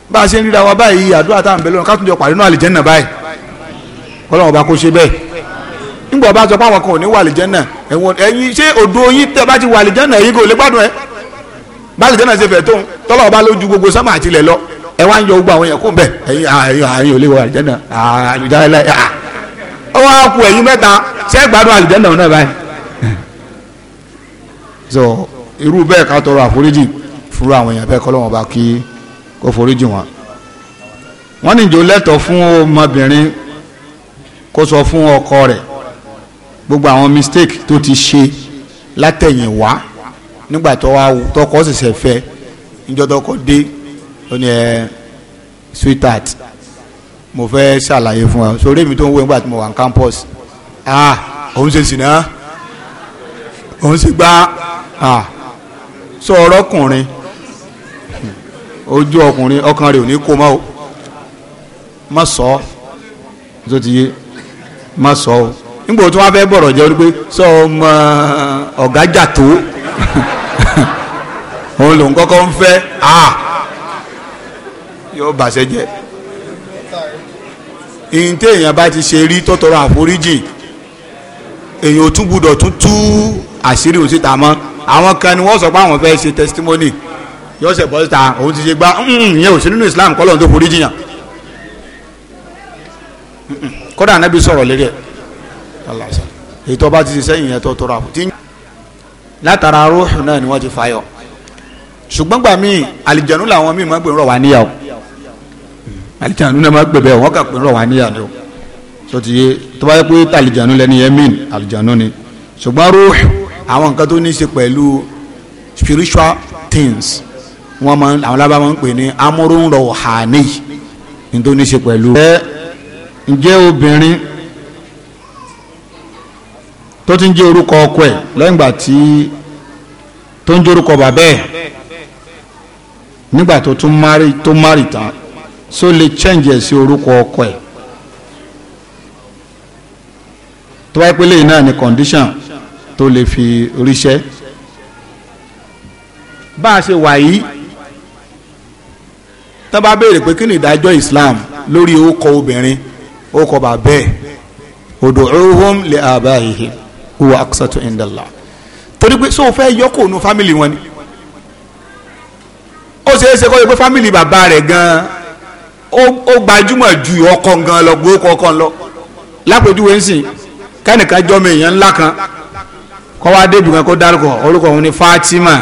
bá a ṣe ń ríra wa báyìí àdúrà tá à ń bẹ lọ́nà kátó jọ pàdé náà àlìjẹ́nà báyìí kọ́lọ́n ọba kò ṣe bẹ́ẹ̀ nígbà bá sọ pé àwọn kan ò ní wà àlìjẹ́nà ẹ̀yin ṣé odò yín tẹ́ bá ti wà àlìjẹ́nà yìí kò lè gbádùn ẹ̀ bá àlìjẹ́nà ṣe fẹ̀ tó tọ́lọ́ ọba lójú gbogbo sámà àtilẹ̀ lọ ẹ wá ń yọ gbogbo àwọn yẹn kó bẹ̀ ẹ̀yin àyìn so irú bẹ́ẹ̀ ká tọrọ àforíjì fúru àwọn èèyàn bẹ́ẹ̀ kọ́lọ́wọ́n bá kí kó foríjì wọn. wọ́n ní ìjọ lẹ́tọ̀ fún ọmọbìnrin kó sọ fún ọkọ rẹ̀ gbogbo àwọn mistake tó ti ṣe látẹ̀yìnwá nígbà tọkọ ṣẹ̀ṣẹ̀ fẹ́ níjọ́ tọkọ dé ó ní ẹ sweetheart mo fẹ́ ṣàlàyé fún wa sórí èmi tó ń wo nígbà tí mo wà ní campus ah òun ṣe sìnà òun ṣe gbá Ah. sọ ọ̀rọ̀ ojú ọkùnrin ọkàn rẹ̀ ò ní kó mọ́ o má sọ ọ́ tó ti yé má sọ ọ́ nígbà tí wọ́n fẹ́ bọ̀rọ̀ jẹ́ wípé sọ ọmọ ọ̀gájà tó òun lòun kọ́kọ́ ń fẹ́ ah. yóò bàṣẹ jẹ́ ìyìn èèyàn bá ti ṣe rí tó àforíjì èèyàn ò tún gbúdọ̀ tún tú àṣírí òsíta mọ́ àwọn kan ni wọ́n sọ pé àwọn fẹ́ ṣe testimony yóò ṣe bọ́ síta òun ti ṣe gbá mm, mm, ìyẹn ò sí nínú Islam kọ́ lóun tó forí jiyàn mm, kódà anábì sọ̀rọ̀ lérí ẹ̀ èyí tó bá ti ṣe sẹ́yìn yẹn tó tóra kù. látara rúùhù náà ni wọ́n ti fayọ̀ ṣùgbọ́n gbà míì àlìjànú làwọn míì máa ń gbèrò wà níyàwó àlìjànú náà máa ń gbèbẹ̀ wọ́n kà gbèrò wà níyàwó tó ti yé tó bá yẹ pé àlìjànú lẹ́ni yẹn mìn àlìjànú ni ṣùgbọ́n rúùhù àwọn nǹkan tó ní í ṣe pẹ̀lú spiritual things wọ́n máa àwọn lábá máa ń pè ní amúrúnrọ̀ hàní ní tó ní í ṣe pẹ̀lú. ẹ ǹjẹ́ obìnrin tó ti ń jẹ́ orúkọ ọkọ ẹ̀ lẹ́yìn ìgbà tí tó ń jẹ́ orúkọ bàbá ẹ̀ nígbà tó tún mari tó mari tán so lè change ẹ̀ sí orúkọ ọkọ ẹ̀ tó bá pélé yìí náà ni condition tó lè fi ríṣẹ́ bá a ṣe wà yìí tó bá béèrè pé kí ni ìdájọ́ Islam lórí okọ̀ obìnrin okọ̀ bàbẹ́ ud'uhum li abaihim huwa aqsatu indallah torí pé sóò fẹ́ yọ kó nu fámìlì wọn ni ó ṣeé ṣe kó yẹ pé fámìlì bàbá rẹ̀ gan-an ó gbajúmọ̀ ju ọkọ gan lọ gbó kọ̀ọ̀kan lọ lápèjúwe ń kẹ́nìkan jọ́mọ èèyàn ńlá kan kọ́ wá débi kan kó dárúkọ orúkọ òun ni Fatima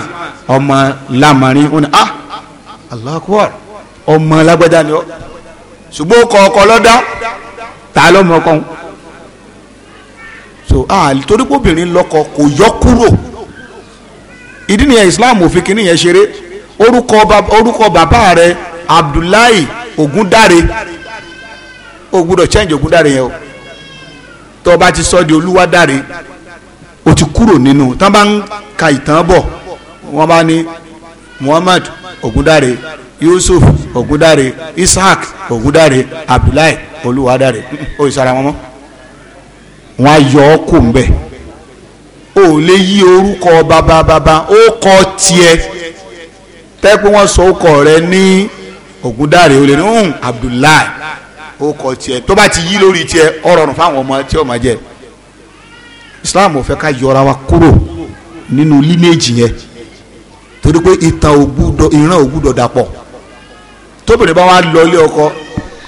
ọmọ lamarin òun ni ah Allahu Akbar ọmọ lágbádá ni ọ ṣùgbọ́n ọkọ̀ ọkọ̀ lọ́dá ta ló mọ ọkọ̀ so ah torí pé obìnrin lọ́kọ kò yọ kúrò ìdí nìyẹn Islam ò fi kíní yẹn ṣeré orúkọ bàbá rẹ Abdullahi Ogundare o gbúdọ̀ change Ogundare yẹn o tó o bá ti sọ di Olúwadáre o ti kúrò nínú tán bá ń ka ìtàn bọ̀ wọ́n bá ní Muhammad Ogundare Yusuf Ogundare Isaac Ogundare Abdullahi Olúwadare o ìsara wọn mọ́ wọn á yọ ọ́ kó ń bẹ̀ o lè yí orúkọ bàbá bàbá ó kọ tiẹ̀ tẹ́ pé wọ́n sọ ọkọ rẹ ní Ogundare o lè ní Abdullahi ó kọ tiẹ̀ tó bá ti yí lórí tiẹ̀ ọ̀rọ̀ fáwọn ọmọ tí ó máa jẹ́ rẹ̀ islam ò fẹ́ ká yọra wa kúrò nínú líméèjì yẹn torí pé ìtàn ò gbúdọ̀ ìran ò gbúdọ̀ dàpọ̀ tóbìnrin bá wà lọ ilé ọkọ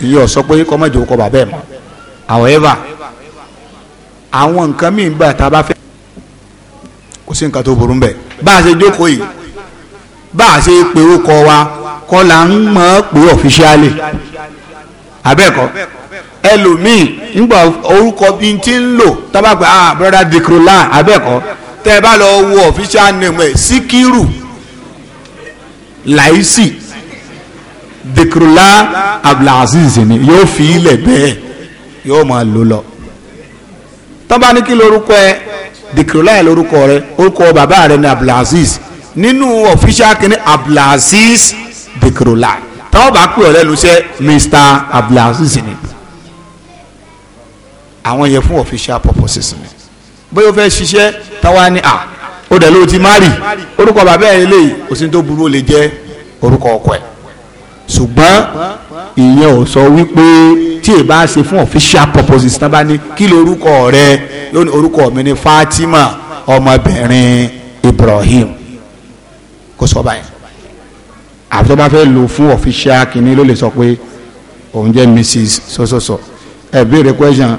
ìyẹn ò sọ pé kọ́mọ̀jì ọkọ bàbá ẹ̀ mọ́ however àwọn nǹkan míì gbà tá a bá fẹ́ kò sí nǹkan tó burú mbẹ̀ bá a ṣe jókòó yìí bá a ṣe pé ó kọ wa kọ́ la ń mọ̀ pé ọ̀fíṣíálì abẹ́ẹ̀kọ́ ẹlòmíì nígbà orúkọ bí n ti ń lò tábàgbà ah brother dikrola abẹ́kọ̀ tẹ́ ẹ bá lọ wo official name ẹ̀ síkírù láìsí dikrola abdulaziz ni yóò fi ilẹ̀ bẹ́ẹ̀ yóò máa lò lọ tọ́ba ní kí lorúkọ ẹ dikrola ẹ lorúkọ rẹ orúkọ bàbá rẹ ni abdulaziz nínú official kìíní abdulaziz dikrola tọ́ba pè ọ́ lẹ́nu iṣẹ́ mr abdulaziz ni àwọn yẹn fún official purposes ni bóyá o fẹ́ ṣiṣẹ́ táwa ni à ó dẹ̀ ló ti má rì orúkọ bàbá ẹ̀ lè òsín tó burú ó lè jẹ́ orúkọ ọkọ ẹ̀ ṣùgbọ́n ìyẹn ò sọ wípé tí ẹ bá ṣe fún official purposes náà bá ní kí ló orúkọ rẹ lónìí orúkọ mi ni Fatima ọmọbìnrin Ibrahim kò sọ báyìí àbí tó bá fẹ́ lò fún official kìíní ló lè sọ pé òun jẹ́ Mrs. sọ́sọ́sọ́ ẹ béèrè question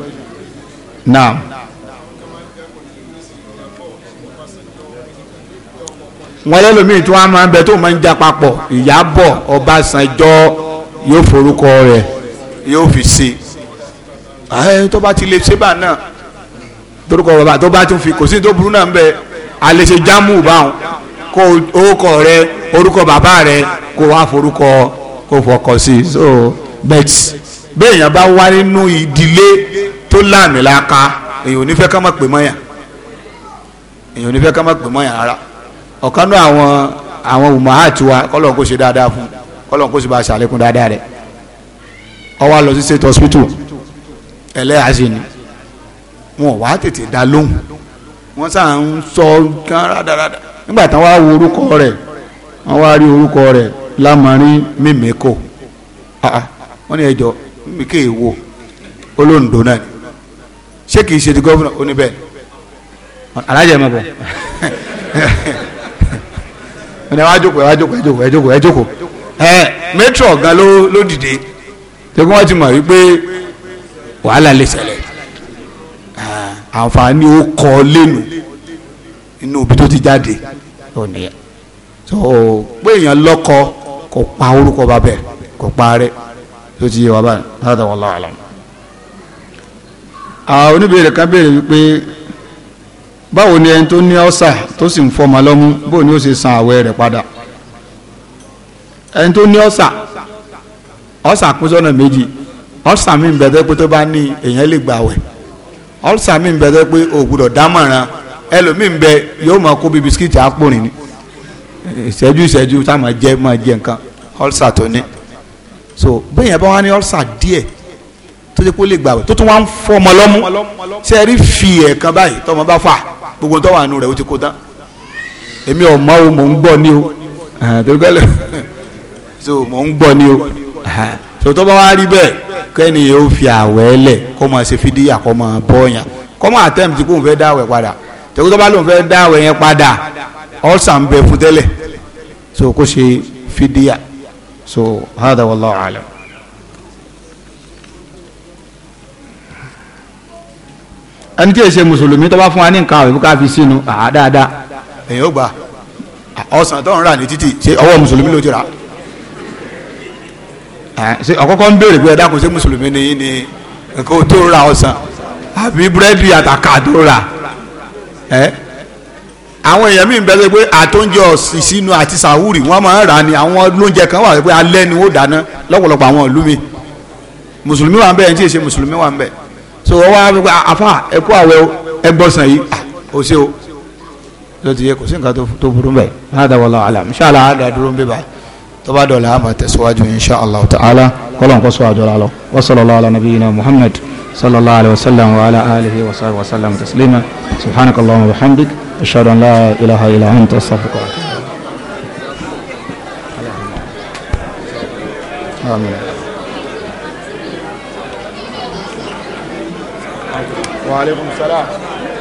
naam. wọ́n lẹ́lòmíì tí wọ́n máa ń bẹ tó máa ń já papọ̀ ìyábọ̀ ọbásanjọ́ yóò forúkọ rẹ̀ yóò fi ṣe ẹ tó bá ti lè ṣe bá náà torúkọ bàbá tó bá tún fi kò sí tó burú náà ń bẹ àlèṣe jámù báwọn kó orúkọ rẹ orúkọ bàbá rẹ kó wá forúkọ kó fọkọ sí so bet bẹ́ẹ̀ yẹn bá wá nínú ìdílé tó láàmì láka èyàn ò ní fẹ́ ká má pè mọ́yà èyàn ò ní fẹ́ ká má pè mọ́yà rárá ọ̀kan náà àwọn àwọn umahat wa kọ́lọ̀ kó ṣe dáadáa fún kọ́lọ̀ kó ṣe bá ṣàlékún dáadáa rẹ̀ ó wá lọ sí state hospital ẹlẹ́yà ni wọn ò wá tètè dá lóhùn wọn sà ń sọ gan rádaràdà nígbà táwọn wá wo orúkọ rẹ̀ wọn wá rí orúkọ rẹ̀ lámarin mímẹ́kọ̀ wọ́n ní ẹjọ́ mímẹ́kẹ́ èwo olóńdó náà ni ṣé kìí ṣe ti gọ́vùnà oníbẹ̀ alájẹ mọ̀ bọ̀ ẹ̀ wá jókòó ẹ̀ wá jókòó ẹ̀ jókòó ẹ̀ jókòó ẹ̀ mẹ́tírọ̀ gan ló dìde ṣé kí wọ́n ti mọ̀ wípé wàhálà lè ṣẹlẹ̀ àǹfààní ó kọ́ lẹ́nu inú òbí tó ti jáde ònìyàn so pé èèyàn lọ́kọ kò pa orúkọ bàbẹ̀ kò pa rẹ̀ tó ti yé wa báyìí látàwọn lọ́wọ́ àlọ́. Ah, oníbèrè kan béèrè wípé báwo ni ẹni tó ní ọ́sà tó sì ń fọmọ lọ́mú bó ni ó ṣe san àwẹ̀ rẹ̀ padà ẹni tó ní ọ́sà ọ́sà pín sọ́nà méjì ọ́sà mi ń bẹ̀rẹ̀ pé tó bá ní èèyàn lè gbà wẹ̀ mi ń pé dámọ̀ràn bẹ yóò máa kó bisikíìtì àpòrìn ni ìṣẹ́jú ìṣẹ́jú táwọn máa jẹ nǹkan ọ́sà tó so bẹ́ẹ̀ yẹn bá wá tó jẹ́ kó lè gbàwẹ̀ tó tún wá ń fọ́ ọmọ lọ́mú ṣe é rí fi ẹ̀ẹ̀kan báyìí tọmọ bá fà gbogbo tó wà nù rẹ̀ ó ti kó tán èmi ò mọ o mò ń gbọ́ ni o àtẹ̀gbẹ́lẹ̀ so mò ń gbọ́ ni o so tó bá wá rí bẹ́ẹ̀ kẹ́ni yóò fi àwẹ̀ lẹ̀ kó máa ṣe fídíà kó máa bọ́ọ̀yàn kó máa attempt kó n fẹ́ dáwẹ̀ padà tẹ̀kú tó bá lóun fẹ́ dáwẹ̀ yẹn padà ọ̀sà ń bẹ fún tẹ́lẹ̀ so kó ṣe fídíà so hada wallahu alam. ẹni tí èsè mùsùlùmí tó bá fún wa ní nǹkan àwẹ̀ ká fi sínú àá dáadáa. èyàn ó gbà ọsàn tó ń rà ní títì ṣé ọwọ́ mùsùlùmí ló ti rà ṣe ọ̀kọ́kọ́ ń béèrè pé ẹ dákun ṣé mùsùlùmí ni ni nǹkan tó ra ọsàn àbí búrẹ́dì àtàkà tó rà ẹ́ àwọn èèyàn mi ń bẹ́sẹ̀ pé àtúnjẹ ọ̀sìn sínú àti sàwúrì wọ́n máa ń rà ní àwọn lóúnjẹ kan wà pé alẹ́ ni ó dáná lọ́pọ̀lọpọ̀ àwọn ìlú mi mùsùlùmí wà ń bẹ ẹni tí èsè mùsùlùmí wà ń bẹ so wọ́n wá wípé ah, àfa ẹ̀kú àwẹ̀ ẹgbọ́sàn yìí ah, ó ṣe o ló ti yẹ kò sí nǹkan tó burú bẹ́ẹ̀ hada wallahu alam inshallah àdá dúró ń bẹ báyìí tó bá dọ̀la àmà tẹ̀síwájú inshallah ta'ala kọ́lọ̀ nǹkan sọ àjọra lọ wa sallallahu ala nabiyyina muhammad sallallahu alayhi wa sallam wa ala alihi wa sahbihi wa sallam taslima subhanaka wa bihamdik ashhadu la ilaha illa anta astaghfiruka wa atubu ilayk. آمين وعليكم السلام